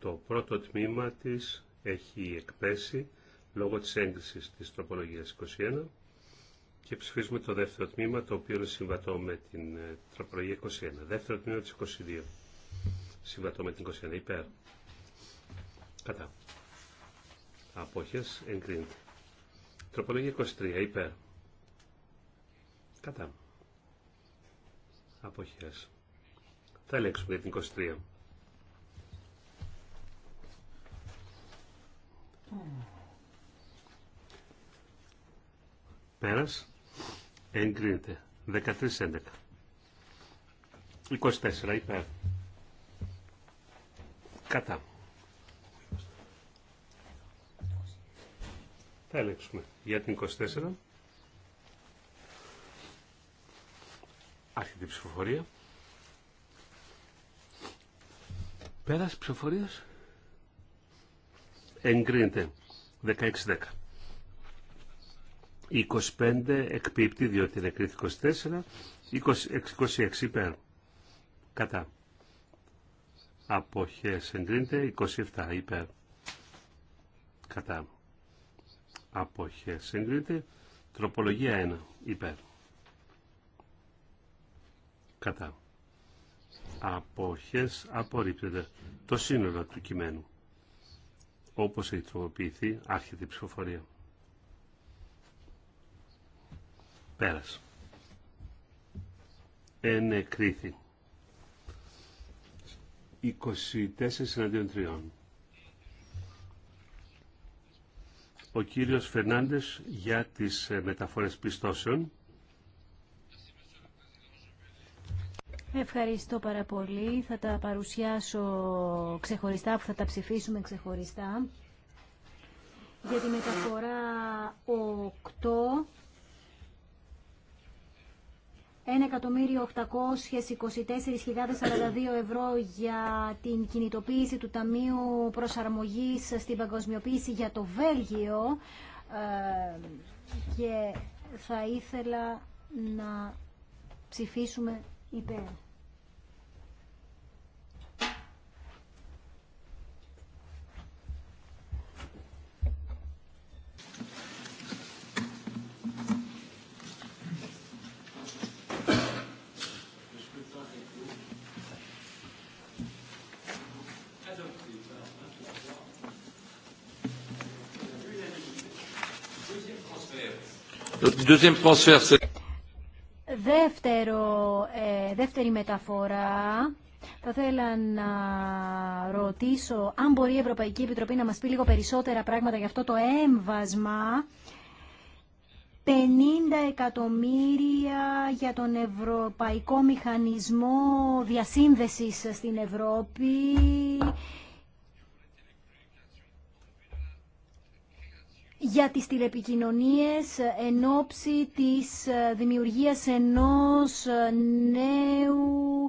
Το πρώτο τμήμα της έχει εκπέσει λόγω της έγκρισης της τροπολογίας 21 και ψηφίζουμε το δεύτερο τμήμα το οποίο είναι συμβατό με την ε, τροπολογία 21. Δεύτερο τμήμα της 22. Συμβατό με την 21. Υπέρ. Κατά. Απόχες εγκρίνεται. Τροπολογία 23. Υπέρ. Κατά. Απόχες. Θα ελέγξουμε για την 23. Πέρας. Εγκρίνεται. 13-11. 24 υπέρ. Κατά. Θα ελέγξουμε για την 24. Άρχεται η ψηφοφορία. Πέρας ψηφοφορίας. Εγκρίνεται. 16-10. 25 εκπίπτει διότι είναι κρίτη 24, 26 υπέρ. Κατά. Αποχές εγκρίνεται 27 υπέρ. Κατά. Αποχές εγκρίνεται τροπολογία 1 υπέρ. Κατά. Αποχές απορρίπτεται το σύνολο του κειμένου. Όπως έχει τροποποιηθεί άρχεται η ψηφοφορία. Πέρας. Ενεκρίθη. 24 εναντίον τριών. Ο κύριος Φερνάντες για τις ε, μεταφορές πιστώσεων. Ευχαριστώ πάρα πολύ. Θα τα παρουσιάσω ξεχωριστά, που θα τα ψηφίσουμε ξεχωριστά. Για τη μεταφορά 8 1.824.042 ευρώ για την κινητοποίηση του Ταμείου Προσαρμογής στην Παγκοσμιοποίηση για το Βέλγιο ε, και θα ήθελα να ψηφίσουμε υπέρ. Δεύτερο, ε, δεύτερη μεταφορά. Θα ήθελα να ρωτήσω αν μπορεί η Ευρωπαϊκή Επιτροπή να μας πει λίγο περισσότερα πράγματα για αυτό το έμβασμα. 50 εκατομμύρια για τον Ευρωπαϊκό Μηχανισμό Διασύνδεσης στην Ευρώπη για τις τηλεπικοινωνίες εν ώψη της ε, δημιουργίας ενός ε, νέου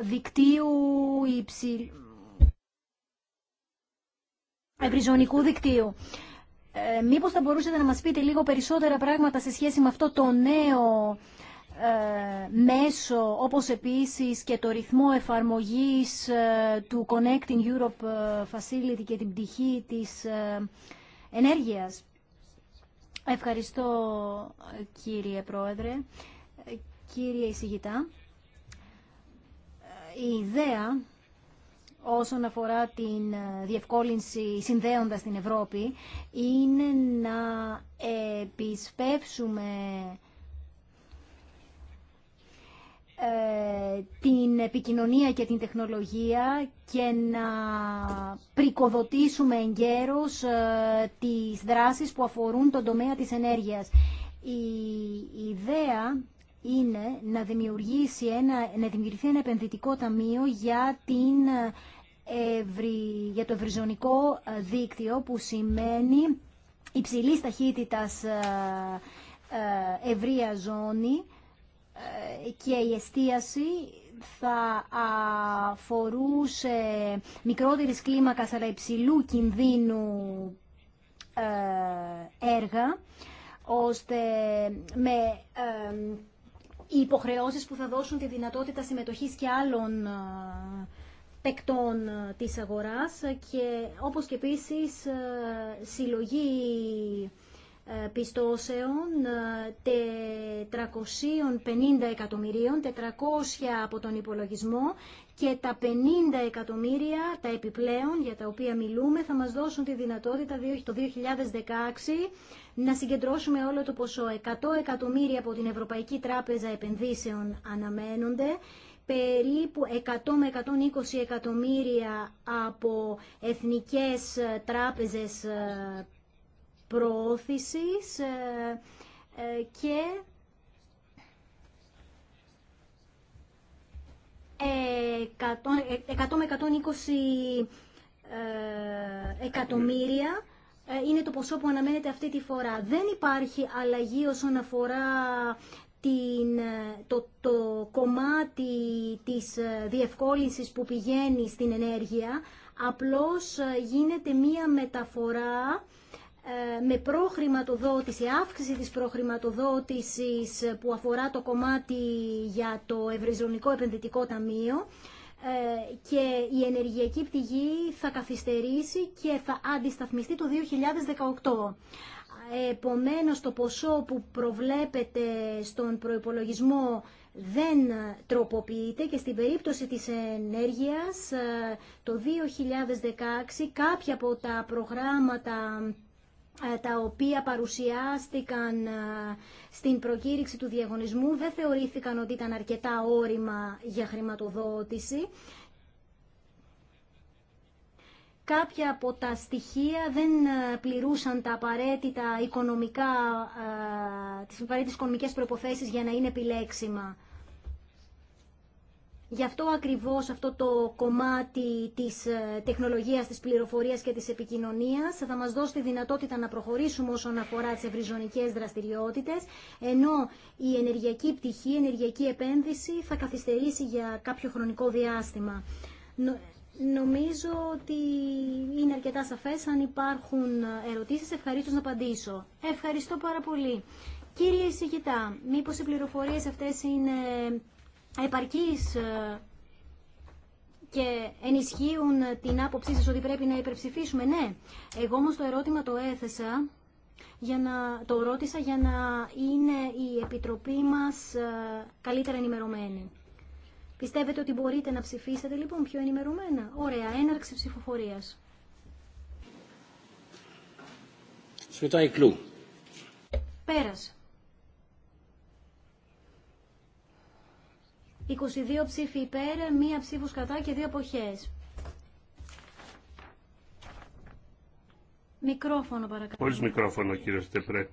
δικτύου υψηλ... ευρυζωνικού δικτύου. Ε, μήπως θα μπορούσατε να μας πείτε λίγο περισσότερα πράγματα σε σχέση με αυτό το νέο ε, μέσο όπως επίσης και το ρυθμό εφαρμογής ε, του Connecting Europe ε, Facility και την πτυχή της ενέργειας. Ευχαριστώ κύριε Πρόεδρε, κύριε Ισηγητά. Η ιδέα όσον αφορά την διευκόλυνση συνδέοντας την Ευρώπη είναι να επισπεύσουμε ε, την επικοινωνία και την τεχνολογία και να πρικοδοτήσουμε εγκαίρως ε, τις δράσεις που αφορούν τον τομέα της ενέργειας. Η ιδέα είναι να, δημιουργήσει ένα, να δημιουργηθεί ένα επενδυτικό ταμείο για, την, ε, για το ευρυζωνικό δίκτυο που σημαίνει υψηλής ταχύτητας ευρεία ζώνη ε, και η εστίαση θα αφορούσε μικρότερης κλίμακας αλλά υψηλού κινδύνου ε, έργα, ώστε με ε, οι υποχρεώσεις που θα δώσουν τη δυνατότητα συμμετοχής και άλλων παικτών της αγοράς και όπως και επίσης συλλογή πιστώσεων 450 εκατομμυρίων, 400 από τον υπολογισμό και τα 50 εκατομμύρια τα επιπλέον για τα οποία μιλούμε θα μας δώσουν τη δυνατότητα το 2016 να συγκεντρώσουμε όλο το ποσό. 100 εκατομμύρια από την Ευρωπαϊκή Τράπεζα Επενδύσεων αναμένονται περίπου 100 με 120 εκατομμύρια από εθνικές τράπεζες ε, προώθησης ε, ε, και ε, 100 ε, με 120 εκατομμύρια είναι το ποσό που αναμένεται αυτή τη φορά. Δεν υπάρχει αλλαγή όσον αφορά την, το, το κομμάτι της διευκόλυνσης που πηγαίνει στην ενέργεια. Απλώς γίνεται μία μεταφορά ε, με προχρηματοδότηση, αύξηση της προχρηματοδότησης που αφορά το κομμάτι για το Ευρυζωνικό Επενδυτικό Ταμείο ε, και η ενεργειακή πτυγή θα καθυστερήσει και θα αντισταθμιστεί το 2018. Επομένως το ποσό που προβλέπεται στον προϋπολογισμό δεν τροποποιείται και στην περίπτωση της ενέργειας ε, το 2016 κάποια από τα προγράμματα ε, τα οποία παρουσιάστηκαν ε, στην προκήρυξη του διαγωνισμού δεν θεωρήθηκαν ότι ήταν αρκετά όρημα για χρηματοδότηση. Κάποια από τα στοιχεία δεν ε, πληρούσαν τα απαραίτητα οικονομικά, τις απαραίτητες οικονομικές προϋποθέσεις για να είναι επιλέξιμα. Γι' αυτό ακριβώς αυτό το κομμάτι της ε, τεχνολογίας, της πληροφορίας και της επικοινωνίας θα μας δώσει τη δυνατότητα να προχωρήσουμε όσον αφορά τις ευρυζωνικές δραστηριότητες, ενώ η ενεργειακή πτυχή, η ενεργειακή επένδυση θα καθυστερήσει για κάποιο χρονικό διάστημα. Νομίζω ότι είναι αρκετά σαφές. Αν υπάρχουν ερωτήσεις, ευχαρίστω να απαντήσω. Ευχαριστώ πάρα πολύ. Κύριε Ισηγητά, μήπως οι πληροφορίες αυτές είναι επαρκείς ε, και ενισχύουν την άποψή σας ότι πρέπει να υπερψηφίσουμε. Ναι, εγώ όμως το ερώτημα το έθεσα, για να, το ρώτησα για να είναι η Επιτροπή μας ε, καλύτερα ενημερωμένη. Πιστεύετε ότι μπορείτε να ψηφίσετε λοιπόν πιο ενημερωμένα. Ωραία, έναρξη ψηφοφορίας. Πέρασε. 22 ψήφοι υπέρ, μία ψήφος κατά και δύο αποχές. Μικρόφωνο παρακαλώ. Πολύς μικρόφωνο κύριε Στεπρέ.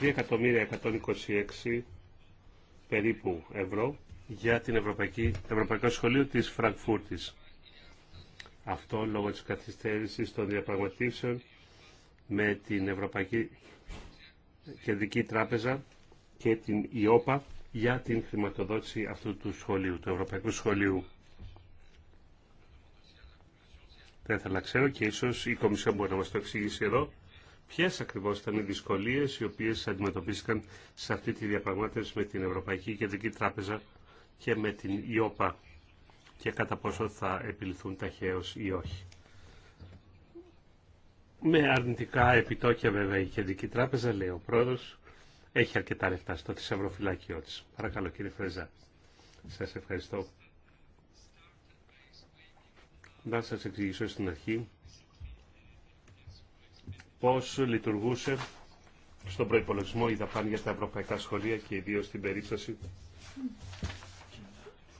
3.126 περίπου ευρώ για την Ευρωπαϊκή, το Ευρωπαϊκό Σχολείο της Φραγκφούρτης. Αυτό λόγω της καθυστέρησης των διαπραγματεύσεων με την Ευρωπαϊκή Κεντρική Τράπεζα και την ΙΟΠΑ για την χρηματοδότηση αυτού του σχολείου, του Ευρωπαϊκού Σχολείου. Θα ήθελα να ξέρω και ίσως η Κομισιόν μπορεί να μας το εξηγήσει εδώ ποιες ακριβώς ήταν οι δυσκολίες οι οποίες αντιμετωπίστηκαν σε αυτή τη διαπραγμάτευση με την Ευρωπαϊκή Κεντρική Τράπεζα και με την ΙΟΠΑ και κατά πόσο θα επιληθούν ταχαίως ή όχι. Με αρνητικά επιτόκια βέβαια η Κεντρική Τράπεζα, λέει ο πρόεδρος, έχει αρκετά λεφτά στο Ευρωφυλάκειό της. Παρακαλώ κύριε Φρέζα. Σας ευχαριστώ. Να σας εξηγήσω στην αρχή πώς λειτουργούσε στον προϋπολογισμό η δαπάνη για τα ευρωπαϊκά σχολεία και ιδίως στην περίπτωση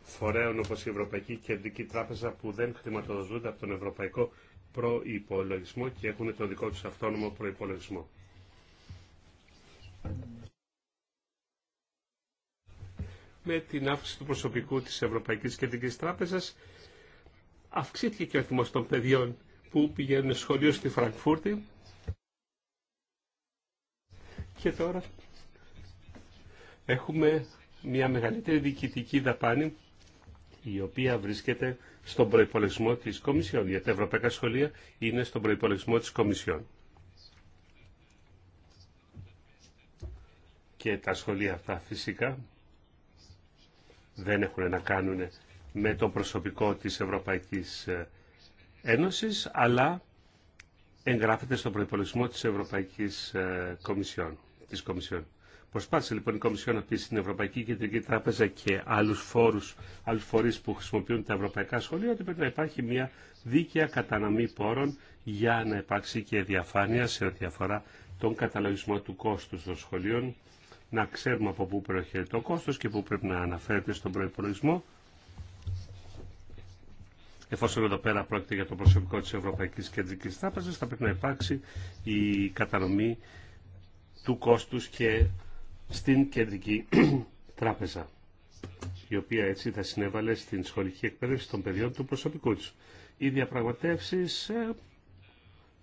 φορέων όπως η Ευρωπαϊκή Κεντρική Τράπεζα που δεν χρηματοδοτούνται από τον Ευρωπαϊκό Προϋπολογισμό και έχουν το δικό τους αυτόνομο προϋπολογισμό με την αύξηση του προσωπικού της Ευρωπαϊκής Κεντρικής Τράπεζας αυξήθηκε και ο αριθμός των παιδιών που πηγαίνουν σχολείο στη Φραγκφούρτη και τώρα έχουμε μια μεγαλύτερη διοικητική δαπάνη η οποία βρίσκεται στον προϋπολογισμό της Κομισιόν. Γιατί τα ευρωπαϊκά σχολεία είναι στον προϋπολογισμό της Κομισιόν. Και τα σχολεία αυτά φυσικά δεν έχουν να κάνουν με το προσωπικό της Ευρωπαϊκής ε, Ένωσης, αλλά εγγράφεται στον προϋπολογισμό της Ευρωπαϊκής ε, Κομισιόν. Της Κομισιόν. Προσπάθησε λοιπόν η Κομισιόν να πει στην Ευρωπαϊκή Κεντρική Τράπεζα και άλλους φόρους, άλλους φορείς που χρησιμοποιούν τα ευρωπαϊκά σχολεία ότι πρέπει να υπάρχει μια δίκαια καταναμή πόρων για να υπάρξει και διαφάνεια σε ό,τι αφορά τον καταλογισμό του κόστου των σχολείων να ξέρουμε από πού προέρχεται το κόστος και πού πρέπει να αναφέρεται στον προϋπολογισμό. Εφόσον εδώ πέρα πρόκειται για το προσωπικό της Ευρωπαϊκής Κεντρικής Τράπεζας, θα πρέπει να υπάρξει η κατανομή του κόστους και στην Κεντρική *clears throat* Τράπεζα, η οποία έτσι θα συνέβαλε στην σχολική εκπαίδευση των παιδιών του προσωπικού τους. Οι διαπραγματεύσεις ε,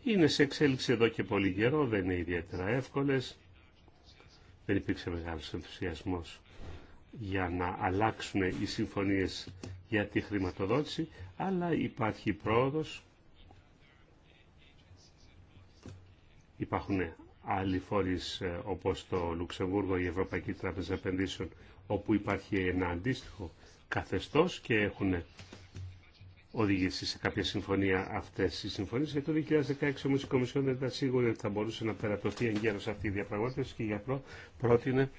είναι σε εξέλιξη εδώ και πολύ καιρό, δεν είναι ιδιαίτερα εύκολες δεν υπήρξε μεγάλος ενθουσιασμός για να αλλάξουν οι συμφωνίες για τη χρηματοδότηση, αλλά υπάρχει πρόοδος. Υπάρχουν άλλοι φορείς ε, όπως το Λουξεμβούργο, η Ευρωπαϊκή Τράπεζα Επενδύσεων, όπου υπάρχει ένα αντίστοιχο καθεστώς και έχουν οδηγήσει σε κάποια συμφωνία αυτέ οι συμφωνίε. Για το 2016 όμω η Κομισιόν δεν ήταν σίγουρη ότι θα μπορούσε να περατωθεί εν αυτή η διαπραγμάτευση και γι' αυτό πρότεινε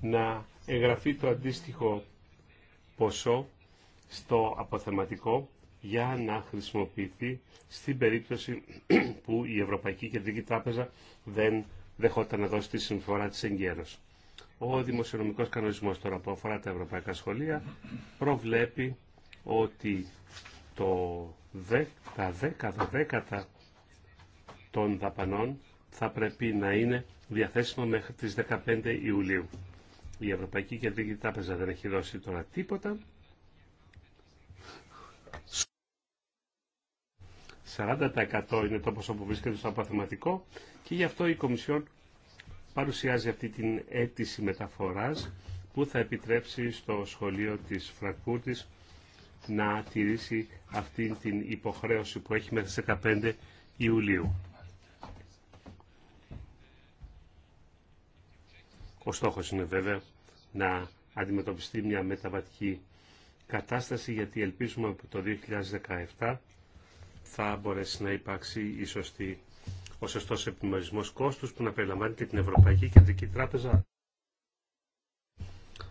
να εγγραφεί το αντίστοιχο ποσό στο αποθεματικό για να χρησιμοποιηθεί στην περίπτωση που η Ευρωπαϊκή Κεντρική Τράπεζα δεν δεχόταν να δώσει τη συμφορά της εγκαίρωσης. Ο δημοσιονομικός κανονισμός τώρα που αφορά τα ευρωπαϊκά σχολεία προβλέπει ότι το 10, τα δέκατα των δαπανών θα πρέπει να είναι διαθέσιμο μέχρι τις 15 Ιουλίου. Η Ευρωπαϊκή Κεντρική Τράπεζα δεν έχει δώσει τώρα τίποτα. 40% είναι το ποσό που βρίσκεται στο απαθηματικό και γι' αυτό η Κομισιόν παρουσιάζει αυτή την αίτηση μεταφοράς που θα επιτρέψει στο σχολείο της Φραγκούρτης να τηρήσει αυτή την υποχρέωση που έχει μέχρι 15 Ιουλίου. Ο στόχος είναι βέβαια να αντιμετωπιστεί μια μεταβατική κατάσταση γιατί ελπίζουμε από το 2017 θα μπορέσει να υπάρξει η σωστή ο σωστό επιμερισμός κόστους που να περιλαμβάνει και την Ευρωπαϊκή Κεντρική Τράπεζα.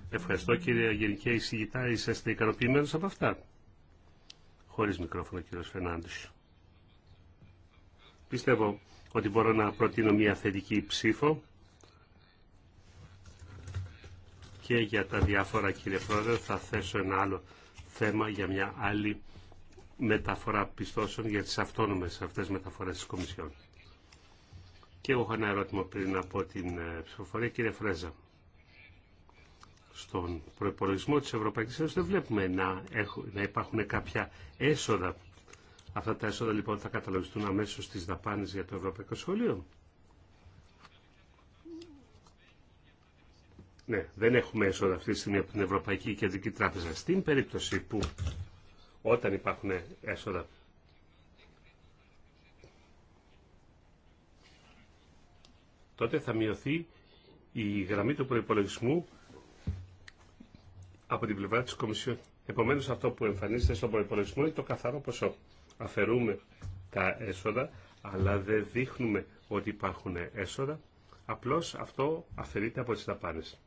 Ευχαριστώ κύριε Γενική Εισηγητά, είσαστε ικανοποιημένος από αυτά. Χωρίς μικρόφωνο κύριος Φερνάντης. Πιστεύω ότι μπορώ να προτείνω μια θετική ψήφο και για τα διάφορα κύριε Πρόεδρε θα θέσω ένα άλλο θέμα για μια άλλη μεταφορά πιστώσεων για τις αυτόνομες αυτές μεταφορές της Κομισιόν. Και εγώ έχω ένα ερώτημα πριν από την ε, ψηφοφορία, κύριε Φρέζα. Στον προπολογισμό της Ευρωπαϊκής Ένωσης δεν βλέπουμε να, έχουν, να υπάρχουν κάποια έσοδα. Αυτά τα έσοδα λοιπόν θα καταλογιστούν αμέσως στις δαπάνες για το Ευρωπαϊκό Σχολείο. Ναι, δεν έχουμε έσοδα αυτή τη στιγμή από την Ευρωπαϊκή Κεντρική Τράπεζα. Στην περίπτωση που όταν υπάρχουν έσοδα τότε θα μειωθεί η γραμμή του προπολογισμού από την πλευρά της Κομισιόν. Επομένως αυτό που εμφανίζεται στον προπολογισμό είναι το καθαρό ποσό. Αφαιρούμε τα έσοδα, αλλά δεν δείχνουμε ότι υπάρχουν έσοδα. Απλώς αυτό αφαιρείται από τις δαπάνες.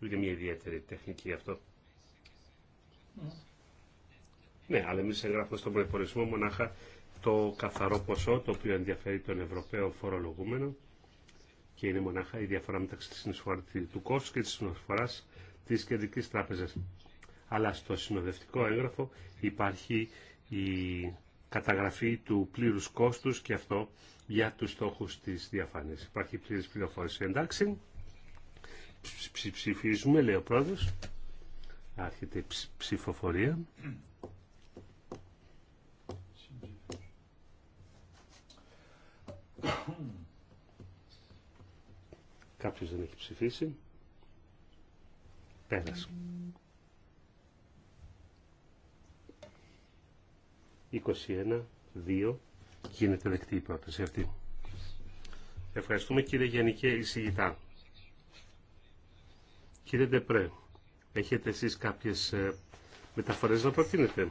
Είναι μια ιδιαίτερη τεχνική αυτό. Ναι, αλλά εμεί εγγράφουμε στον προπολογισμό μονάχα το καθαρό ποσό το οποίο ενδιαφέρει τον Ευρωπαίο φορολογούμενο και είναι μονάχα η διαφορά μεταξύ της του κόστου και της συνεισφοράς της Κεντρικής Τράπεζας. Αλλά στο συνοδευτικό έγγραφο υπάρχει η καταγραφή του πλήρους κόστους και αυτό για τους στόχους της διαφάνειας. Υπάρχει πλήρης πληροφόρηση. Εντάξει, ψηφίζουμε, λέει ο πρόεδρος. Άρχεται η ψηφοφορία. *coughs* *coughs* Κάποιος δεν έχει ψηφίσει. Πέρασε. 21-2 γίνεται δεκτή η πρόταση αυτή. Ευχαριστούμε κύριε Γενική Εισηγητά. Κύριε Ντεπρέ, έχετε εσείς κάποιες ε, μεταφορές να προτείνετε.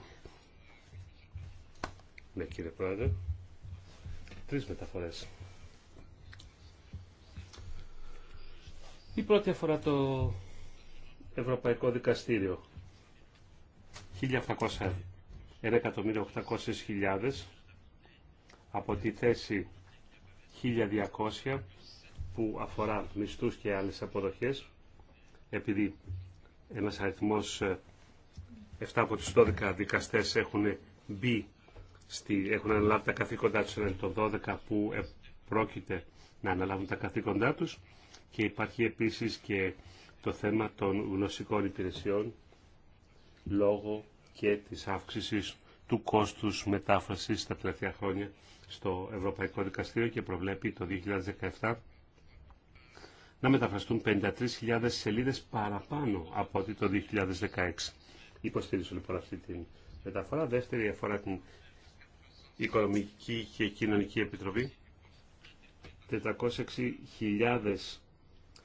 Ναι κύριε Πρόεδρε, τρεις μεταφορές. Η πρώτη αφορά το Ευρωπαϊκό Δικαστήριο. 1.800.000 από τη θέση 1.200 που αφορά μισθούς και άλλες αποδοχές επειδή ένας αριθμός 7 ε, από τις 12 δικαστές έχουν μπει στη, έχουν αναλάβει τα καθήκοντά τους το 12 που πρόκειται να αναλάβουν τα καθήκοντά τους και υπάρχει επίσης και το θέμα των γνωσικών υπηρεσιών λόγω και της αύξησης του κόστους μετάφρασης τα τελευταία χρόνια στο Ευρωπαϊκό Δικαστήριο και προβλέπει το 2017 να μεταφραστούν 53.000 σελίδες παραπάνω από ότι το 2016. Υποστηρίζω λοιπόν αυτή την μεταφορά. Δεύτερη αφορά την Οικονομική και Κοινωνική Επιτροπή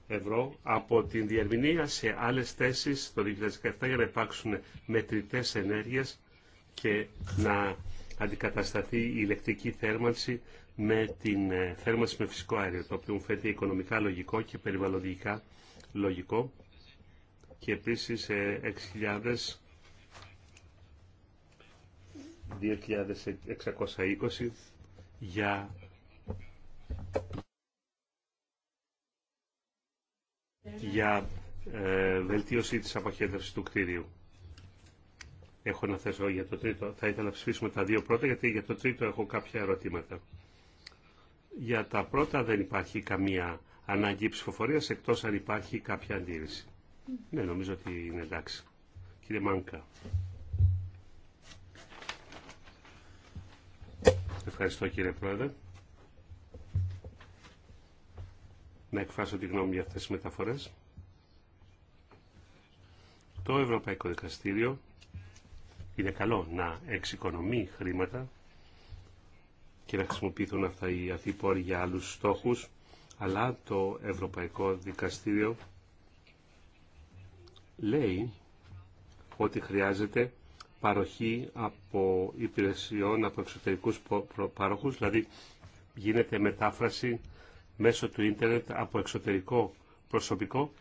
ευρώ από την διερμηνία σε άλλες θέσεις το 2017 για να υπάρξουν μετρητές ενέργειας και να αντικατασταθεί η ηλεκτρική θέρμανση με την ε, θέρμανση με φυσικό αέριο, το οποίο μου φαίνεται οικονομικά λογικό και περιβαλλοντικά λογικό. Και επίσης 6.000 ε, 2.620 για για ε, βελτίωση της αποχέτευσης του κτίριου. Έχω να θέσω για το τρίτο. Θα ήθελα να ψηφίσουμε τα δύο πρώτα, γιατί για το τρίτο έχω κάποια ερωτήματα. Για τα πρώτα δεν υπάρχει καμία ανάγκη ψηφοφορία εκτός αν υπάρχει κάποια αντίρρηση. Ναι, νομίζω ότι είναι εντάξει. Κύριε Μάνκα. Ευχαριστώ κύριε Πρόεδρε. να εκφράσω τη γνώμη για αυτές τις μεταφορές. Το Ευρωπαϊκό Δικαστήριο είναι καλό να εξοικονομεί χρήματα και να χρησιμοποιηθούν αυτά οι, αθήποροι για άλλους στόχους, αλλά το Ευρωπαϊκό Δικαστήριο λέει ότι χρειάζεται παροχή από υπηρεσιών από εξωτερικούς παροχούς, δηλαδή γίνεται μετάφραση μέσω του ίντερνετ από εξωτερικό προσωπικό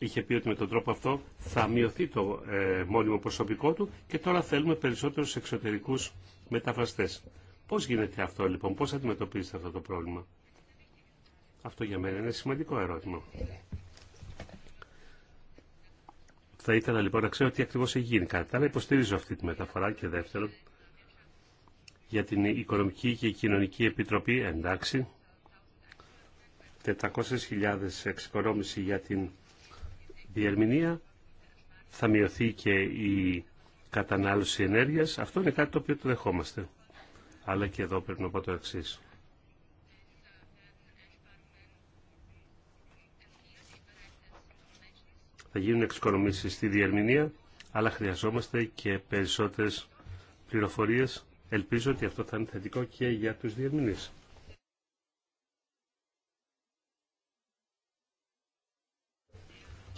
είχε πει ότι με τον τρόπο αυτό θα μειωθεί το ε, μόνιμο προσωπικό του και τώρα θέλουμε περισσότερους εξωτερικούς μεταφραστές. Πώς γίνεται αυτό λοιπόν, πώς αντιμετωπίζετε αυτό το πρόβλημα. Αυτό για μένα είναι σημαντικό ερώτημα. Θα ήθελα λοιπόν να ξέρω τι ακριβώς έχει γίνει Κατά υποστηρίζω αυτή τη μεταφορά και δεύτερον για την Οικονομική και Κοινωνική Επιτροπή, εντάξει, 400.000 εξοικονόμηση για την διερμηνία, θα μειωθεί και η κατανάλωση ενέργειας. Αυτό είναι κάτι το οποίο το δεχόμαστε. Αλλά και εδώ πρέπει να πω το εξή. Θα γίνουν εξοικονομήσεις στη διερμηνία, αλλά χρειαζόμαστε και περισσότερες πληροφορίες. Ελπίζω ότι αυτό θα είναι θετικό και για τους διερμηνείς.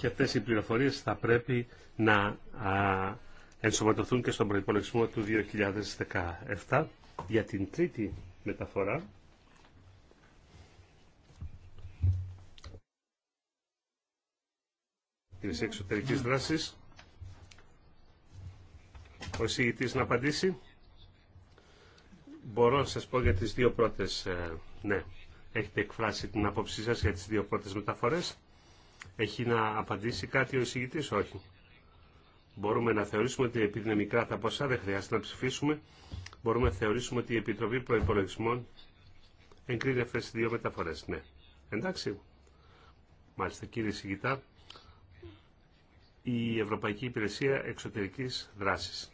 και αυτές οι πληροφορίες θα πρέπει να ενσωματωθούν και στον προϋπολογισμό του 2017 για την τρίτη μεταφορά. Της εξωτερικής δράσης. Ο εισηγητής να απαντήσει. Μπορώ να σας πω για τις δύο πρώτες, ε, ναι, έχετε εκφράσει την άποψή σας για τις δύο πρώτες μεταφορές. Έχει να απαντήσει κάτι ο εισηγητή, όχι. Μπορούμε να θεωρήσουμε ότι επειδή είναι μικρά τα ποσά, δεν χρειάζεται να ψηφίσουμε. Μπορούμε να θεωρήσουμε ότι η Επιτροπή Προπολογισμών εγκρίνει αυτέ τι δύο μεταφορέ. Ναι. Εντάξει. Μάλιστα, κύριε εισηγητά, η Ευρωπαϊκή Υπηρεσία Εξωτερική Δράση.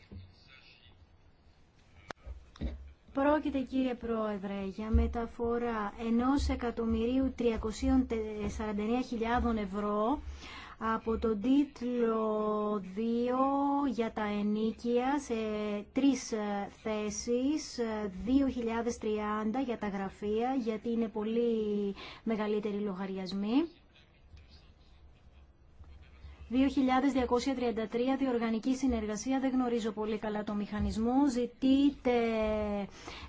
Πρόκειται κύριε Πρόεδρε για μεταφορά 1.349.000 ευρώ από το τίτλο 2 για τα ενίκια σε τρεις ε, θέσεις 2030 ε, για τα γραφεία γιατί είναι πολύ μεγαλύτεροι λογαριασμοί 2233 διοργανική συνεργασία. Δεν γνωρίζω πολύ καλά το μηχανισμό. Ζητείτε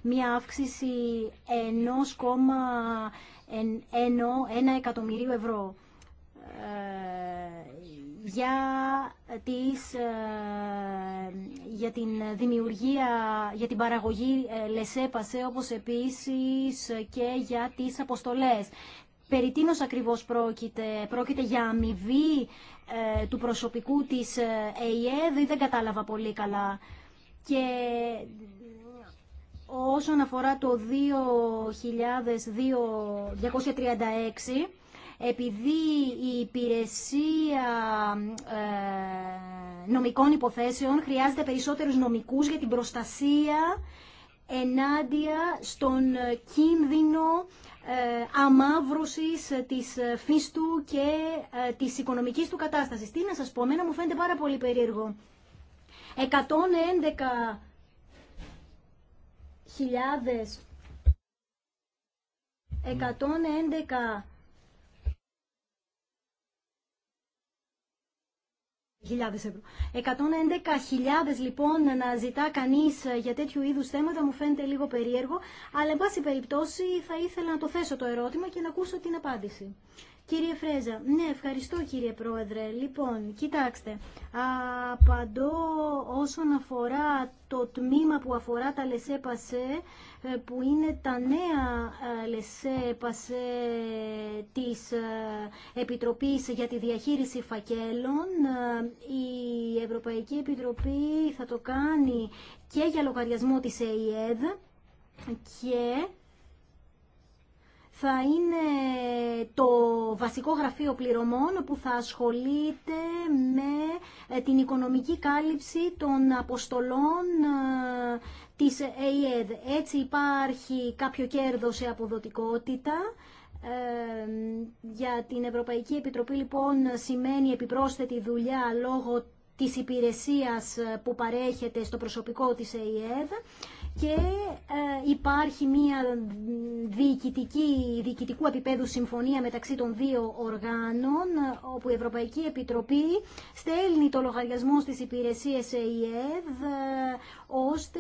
μια αύξηση 1,1 εκατομμυρίου ευρώ ε, για, τις, ε, για την δημιουργία, για την παραγωγή ε, λεσέπασε, όπως επίσης και για τις αποστολές περί τίνος ακριβώς πρόκειται. Πρόκειται για αμοιβή ε, του προσωπικού της ΕΙΕΔ, δεν κατάλαβα πολύ καλά. Και όσον αφορά το 2.236, επειδή η υπηρεσία ε, νομικών υποθέσεων χρειάζεται περισσότερους νομικούς για την προστασία ενάντια στον κίνδυνο ε, αμαύρωσης της του και ε, της οικονομικής του κατάστασης. Τι να σας πω, εμένα μου φαίνεται πάρα πολύ περίεργο. 111 χιλιάδες 111 ευρώ. 111.000 λοιπόν να ζητά κανείς ε, για τέτοιου είδους θέματα μου φαίνεται λίγο περίεργο, αλλά εν πάση περιπτώσει θα ήθελα να το θέσω το ερώτημα και να ακούσω την απάντηση. Κύριε Φρέζα, ναι, ευχαριστώ κύριε Πρόεδρε. Λοιπόν, κοιτάξτε, απαντώ όσον αφορά το τμήμα που αφορά τα λεσέ ε, που είναι τα νέα ε, λεσέπασε της ε, Επιτροπής για τη διαχείριση φακέλων. Η Ευρωπαϊκή Επιτροπή θα το κάνει και για λογαριασμό της ΕΕΔ και θα είναι το βασικό γραφείο πληρωμών που θα ασχολείται με την οικονομική κάλυψη των αποστολών της Έτσι υπάρχει κάποιο κέρδος σε αποδοτικότητα. για την Ευρωπαϊκή Επιτροπή λοιπόν σημαίνει επιπρόσθετη δουλειά λόγω της υπηρεσίας που παρέχεται στο προσωπικό της ΕΕΔ και ε, υπάρχει μια διοικητική, διοικητικού επίπεδου συμφωνία μεταξύ των δύο οργάνων όπου η Ευρωπαϊκή Επιτροπή στέλνει το λογαριασμό στις υπηρεσίες ΕΙΕΔ ε, ώστε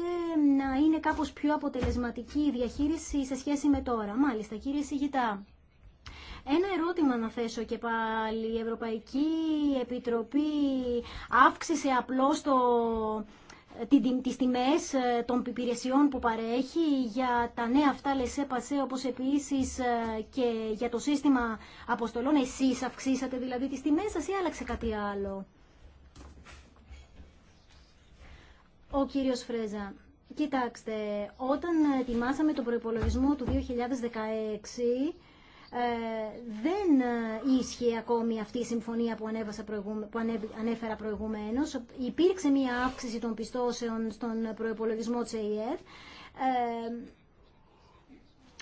να είναι κάπως πιο αποτελεσματική η διαχείριση σε σχέση με τώρα. Μάλιστα, κύριε Σιγητά. Ένα ερώτημα να θέσω και πάλι. Η Ευρωπαϊκή Επιτροπή αύξησε απλώς το τις τιμές ε, των υπηρεσιών που παρέχει για τα νέα αυτά λεσέ πασέ όπως επίσης ε, και για το σύστημα αποστολών εσείς αυξήσατε δηλαδή τις τιμές σας ή άλλαξε κάτι άλλο Ο κύριος Φρέζα Κοιτάξτε, όταν ετοιμάσαμε τον προϋπολογισμό του 2016 ε, δεν ε, ίσχυε ακόμη αυτή η συμφωνία που, ανέβασα προηγούμε, που ανέφερα προηγουμένως. Υπήρξε μια αύξηση των πιστώσεων στον προϋπολογισμό της ΕΕ.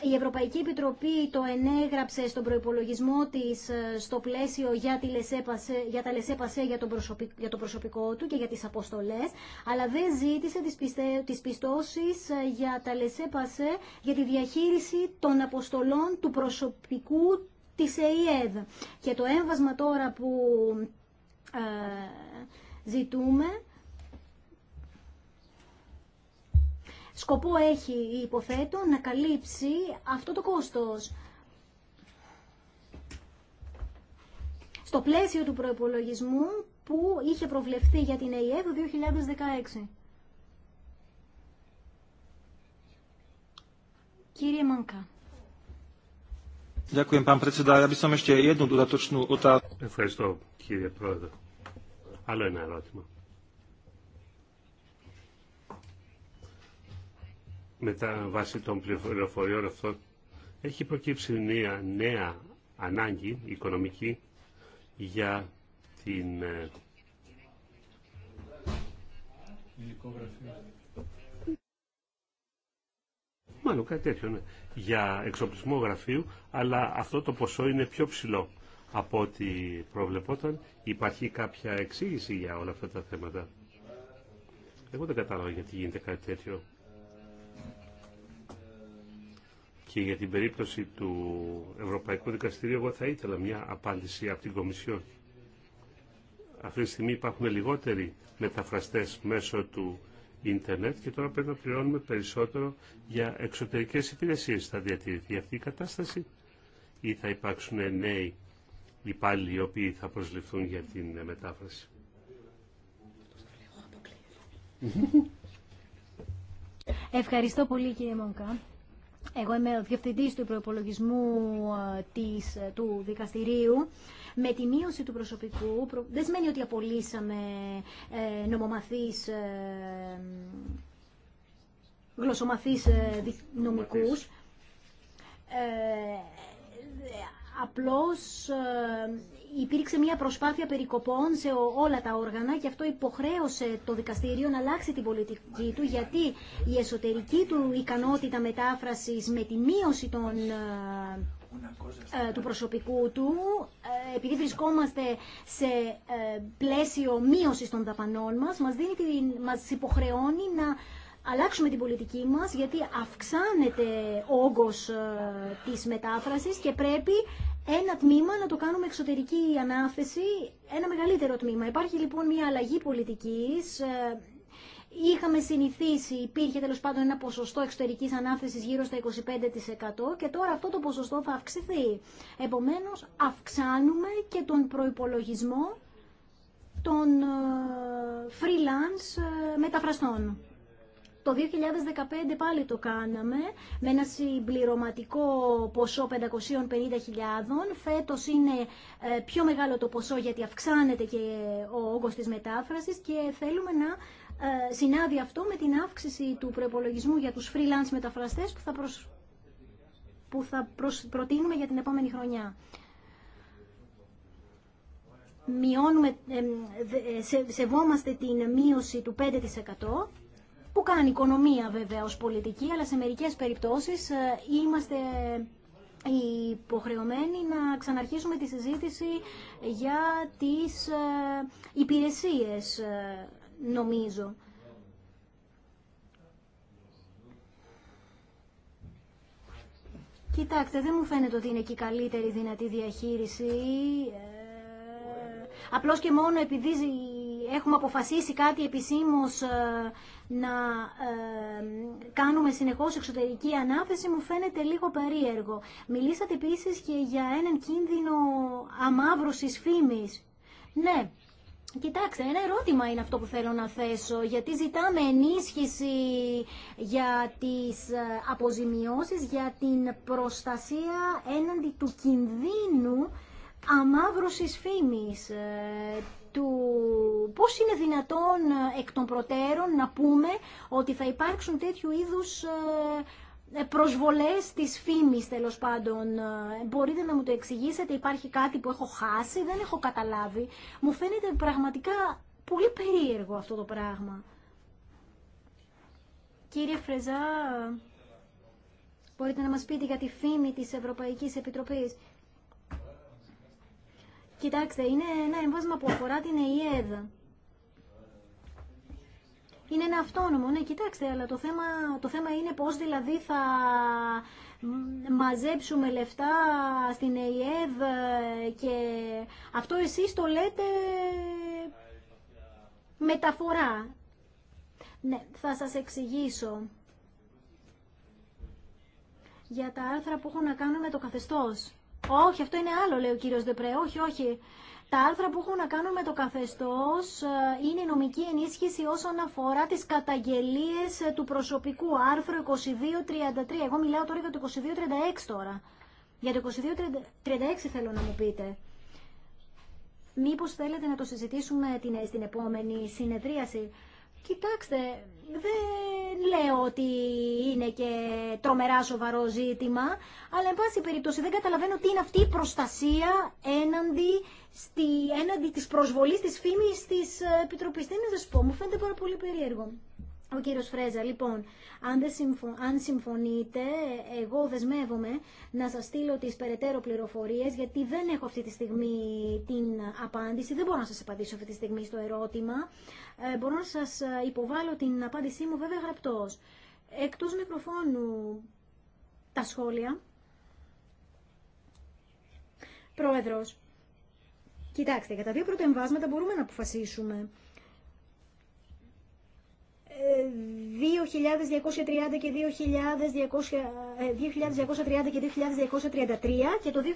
Η Ευρωπαϊκή Επιτροπή το ενέγραψε στον προϋπολογισμό της ε, στο πλαίσιο για, τη λεσέπασε, για τα λεσέπασε για, το προσωπικό του και για τις αποστολές, αλλά δεν ζήτησε τις, πιστώσει πιστώσεις ε, για τα λεσέπασε για τη διαχείριση των αποστολών του προσωπικού της ΕΙΕΔ. Και το έμβασμα τώρα που ε, ζητούμε σκοπό έχει, η υποθέτω, να καλύψει αυτό το κόστος. Στο πλαίσιο του προϋπολογισμού που είχε προβλεφθεί για την ΕΕ το 2016. Κύριε Μανκά. Ευχαριστώ κύριε Πρόεδρε. Άλλο ένα ερώτημα. μετά βάσει των πληροφοριών αυτών έχει προκύψει μια νέα ανάγκη οικονομική για την ε, Μάλλον κάτι τέτοιο, ναι, για εξοπλισμό γραφείου, αλλά αυτό το ποσό είναι πιο ψηλό από ό,τι προβλεπόταν. Υπάρχει κάποια εξήγηση για όλα αυτά τα θέματα. Εγώ δεν κατάλαβα γιατί γίνεται κάτι τέτοιο. Και για την περίπτωση του Ευρωπαϊκού Δικαστηρίου, εγώ θα ήθελα μια απάντηση από την Κομισιόν. Αυτή τη στιγμή υπάρχουν λιγότεροι μεταφραστές μέσω του ίντερνετ και τώρα πρέπει να πληρώνουμε περισσότερο για εξωτερικές υπηρεσίες. Θα διατηρηθεί αυτή η κατάσταση ή θα υπάρξουν νέοι υπάλληλοι οι οποίοι θα προσληφθούν για την μετάφραση. Ευχαριστώ πολύ κύριε Μονκά εγώ είμαι ο διευθυντή του προπολογισμού ε, της, ε, του δικαστηρίου, με τη μείωση του προσωπικού, δεν σημαίνει ότι απολύσαμε ε, νομομαθείς ε, γλωσσομαθείς νομικούς. απλώς υπήρξε μια προσπάθεια περικοπών σε όλα τα όργανα και αυτό υποχρέωσε το δικαστήριο να αλλάξει την πολιτική του γιατί η εσωτερική του ικανότητα μετάφρασης με τη μείωση των ε, ε, του προσωπικού του, ε, επειδή βρισκόμαστε σε πλαίσιο μείωσης των δαπανών μας, μας, δίνει την, μας υποχρεώνει να αλλάξουμε την πολιτική μας, γιατί αυξάνεται όγκος της μετάφρασης και πρέπει ένα τμήμα να το κάνουμε εξωτερική ανάθεση, ένα μεγαλύτερο τμήμα. Υπάρχει λοιπόν μια αλλαγή πολιτικής, ε, Είχαμε συνηθίσει, υπήρχε τέλος πάντων ένα ποσοστό εξωτερικής ανάθεσης γύρω στα 25% και τώρα αυτό το ποσοστό θα αυξηθεί. Επομένως αυξάνουμε και τον προϋπολογισμό των ε, freelance ε, μεταφραστών. Το 2015 πάλι το κάναμε με ένα συμπληρωματικό ποσό 550.000. Φέτος είναι ε, πιο μεγάλο το ποσό γιατί αυξάνεται και ο όγκος της μετάφρασης και θέλουμε να ε, συνάδει αυτό με την αύξηση του προπολογισμού για τους freelance μεταφραστές που θα, θα προτείνουμε για την επόμενη χρονιά. Μειώνουμε, ε, σεβόμαστε την μείωση του 5% που κάνει οικονομία βέβαια ως πολιτική, αλλά σε μερικές περιπτώσεις ε, είμαστε ε, υποχρεωμένοι να ξαναρχίσουμε τη συζήτηση για τις ε, υπηρεσίες, νομίζω. Κοιτάξτε, δεν μου φαίνεται ότι είναι και η καλύτερη δυνατή διαχείριση. Απλώς και μόνο επειδή έχουμε αποφασίσει κάτι επισήμως ε, να ε, κάνουμε συνεχώς εξωτερική ανάθεση μου φαίνεται λίγο περίεργο. Μιλήσατε επίσης και για έναν κίνδυνο αμάβρωσης φήμης. Ναι, Κοιτάξτε, ένα ερώτημα είναι αυτό που θέλω να θέσω, γιατί ζητάμε ενίσχυση για τις ε, αποζημιώσεις, για την προστασία έναντι του κινδύνου αμάβρωσης φήμης του πώς είναι δυνατόν ε, εκ των προτέρων να πούμε ότι θα υπάρξουν τέτοιου είδους ε, ε, προσβολές της φήμης τέλος πάντων. Μπορείτε να μου το εξηγήσετε, υπάρχει κάτι που έχω χάσει, δεν έχω καταλάβει. Μου φαίνεται πραγματικά πολύ περίεργο αυτό το πράγμα. Κύριε Φρεζά, μπορείτε να μας πείτε για τη φήμη της Ευρωπαϊκής Επιτροπής. Κοιτάξτε, είναι ένα εμβάσμα που αφορά την ΕΙΕΔ. Είναι ένα αυτόνομο, ναι, κοιτάξτε, αλλά το θέμα, το θέμα είναι πώς δηλαδή θα μαζέψουμε λεφτά στην ΕΙΕΔ και αυτό εσείς το λέτε μεταφορά. Ναι, θα σας εξηγήσω για τα άρθρα που έχω να κάνουν με το καθεστώς. Όχι, αυτό είναι άλλο, λέει ο κύριο Δεπρέ. Όχι, όχι. Τα άρθρα που έχουν να κάνουν με το καθεστώς ε, είναι η νομική ενίσχυση όσον αφορά τις καταγγελίε ε, του προσωπικού. Άρθρο 2233. Εγώ μιλάω τώρα για το 2236 τώρα. Για το 2236 θέλω να μου πείτε. Μήπως θέλετε να το συζητήσουμε την, στην επόμενη συνεδρίαση. Κοιτάξτε, δεν λέω ότι είναι και τρομερά σοβαρό ζήτημα, αλλά εν πάση περιπτώσει δεν καταλαβαίνω τι είναι αυτή η προστασία έναντι, στη, έναντι της προσβολής της φήμης της ε, Επιτροπής. Δεν είναι δεσπό, μου φαίνεται πάρα πολύ περίεργο. Ο κύριο Φρέζα, λοιπόν, αν, δεν αν συμφωνείτε, εγώ δεσμεύομαι να σα στείλω τις περαιτέρω πληροφορίε γιατί δεν έχω αυτή τη στιγμή την απάντηση, δεν μπορώ να σας απαντήσω αυτή τη στιγμή στο ερώτημα. Ε, μπορώ να σας ε, υποβάλω την απάντησή μου, βέβαια, γραπτό. Εκτός μικροφώνου, τα σχόλια. Πρόεδρος, κοιτάξτε, για τα δύο πρώτα μπορούμε να αποφασίσουμε. 2.230 ε, και 2.230 ε, και 2.233 και το 2.236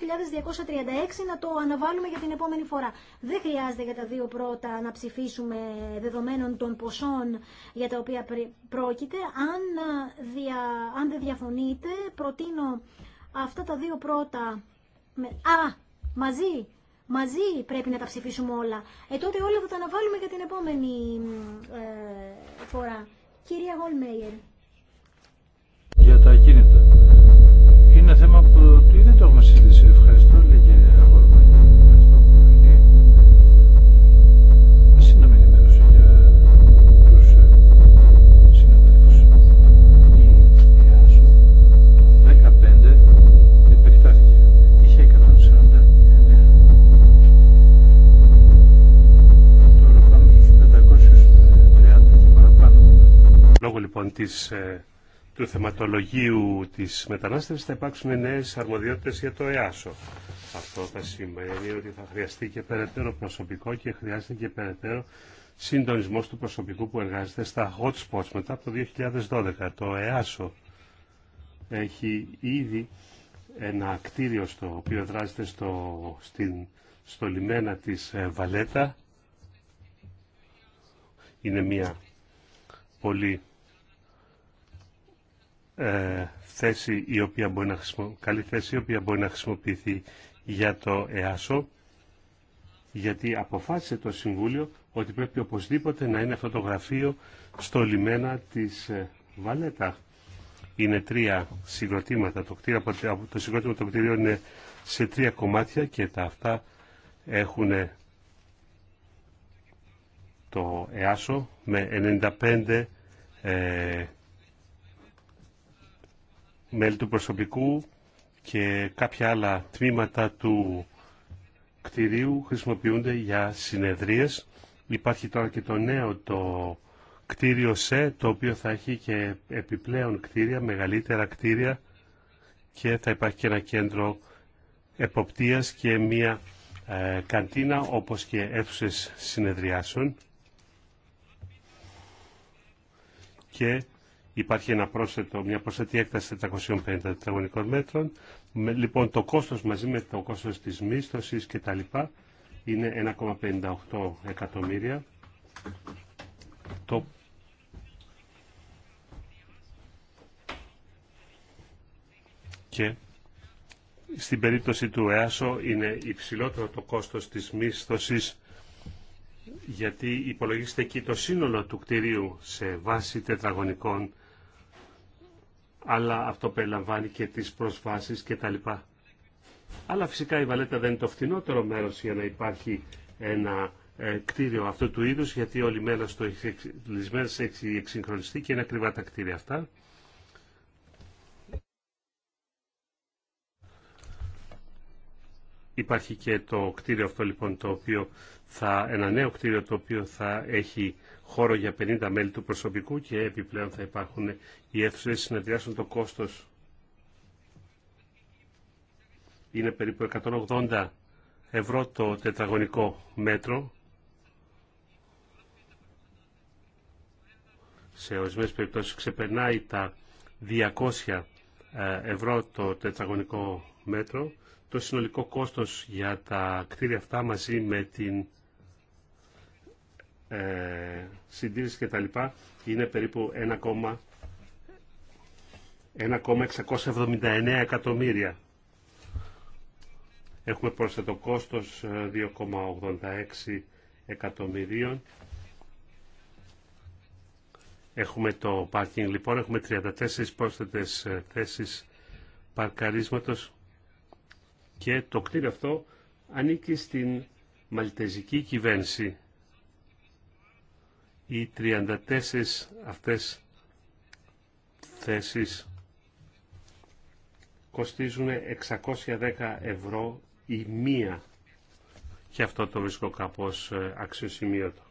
να το αναβάλουμε για την επόμενη φορά. Δεν χρειάζεται για τα δύο πρώτα να ψηφίσουμε δεδομένων των ποσών για τα οποία πρόκειται. Αν, ε, αν δεν διαφωνείτε, προτείνω αυτά τα δύο πρώτα... Με, α, μαζί μαζί πρέπει να τα ψηφίσουμε όλα. Ε, τότε όλα θα τα αναβάλουμε για την επόμενη ε, φορά. Κυρία Γολμέιερ. της, ε, του θεματολογίου της μετανάστευσης θα υπάρξουν νέες αρμοδιότητες για το ΕΑΣΟ. Αυτό θα σημαίνει ότι θα χρειαστεί και περαιτέρω προσωπικό και χρειάζεται και περαιτέρω συντονισμό του προσωπικού που εργάζεται στα hot spots μετά από το 2012. Το ΕΑΣΟ έχει ήδη ένα κτίριο στο οποίο δράζεται στο, στην, στο λιμένα της ε, Βαλέτα. Είναι μια πολύ ε, θέση η οποία μπορεί να καλή θέση η οποία μπορεί να χρησιμοποιηθεί για το ΕΑΣΟ γιατί αποφάσισε το Συμβούλιο ότι πρέπει οπωσδήποτε να είναι αυτό το γραφείο στο λιμένα της ε, Βαλέτα. Είναι τρία συγκροτήματα. Το, κτήριο, το συγκρότημα των κτηρίων είναι σε τρία κομμάτια και τα αυτά έχουν το ΕΑΣΟ με 95 ε, μέλη του προσωπικού και κάποια άλλα τμήματα του κτηρίου χρησιμοποιούνται για συνεδρίες. Υπάρχει τώρα και το νέο το κτίριο ΣΕ, το οποίο θα έχει και επιπλέον κτίρια, μεγαλύτερα κτίρια και θα υπάρχει και ένα κέντρο εποπτείας και μία ε, καντίνα όπως και αίθουσες συνεδριάσεων και Υπάρχει ένα πρόσθετο, μια πρόσθετη έκταση 450 τετραγωνικών μέτρων. λοιπόν, το κόστος μαζί με το κόστος της μίσθωσης και τα λοιπά είναι 1,58 εκατομμύρια. Το... Και στην περίπτωση του ΕΑΣΟ είναι υψηλότερο το κόστος της μίσθωσης γιατί υπολογίστε εκεί το σύνολο του κτηρίου σε βάση τετραγωνικών αλλά αυτό περιλαμβάνει και τις προσβάσεις λοιπά. Αλλά φυσικά η Βαλέτα δεν είναι το φθηνότερο μέρος για να υπάρχει ένα ε, κτίριο αυτού του είδους, γιατί όλη μέρα στο έχει εξυγχρονιστεί και είναι ακριβά τα κτίρια αυτά. Υπάρχει και το κτίριο αυτό λοιπόν το οποίο θα, ένα νέο κτίριο το οποίο θα έχει χώρο για 50 μέλη του προσωπικού και επιπλέον θα υπάρχουν οι αίθουσες συνεδριάσουν το κόστος είναι περίπου 180 ευρώ το τετραγωνικό μέτρο σε ορισμένε περιπτώσει ξεπερνάει τα 200 ε, ευρώ το τετραγωνικό μέτρο. Το συνολικό κόστος για τα κτίρια αυτά μαζί με την ε, τα λοιπά είναι περίπου 1,679 εκατομμύρια. Έχουμε πρόσθετο κόστος 2,86 ε, εκατομμυρίων. Έχουμε το πάρκινγκ λοιπόν, έχουμε 34 πρόσθετες ε, θέσεις παρκαρίσματος και το κτίριο αυτό ανήκει στην μαλτεζική κυβέρνηση οι 34 αυτές θέσεις κοστίζουν 610 ευρώ η μία και αυτό το βρίσκω κάπως ε, αξιοσημείωτο.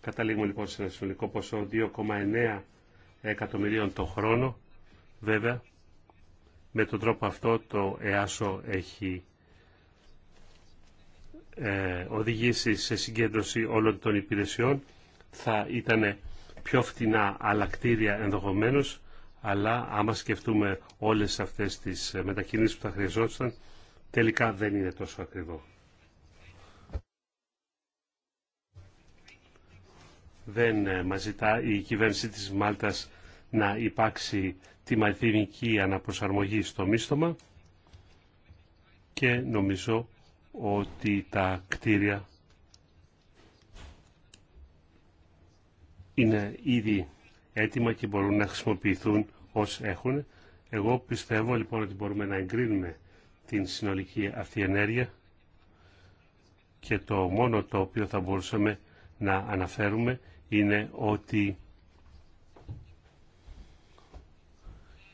Καταλήγουμε λοιπόν σε ένα συνολικό ποσό 2,9 εκατομμυρίων το χρόνο. Βέβαια, με τον τρόπο αυτό το ΕΑΣΟ έχει ε, οδηγήσει σε συγκέντρωση όλων των υπηρεσιών. Θα ήταν πιο φτηνά άλλα κτίρια ενδεχομένω, αλλά άμα σκεφτούμε όλες αυτές τις ε, μετακινήσεις που θα χρειαζόταν, τελικά δεν είναι τόσο ακριβό. Δεν ε, μας ζητά η κυβέρνηση της Μάλτας να υπάρξει τη μαθηνική αναπροσαρμογή στο μίστομα και νομίζω ότι τα κτίρια είναι ήδη έτοιμα και μπορούν να χρησιμοποιηθούν ως έχουν. Εγώ πιστεύω λοιπόν ότι μπορούμε να εγκρίνουμε την συνολική αυτή ενέργεια και το μόνο το οποίο θα μπορούσαμε να αναφέρουμε είναι ότι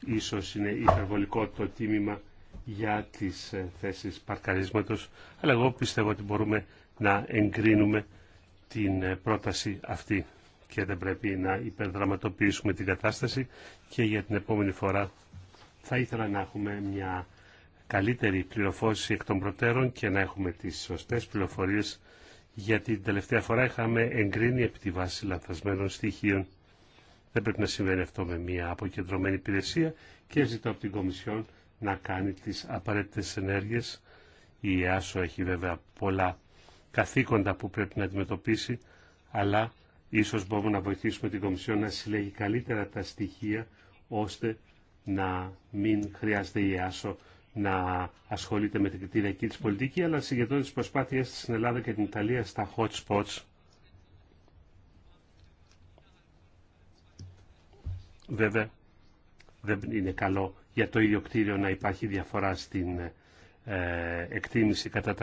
ίσως είναι υπερβολικό το τίμημα για τις ε, θέσεις παρκαρίσματος, αλλά εγώ πιστεύω ότι μπορούμε να εγκρίνουμε την ε, πρόταση αυτή και δεν πρέπει να υπερδραματοποιήσουμε την κατάσταση και για την επόμενη φορά θα ήθελα να έχουμε μια καλύτερη πληροφόρηση εκ των προτέρων και να έχουμε τις σωστές πληροφορίες γιατί την τελευταία φορά είχαμε εγκρίνει επί τη βάση λαθασμένων στοιχείων. Δεν πρέπει να συμβαίνει αυτό με μια αποκεντρωμένη υπηρεσία και ζητώ από την Κομισιόν να κάνει τις απαραίτητες ενέργειες. Η ΕΑΣΟ έχει βέβαια πολλά καθήκοντα που πρέπει να αντιμετωπίσει, αλλά ίσως μπορούμε να βοηθήσουμε την Κομισιόν να συλλέγει καλύτερα τα στοιχεία, ώστε να μην χρειάζεται η ΕΑΣΟ να ασχολείται με την κριτήριακή της πολιτική, αλλά συγκεντρώνει τις προσπάθειές της στην Ελλάδα και την Ιταλία στα hot spots. Βέβαια, δεν είναι καλό για το ίδιο κτίριο να υπάρχει διαφορά στην ε, εκτίμηση κατά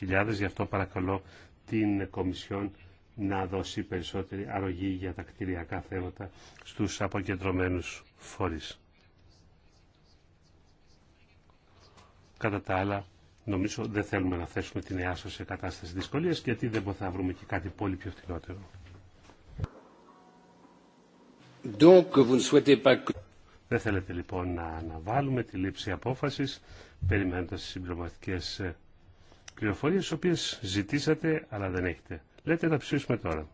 300.000. Γι' αυτό παρακαλώ την Κομισιόν να δώσει περισσότερη αρρωγή για τα κτηριακά θέματα στους αποκεντρωμένους φορείς. Κατά τα άλλα, νομίζω δεν θέλουμε να θέσουμε την ΕΑΣΟ σε κατάσταση δυσκολίας γιατί δεν θα βρούμε και κάτι πολύ πιο φθηνότερο. Δεν θέλετε λοιπόν να αναβάλουμε τη λήψη απόφασης, περιμένοντας τις συμπληρωματικές ε, πληροφορίες, τις οποίες ζητήσατε αλλά δεν έχετε. Λέτε να ψηφίσουμε τώρα.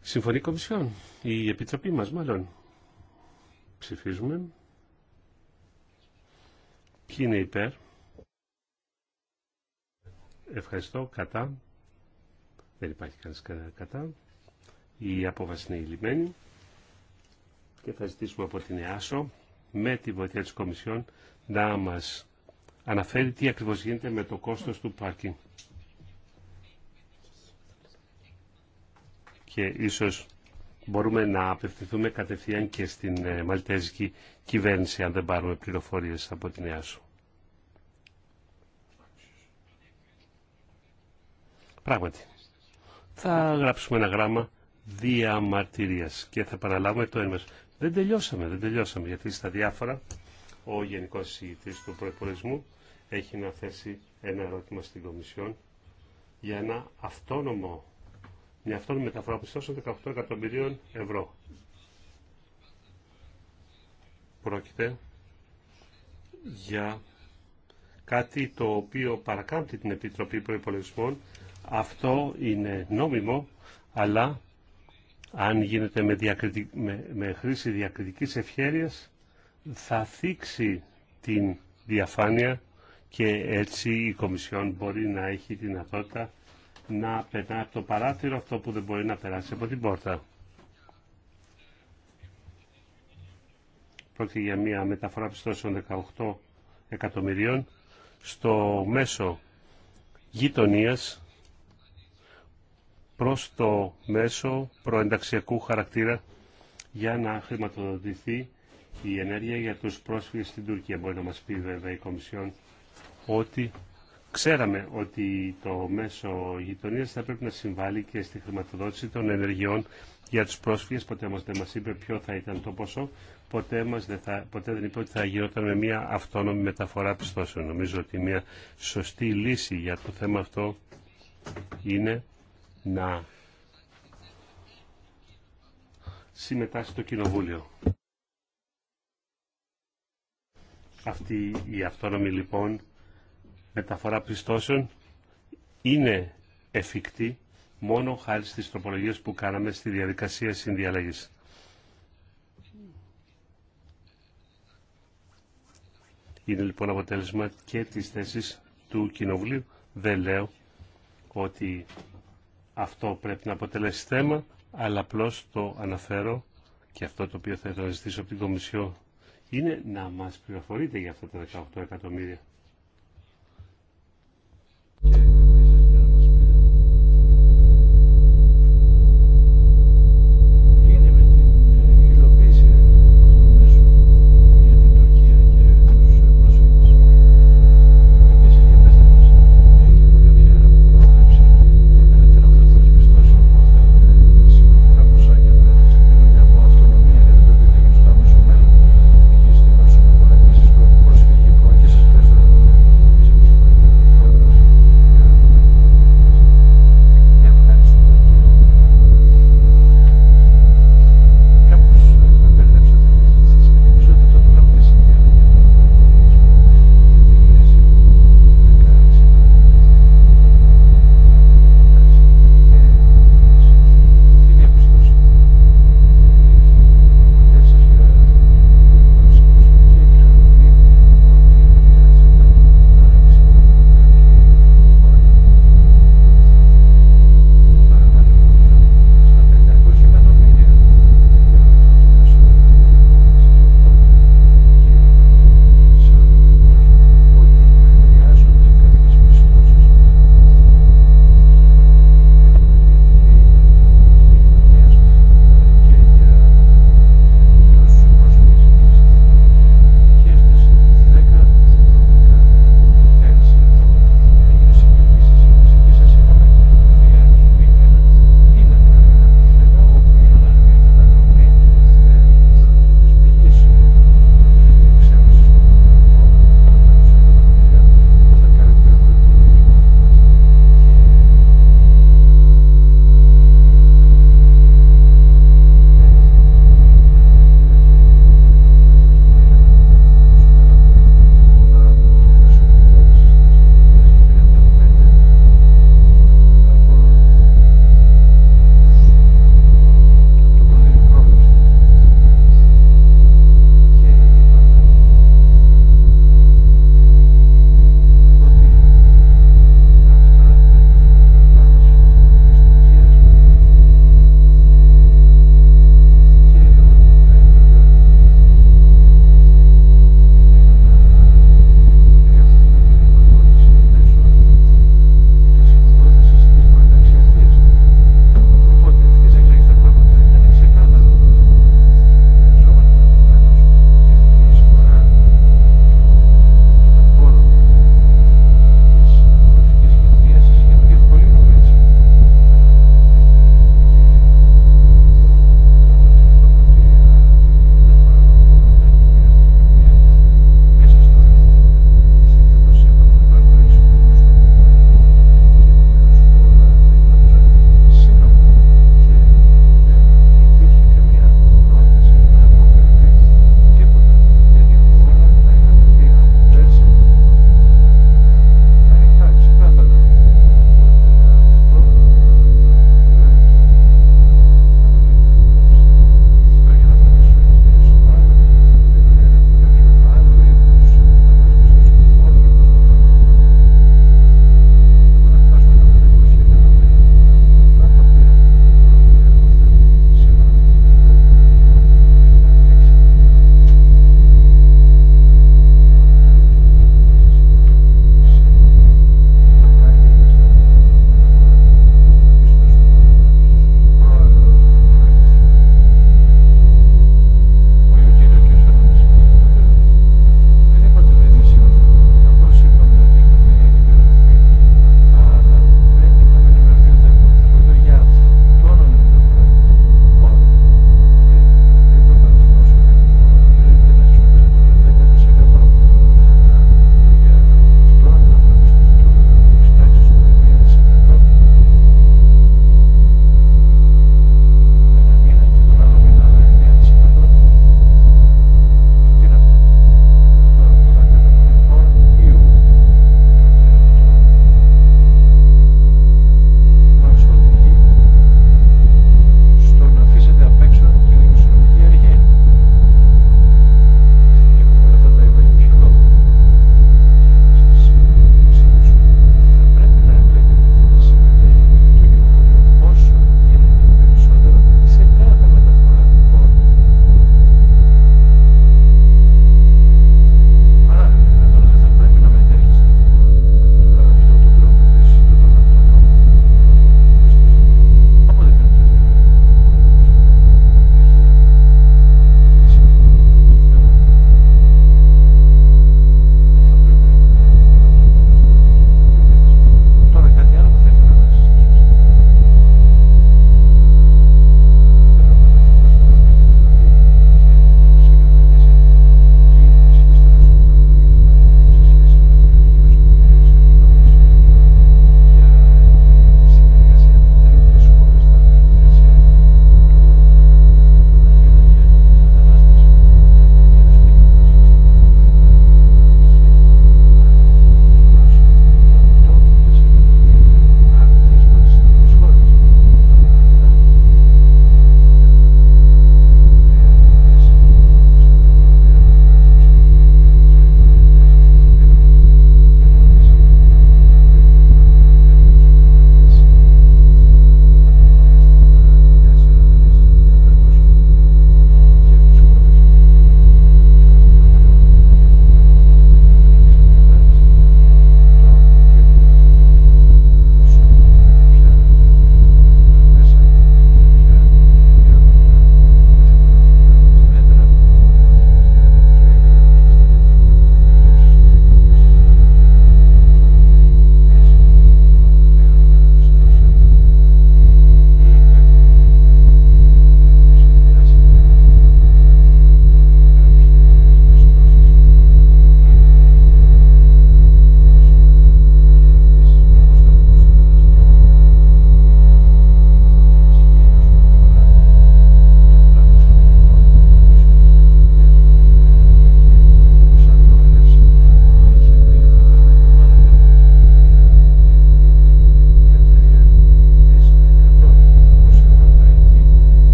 Συμφωνεί η Κομισιόν, η Επιτροπή μας μάλλον. Ψηφίζουμε. Ποιοι είναι υπέρ. Ευχαριστώ. Κατά. Δεν υπάρχει κανένα κατά. Η απόφαση είναι λιμενη και θα ζητήσουμε από την ΕΑΣΟ με τη βοήθεια της Κομισιόν να μας αναφέρει τι ακριβώς γίνεται με το κόστος του πάρκινγκ. Και ίσως μπορούμε να απευθυνθούμε κατευθείαν και στην ε, μαλτέζικη κυβέρνηση αν δεν πάρουμε πληροφορίες από την ΕΑΣΟ. Πράγματι, θα γράψουμε ένα γράμμα διαμαρτυρίας και θα παραλάβουμε το ένμεσο. Δεν τελειώσαμε, δεν τελειώσαμε, γιατί στα διάφορα ο Γενικός Συγητής του Προϋπολογισμού έχει να θέσει ένα ερώτημα στην Κομισιόν για ένα αυτόνομο, μια αυτόνομη μεταφορά πιστώσεων 18 εκατομμυρίων ευρώ. Πρόκειται για κάτι το οποίο παρακάμπτει την Επιτροπή Προϋπολογισμών. Αυτό είναι νόμιμο, αλλά αν γίνεται με, με, με χρήση διακριτικής ευχέρειας, θα θίξει την διαφάνεια και έτσι η Κομισιόν μπορεί να έχει τη δυνατότητα να περνά από το παράθυρο αυτό που δεν μπορεί να περάσει από την πόρτα. Πρόκειται για μια μεταφορά πιστώσεων 18 εκατομμυρίων στο μέσο γειτονίας προς το μέσο προενταξιακού χαρακτήρα για να χρηματοδοτηθεί η ενέργεια για τους πρόσφυγες στην Τουρκία. Μπορεί να μας πει βέβαια η Κομισιόν ότι ξέραμε ότι το μέσο γειτονίας θα πρέπει να συμβάλλει και στη χρηματοδότηση των ενεργειών για τους πρόσφυγες. Ποτέ μας δεν μας είπε ποιο θα ήταν το ποσό. Ποτέ, δεν, ποτέ δεν είπε ότι θα γινόταν με μια αυτόνομη μεταφορά πιστώσεων. Νομίζω ότι μια σωστή λύση για το θέμα αυτό είναι να συμμετάσχει το Κοινοβούλιο. Αυτή η αυτόνομη λοιπόν μεταφορά πιστώσεων είναι εφικτή μόνο χάρη στις τροπολογίες που κάναμε στη διαδικασία συνδιαλέγης. Είναι λοιπόν αποτέλεσμα και της θέσης του Κοινοβουλίου. Δεν λέω ότι αυτό πρέπει να αποτελέσει θέμα, αλλά απλώ το αναφέρω και αυτό το οποίο θα ήθελα να ζητήσω από την Κομισιό είναι να μας πληροφορείτε για αυτά τα 18 εκατομμύρια.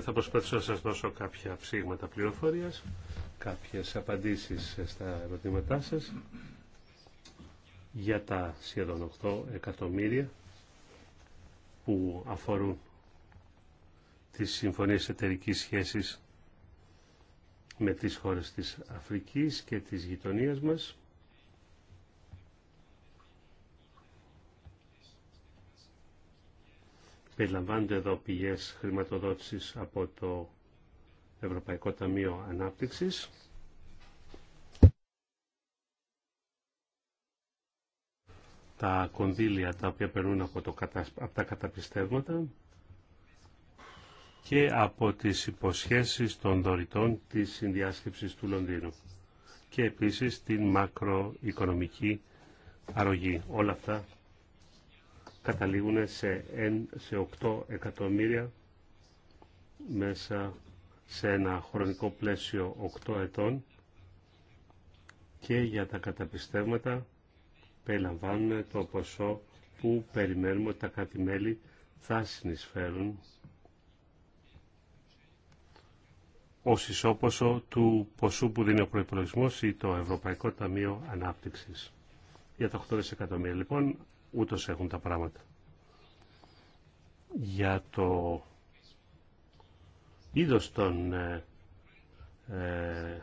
θα προσπαθήσω να σας δώσω κάποια ψήγματα πληροφορίας, κάποιες απαντήσεις στα ερωτήματά σας για τα σχεδόν 8 εκατομμύρια που αφορούν τις συμφωνίες εταιρικής σχέσης με τις χώρες της Αφρικής και της γειτονίας μας. περιλαμβάνονται εδώ πηγές χρηματοδότησης από το Ευρωπαϊκό Ταμείο Ανάπτυξης. Τα κονδύλια τα οποία περνούν από, το, τα καταπιστεύματα και από τις υποσχέσεις των δωρητών της συνδιάσκεψης του Λονδίνου και επίσης την μακροοικονομική αρρωγή. Όλα αυτά καταλήγουν σε, 8 εκατομμύρια μέσα σε ένα χρονικό πλαίσιο 8 ετών και για τα καταπιστεύματα περιλαμβάνουν το ποσό που περιμένουμε ότι τα κάτι μελη θα συνεισφέρουν ως ισόποσο του ποσού που δίνει ο προϋπολογισμός ή το Ευρωπαϊκό Ταμείο Ανάπτυξης. Για τα 8 δισεκατομμύρια λοιπόν Ούτως έχουν τα πράγματα. Για το είδος των ε, ε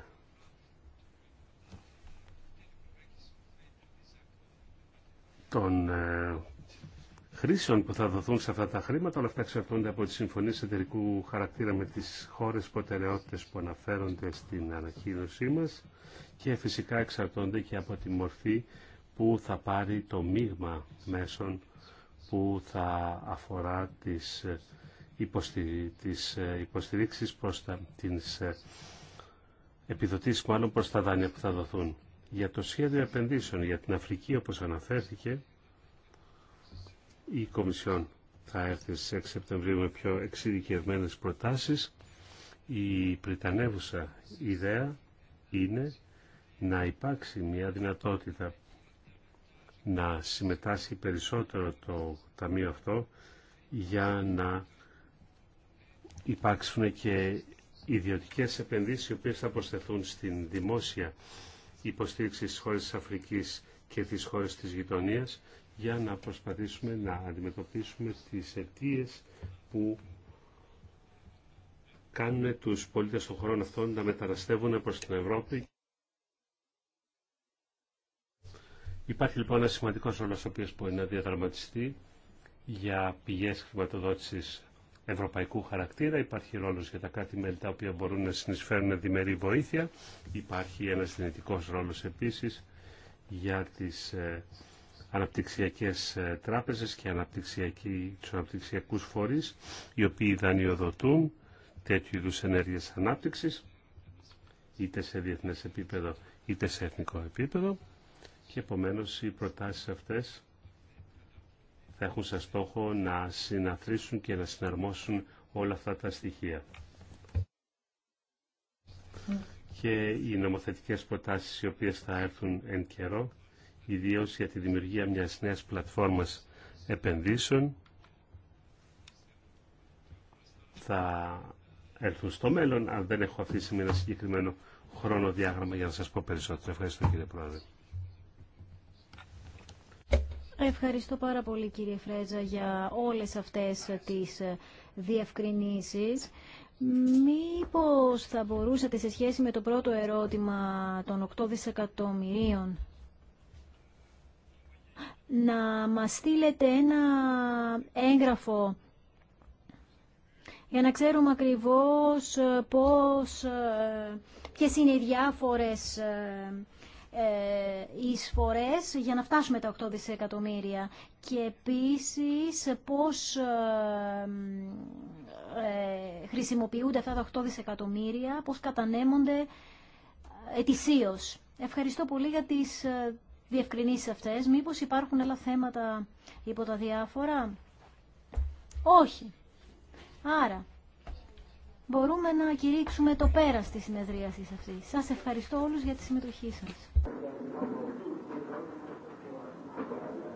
των ε, χρήσεων που θα δοθούν σε αυτά τα χρήματα, όλα αυτά εξαρτώνται από τις συμφωνίες εταιρικού χαρακτήρα με τις χώρες προτεραιότητες που αναφέρονται στην ανακοίνωσή μας και φυσικά εξαρτώνται και από τη μορφή που θα πάρει το μείγμα μέσων που θα αφορά τις, ε, ε, υποστηρίξεις προς τα, τις ε, επιδοτήσεις μάλλον προς τα δάνεια που θα δοθούν. Για το σχέδιο επενδύσεων για την Αφρική όπως αναφέρθηκε η Κομισιόν θα έρθει στις 6 Σεπτεμβρίου με πιο εξειδικευμένες προτάσεις. Η πριτανεύουσα ιδέα είναι να υπάρξει μια δυνατότητα να συμμετάσχει περισσότερο το Ταμείο αυτό για να υπάρξουν και ιδιωτικές επενδύσεις οι οποίες θα προσθεθούν στην δημόσια υποστήριξη στις χώρες της Αφρικής και τις χώρες της γειτονίας για να προσπαθήσουμε να αντιμετωπίσουμε τις αιτίε που κάνουν τους πολίτες των χωρών αυτών να μεταναστεύουν προς την Ευρώπη. Υπάρχει λοιπόν ένα σημαντικός ρόλος ο οποίος μπορεί να διαδραματιστεί για πηγές χρηματοδότησης ευρωπαϊκού χαρακτήρα. Υπάρχει ρόλος για τα κράτη-μέλη τα οποία μπορούν να συνεισφέρουν διμερή βοήθεια. Υπάρχει ένας δυνητικός ρόλος επίσης για τις ε, αναπτυξιακές ε, τράπεζες και του αναπτυξιακού αναπτυξιακούς φορείς οι οποίοι δανειοδοτούν τέτοιου είδου ενέργειες ανάπτυξης είτε σε διεθνές επίπεδο είτε σε εθνικό επίπεδο και επομένως οι προτάσεις αυτές θα έχουν σαν στόχο να συναθρήσουν και να συναρμόσουν όλα αυτά τα στοιχεία. Και οι νομοθετικές προτάσεις οι οποίες θα έρθουν εν καιρό, ιδίως για τη δημιουργία μιας νέας πλατφόρμας επενδύσεων, θα έρθουν στο μέλλον, αν δεν έχω αφήσει με ένα συγκεκριμένο συγκεκριμένο χρόνο-διάγραμμα για να σας πω περισσότερο. Ευχαριστώ κύριε Πρόεδρε. Ευχαριστώ πάρα πολύ κύριε Φρέζα για όλες αυτές τις διευκρινήσεις. Μήπως θα μπορούσατε σε σχέση με το πρώτο ερώτημα των 8 δισεκατομμυρίων να μας στείλετε ένα έγγραφο για να ξέρουμε ακριβώς πώς, ε, ποιες είναι οι διάφορες ε, ε, εισφορές για να φτάσουμε τα 8 δισεκατομμύρια και επίσης πώς ε, ε, χρησιμοποιούνται αυτά τα 8 δισεκατομμύρια, πώς κατανέμονται ετησίως. Ευχαριστώ πολύ για τις διευκρινήσεις αυτές. Μήπως υπάρχουν άλλα θέματα υπό τα διάφορα. Όχι. Άρα, μπορούμε να κηρύξουμε το πέρας της συνεδρίαση αυτής. Σας ευχαριστώ όλους για τη συμμετοχή σας. Thank you.